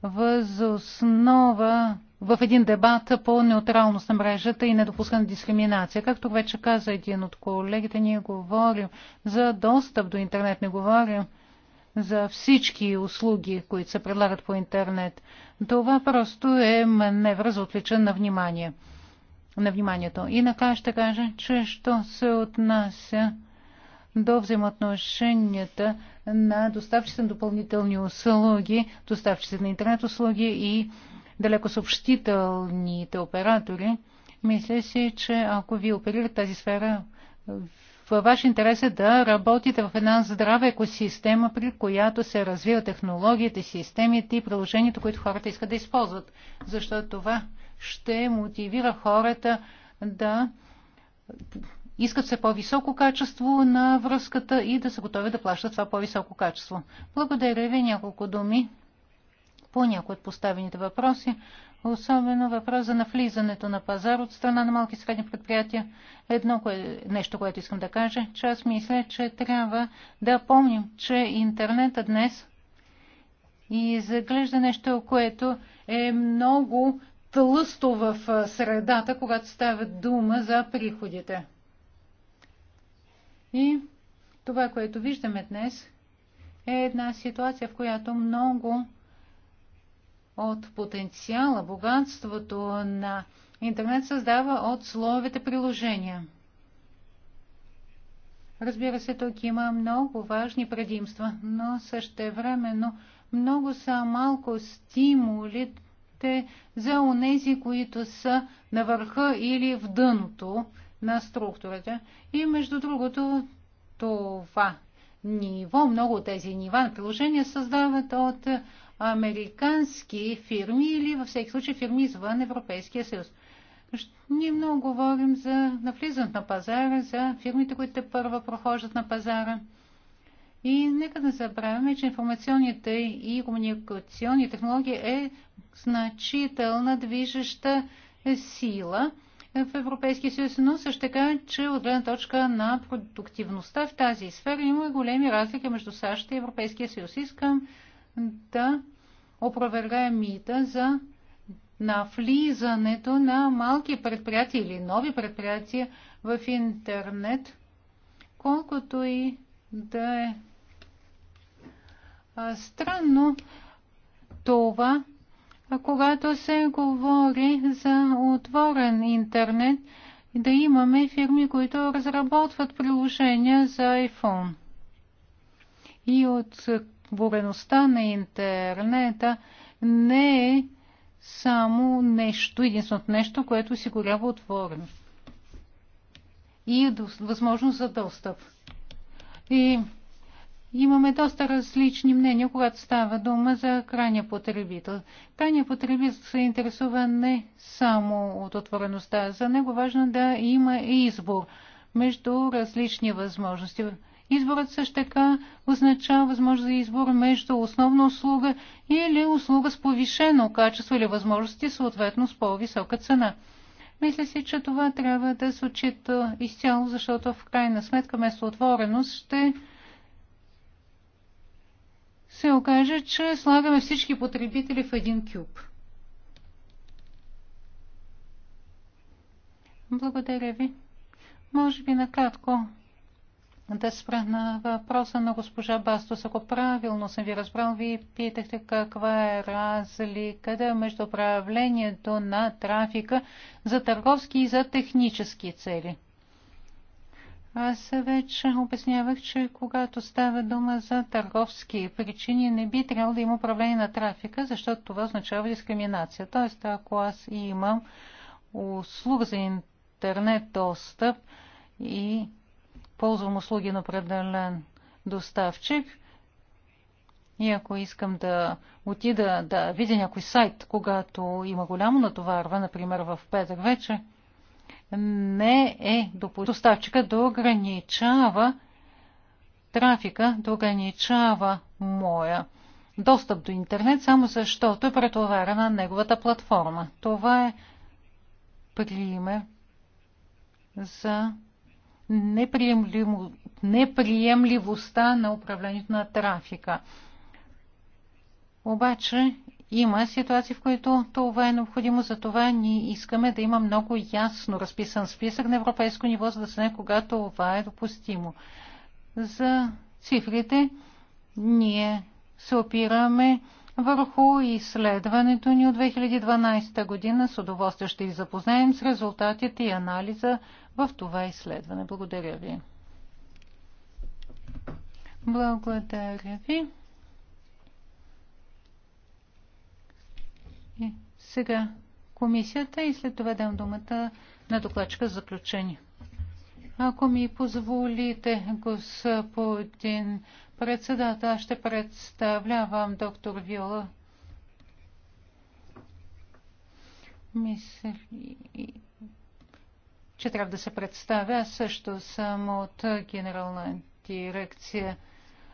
възоснова в един дебат по неутралност на мрежата и недопускана дискриминация. Както вече каза един от колегите, ние говорим за достъп до интернет, не говорим за всички услуги, които се предлагат по интернет. Това просто е маневра за отвличане на внимание. На вниманието. И накрая ще кажа, че що се отнася до взаимоотношенията на доставчиците на допълнителни услуги, доставчиците на интернет услуги и далекосъобщителните оператори. Мисля си, че ако ви оперирате тази сфера, във ваш интерес е да работите в една здрава екосистема, при която се развива технологията, системите и приложението, които хората искат да използват. Защото това ще мотивира хората да искат все по-високо качество на връзката и да са готови да плащат това по-високо качество. Благодаря ви няколко думи по някои от поставените въпроси, особено въпроса на влизането на пазар от страна на малки и средни предприятия. Едно кое, нещо, което искам да кажа, че аз мисля, че трябва да помним, че интернета днес и заглежда нещо, което е много тлъсто в средата, когато става дума за приходите. И това, което виждаме днес, е една ситуация, в която много от потенциала, богатството на интернет създава от словите приложения. Разбира се, тук има много важни предимства, но същевременно много са малко стимулите за онези, които са на върха или в дъното на структурата. И между другото, това ниво, много от тези нива на приложения създават от американски фирми или във всеки случай фирми извън Европейския съюз. Ние много говорим за навлизането на пазара, за фирмите, които те първа прохождат на пазара. И нека да забравяме, че информационните и комуникационни технологии е значителна движеща сила – в Европейския съюз, но също така, че от гледна точка на продуктивността в тази сфера има големи разлики между САЩ и Европейския съюз. Искам да опровергая мита за на влизането на малки предприятия или нови предприятия в интернет, колкото и да е странно това когато се говори за отворен интернет, да имаме фирми, които разработват приложения за iPhone. И от буреността на интернета не е само нещо, единственото нещо, което осигурява отворено. И възможност за достъп. И имаме доста различни мнения, когато става дума за крайния потребител. Крайният потребител се интересува не само от отвореността. За него е важно да има избор между различни възможности. Изборът също така означава възможност за избор между основна услуга или услуга с повишено качество или възможности, съответно с по-висока цена. Мисля си, че това трябва да се отчита изцяло, защото в крайна сметка вместо отвореност ще се окаже, че слагаме всички потребители в един кюб. Благодаря ви. Може би накратко да спра на въпроса на госпожа Бастос. Ако правилно съм ви разбрал, вие питахте каква е разликата между управлението на трафика за търговски и за технически цели. Аз вече обяснявах, че когато става дума за търговски причини, не би трябвало да има управление на трафика, защото това означава дискриминация. Тоест, ако аз имам услуга за интернет достъп и ползвам услуги на определен доставчик, и ако искам да отида да видя някой сайт, когато има голямо натоварване, например в петък вече, не е допустим. Доставчика да ограничава трафика, да ограничава моя достъп до интернет, само защото е претоварена неговата платформа. Това е пример за неприемливо, неприемливостта на управлението на трафика. Обаче има ситуации, в които това е необходимо, за това ние искаме да има много ясно разписан списък на европейско ниво, за да се не, кога това е допустимо. За цифрите ние се опираме върху изследването ни от 2012 година. С удоволствие ще ви запознаем с резултатите и анализа в това изследване. Благодаря ви. Благодаря ви. Сега комисията и след това дам думата на докладчика за заключение. Ако ми позволите, господин председател, аз ще представлявам доктор Виола. Мисля, че трябва да се представя. Аз също съм от генерална дирекция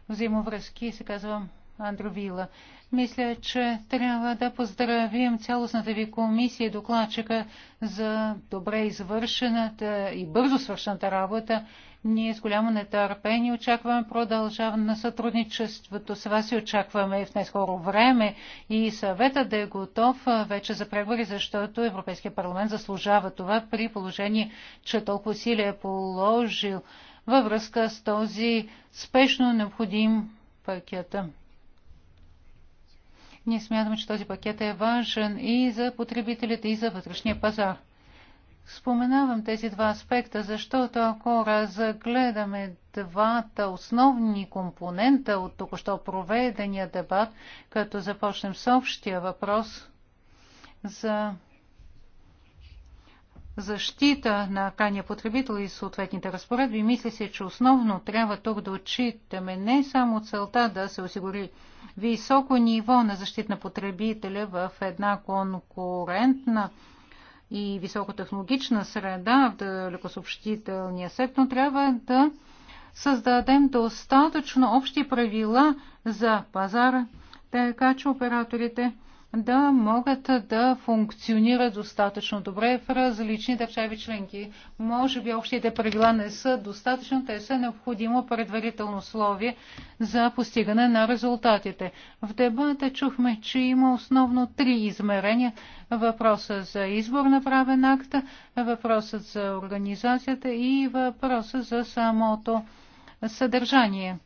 взаимовръзки и се казвам Андровила. Мисля, че трябва да поздравим цялостната ви комисия и докладчика за добре извършената и бързо свършената работа. Ние с голямо нетърпение очакваме продължаване на сътрудничеството с вас и очакваме в най-скоро време и съвета да е готов вече за преговори, защото Европейския парламент заслужава това при положение, че толкова усилия е положил във връзка с този спешно необходим пакет. Ние смятаме, че този пакет е важен и за потребителите, и за вътрешния пазар. Споменавам тези два аспекта, защото ако разгледаме двата основни компонента от току-що проведения дебат, като започнем с общия въпрос за защита на крайния потребител и съответните разпоредби, мисля се, че основно трябва тук да отчитаме не само целта да се осигури високо ниво на защита на потребителя в една конкурентна и високотехнологична среда в далекосъобщителния сектор, трябва да създадем достатъчно общи правила за пазара, така че операторите – да могат да функционират достатъчно добре в различни държави членки. Може би общите правила не са достатъчно, те са необходимо предварително условие за постигане на резултатите. В дебата чухме, че има основно три измерения. Въпроса за избор на правен акт, въпросът за организацията и въпроса за самото съдържание.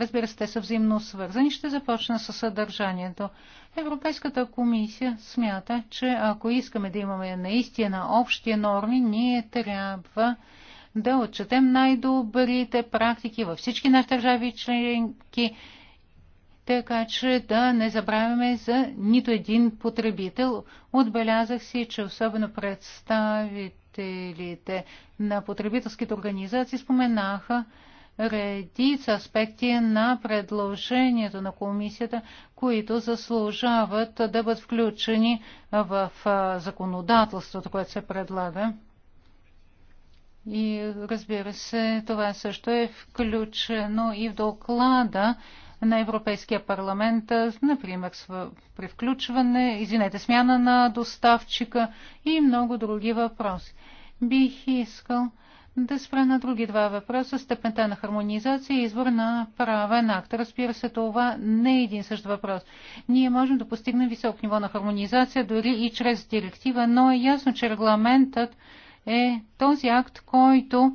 Разбира се, те са взаимно свързани. Ще започна с съдържанието. Европейската комисия смята, че ако искаме да имаме наистина общи норми, ние трябва да отчетем най-добрите практики във всички наши държави членки, така че да не забравяме за нито един потребител. Отбелязах си, че особено представителите на потребителските организации споменаха, редица аспекти на предложението на комисията, които заслужават да бъдат включени в законодателството, което се предлага. И разбира се, това също е включено и в доклада на Европейския парламент, например, при включване, извинете, смяна на доставчика и много други въпроси. Бих искал да спра на други два въпроса. Степента на хармонизация и избор на правен акт. Разбира се, това не е един същ въпрос. Ние можем да постигнем висок ниво на хармонизация дори и чрез директива, но е ясно, че регламентът е този акт, който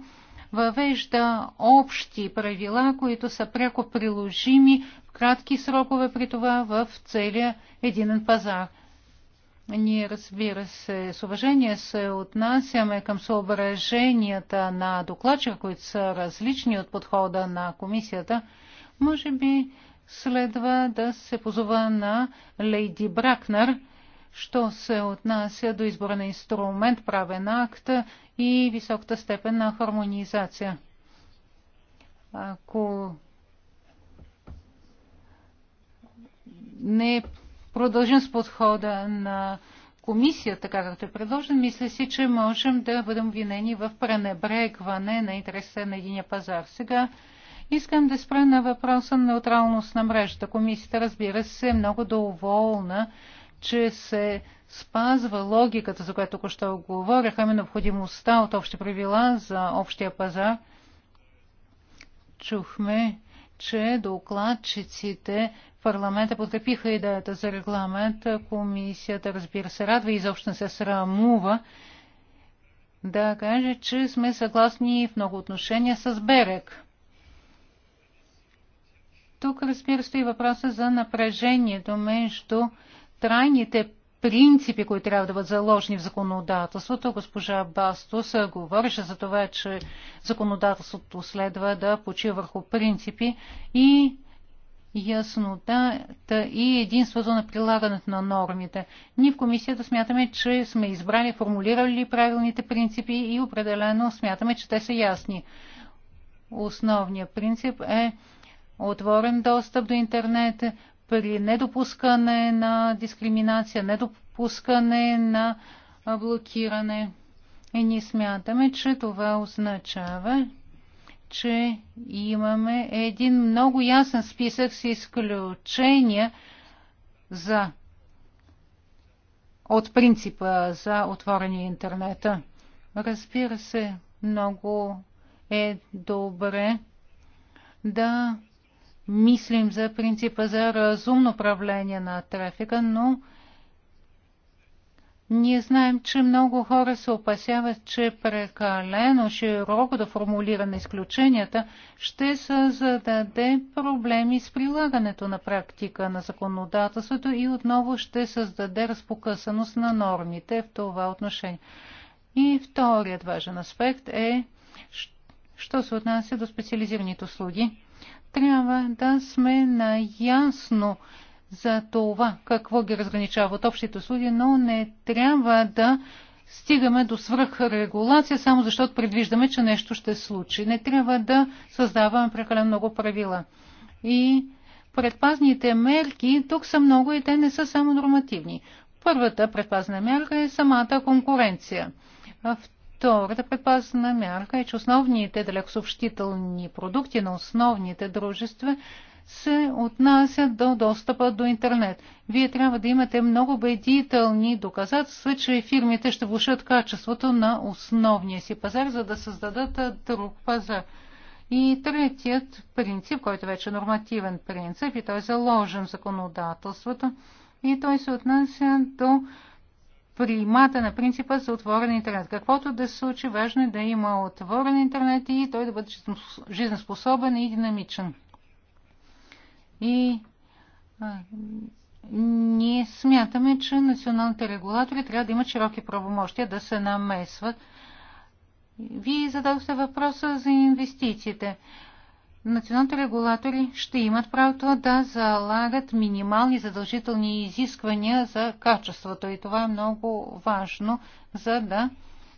въвежда общи правила, които са пряко приложими в кратки срокове при това в целия единен пазар. Ние, разбира се, с уважение се отнасяме към съображенията на докладчика, които са различни от подхода на комисията. Може би следва да се позова на Лейди Бракнер, що се отнася до избора на инструмент, правен акт и високата степен на хармонизация. Ако не продължим с подхода на комисия, така както е предложен, мисля си, че можем да бъдем винени в пренебрегване на интереса на единия пазар. Сега искам да спра на въпроса на неутралност на мрежата. Комисията, разбира се, е много доволна, че се спазва логиката, за която току-що говорих, а необходимостта от общи правила за общия пазар. Чухме че докладчиците в парламента подкрепиха идеята за регламент. Комисията, разбира се, радва и изобщо не се срамува да каже, че сме съгласни в много отношения с Берек. Тук, разбира се, и въпроса за напрежението между трайните принципи, които трябва да бъдат заложени в законодателството. Госпожа Бастус говореше за това, че законодателството следва да почива върху принципи и яснотата и единството на прилагането на нормите. Ние в комисията смятаме, че сме избрали, формулирали правилните принципи и определено смятаме, че те са ясни. Основният принцип е отворен достъп до интернет, при недопускане на дискриминация, недопускане на блокиране. И ние смятаме, че това означава, че имаме един много ясен списък с изключения за от принципа за отворени интернета. Разбира се, много е добре да мислим за принципа за разумно управление на трафика, но ние знаем, че много хора се опасяват, че прекалено широко да формулира на изключенията ще създаде проблеми с прилагането на практика на законодателството и отново ще създаде разпокъсаност на нормите в това отношение. И вторият важен аспект е, що се отнася до специализираните услуги трябва да сме наясно за това какво ги разграничава от общите услуги, но не трябва да стигаме до свръхрегулация, само защото предвиждаме, че нещо ще случи. Не трябва да създаваме прекалено много правила. И предпазните мерки тук са много и те не са само нормативни. Първата предпазна мярка е самата конкуренция. Втората предпазна мярка е, че основните далекосъобщителни продукти на основните дружества се отнасят до достъпа до интернет. Вие трябва да имате много убедителни доказателства, че фирмите ще влушат качеството на основния си пазар, за да създадат друг пазар. И третият принцип, който вече е нормативен принцип и той е заложен в законодателството, и той се отнася до примата на принципа за отворен интернет. Каквото да се случи, важно е да има отворен интернет и той да бъде жизнеспособен и динамичен. И а, ние смятаме, че националните регулатори трябва да имат широки правомощия да се намесват. Вие зададохте въпроса за инвестициите националните регулатори ще имат правото да залагат минимални задължителни изисквания за качеството. И това е много важно, за да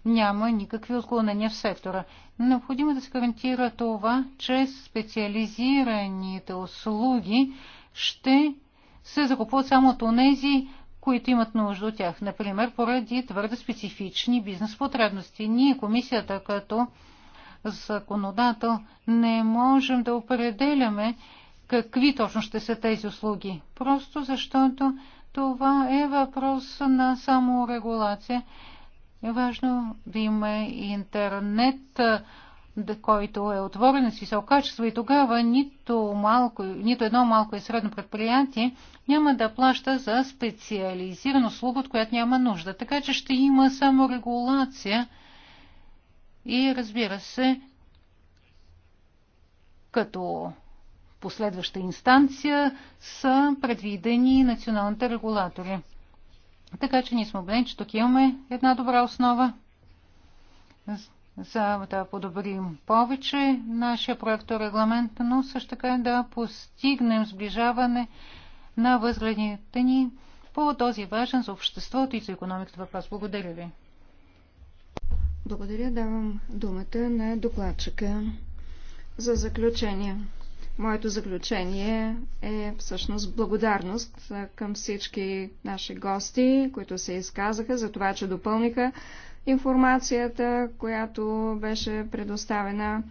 няма никакви отклонения в сектора. Необходимо е да се гарантира това, че специализираните услуги ще се закупуват само от тези, които имат нужда от тях. Например, поради твърде специфични бизнес потребности. Ние, комисията, като законодател не можем да определяме какви точно ще са тези услуги. Просто защото това е въпрос на саморегулация. Е важно да има интернет, който е отворен с високо качество и тогава нито, малко, нито едно малко и средно предприятие няма да плаща за специализирана услуга, от която няма нужда. Така че ще има саморегулация и разбира се, като последваща инстанция са предвидени националните регулатори. Така че ние сме убедени, че тук имаме една добра основа за да подобрим повече нашия проект регламент, но също така да постигнем сближаване на възгледите ни по този важен за обществото и за економиката въпрос. Благодаря ви. Благодаря. Давам думата на докладчика за заключение. Моето заключение е всъщност благодарност към всички наши гости, които се изказаха за това, че допълниха информацията, която беше предоставена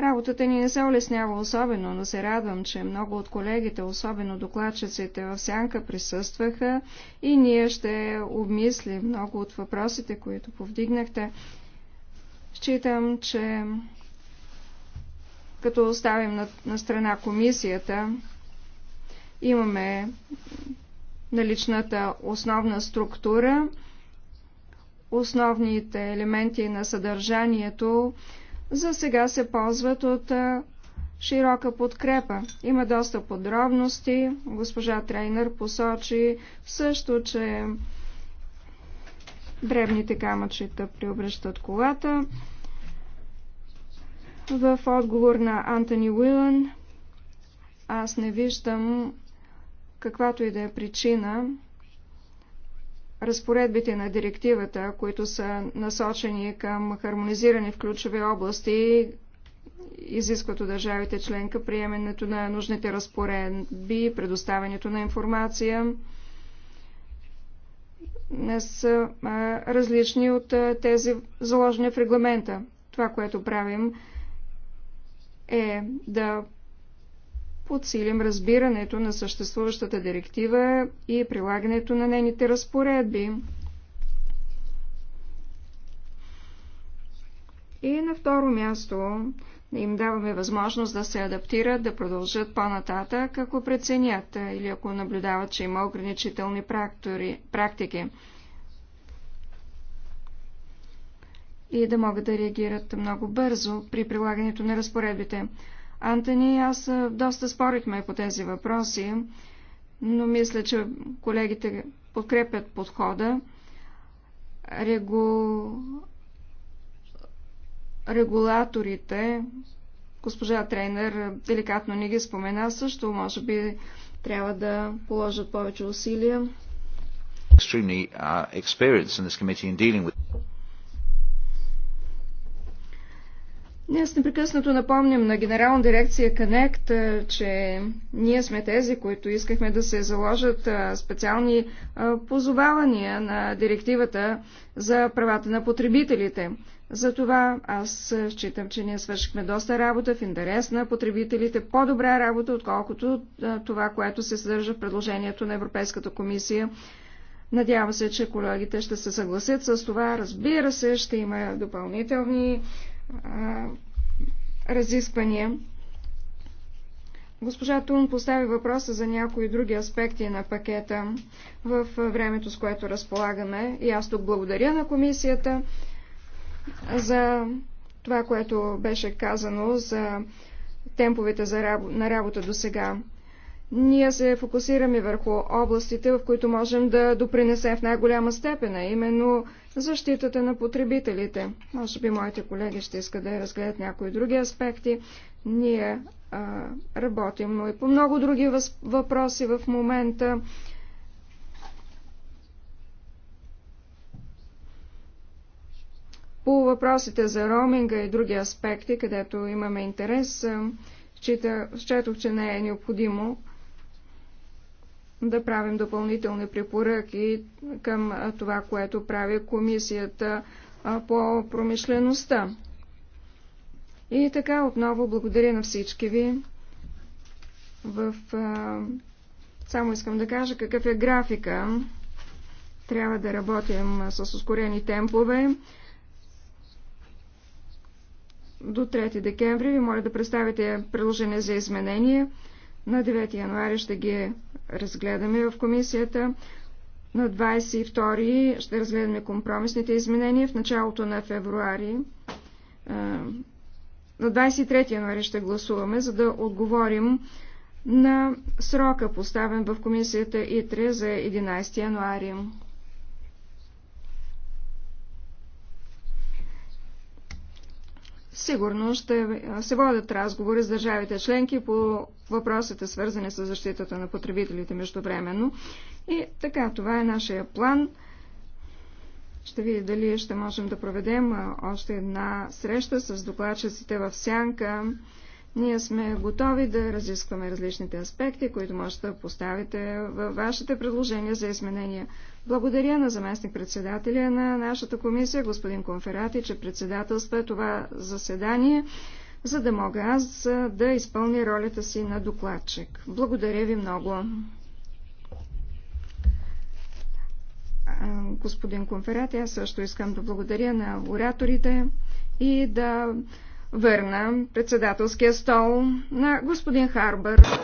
Работата ни не се улеснява особено, но се радвам, че много от колегите, особено докладчиците в Сянка, присъстваха и ние ще обмислим много от въпросите, които повдигнахте. Считам, че като оставим на, на страна комисията, имаме наличната основна структура, основните елементи на съдържанието, за сега се ползват от широка подкрепа. Има доста подробности. Госпожа Трейнер посочи също, че дребните камъчета преобръщат колата. В отговор на Антони Уилън аз не виждам каквато и да е причина разпоредбите на директивата, които са насочени към хармонизиране в ключови области, изискват от държавите членка приемането на нужните разпоредби, предоставянето на информация не са а, различни от а, тези заложени в регламента. Това, което правим е да подсилим разбирането на съществуващата директива и прилагането на нейните разпоредби. И на второ място им даваме възможност да се адаптират, да продължат по-нататък, ако преценят или ако наблюдават, че има ограничителни практики. И да могат да реагират много бързо при прилагането на разпоредбите. Антони и аз доста спорихме по тези въпроси, но мисля, че колегите подкрепят подхода. Регу... Регулаторите, госпожа трейнер деликатно не ги спомена също, може би трябва да положат повече усилия. Днес непрекъснато напомням на Генерална дирекция Connect, че ние сме тези, които искахме да се заложат специални позовавания на директивата за правата на потребителите. Затова аз считам, че ние свършихме доста работа в интерес на потребителите, по-добра работа, отколкото това, което се съдържа в предложението на Европейската комисия. Надявам се, че колегите ще се съгласят с това. Разбира се, ще има допълнителни разисквания. Госпожа Тун постави въпроса за някои други аспекти на пакета в времето, с което разполагаме. И аз тук благодаря на комисията за това, което беше казано за темповете за раб... на работа до сега. Ние се фокусираме върху областите, в които можем да допринесем в най-голяма степен, а именно защитата на потребителите. Може би моите колеги ще искат да разгледат някои други аспекти. Ние а, работим, но и по много други въпроси в момента. По въпросите за роуминга и други аспекти, където имаме интерес, счетох, че не е необходимо да правим допълнителни препоръки към това, което прави комисията по промишлеността. И така отново благодаря на всички ви. В, само искам да кажа какъв е графика. Трябва да работим с ускорени темпове. До 3 декември ви моля да представите предложение за изменение. На 9 януари ще ги разгледаме в комисията. На 22 ще разгледаме компромисните изменения в началото на февруари. На 23 януари ще гласуваме, за да отговорим на срока, поставен в комисията ИТРЕ за 11 януари. Сигурно ще се водят разговори с държавите членки по въпросите, свързани с защитата на потребителите междувременно. И така, това е нашия план. Ще видя дали ще можем да проведем още една среща с докладчиците в Сянка. Ние сме готови да разискваме различните аспекти, които можете да поставите във вашите предложения за изменения. Благодаря на заместник председателя на нашата комисия, господин Конферати, че председателства това заседание, за да мога аз да изпълня ролята си на докладчик. Благодаря ви много. Господин Конферати, аз също искам да благодаря на ораторите и да върна председателския стол на господин Харбър.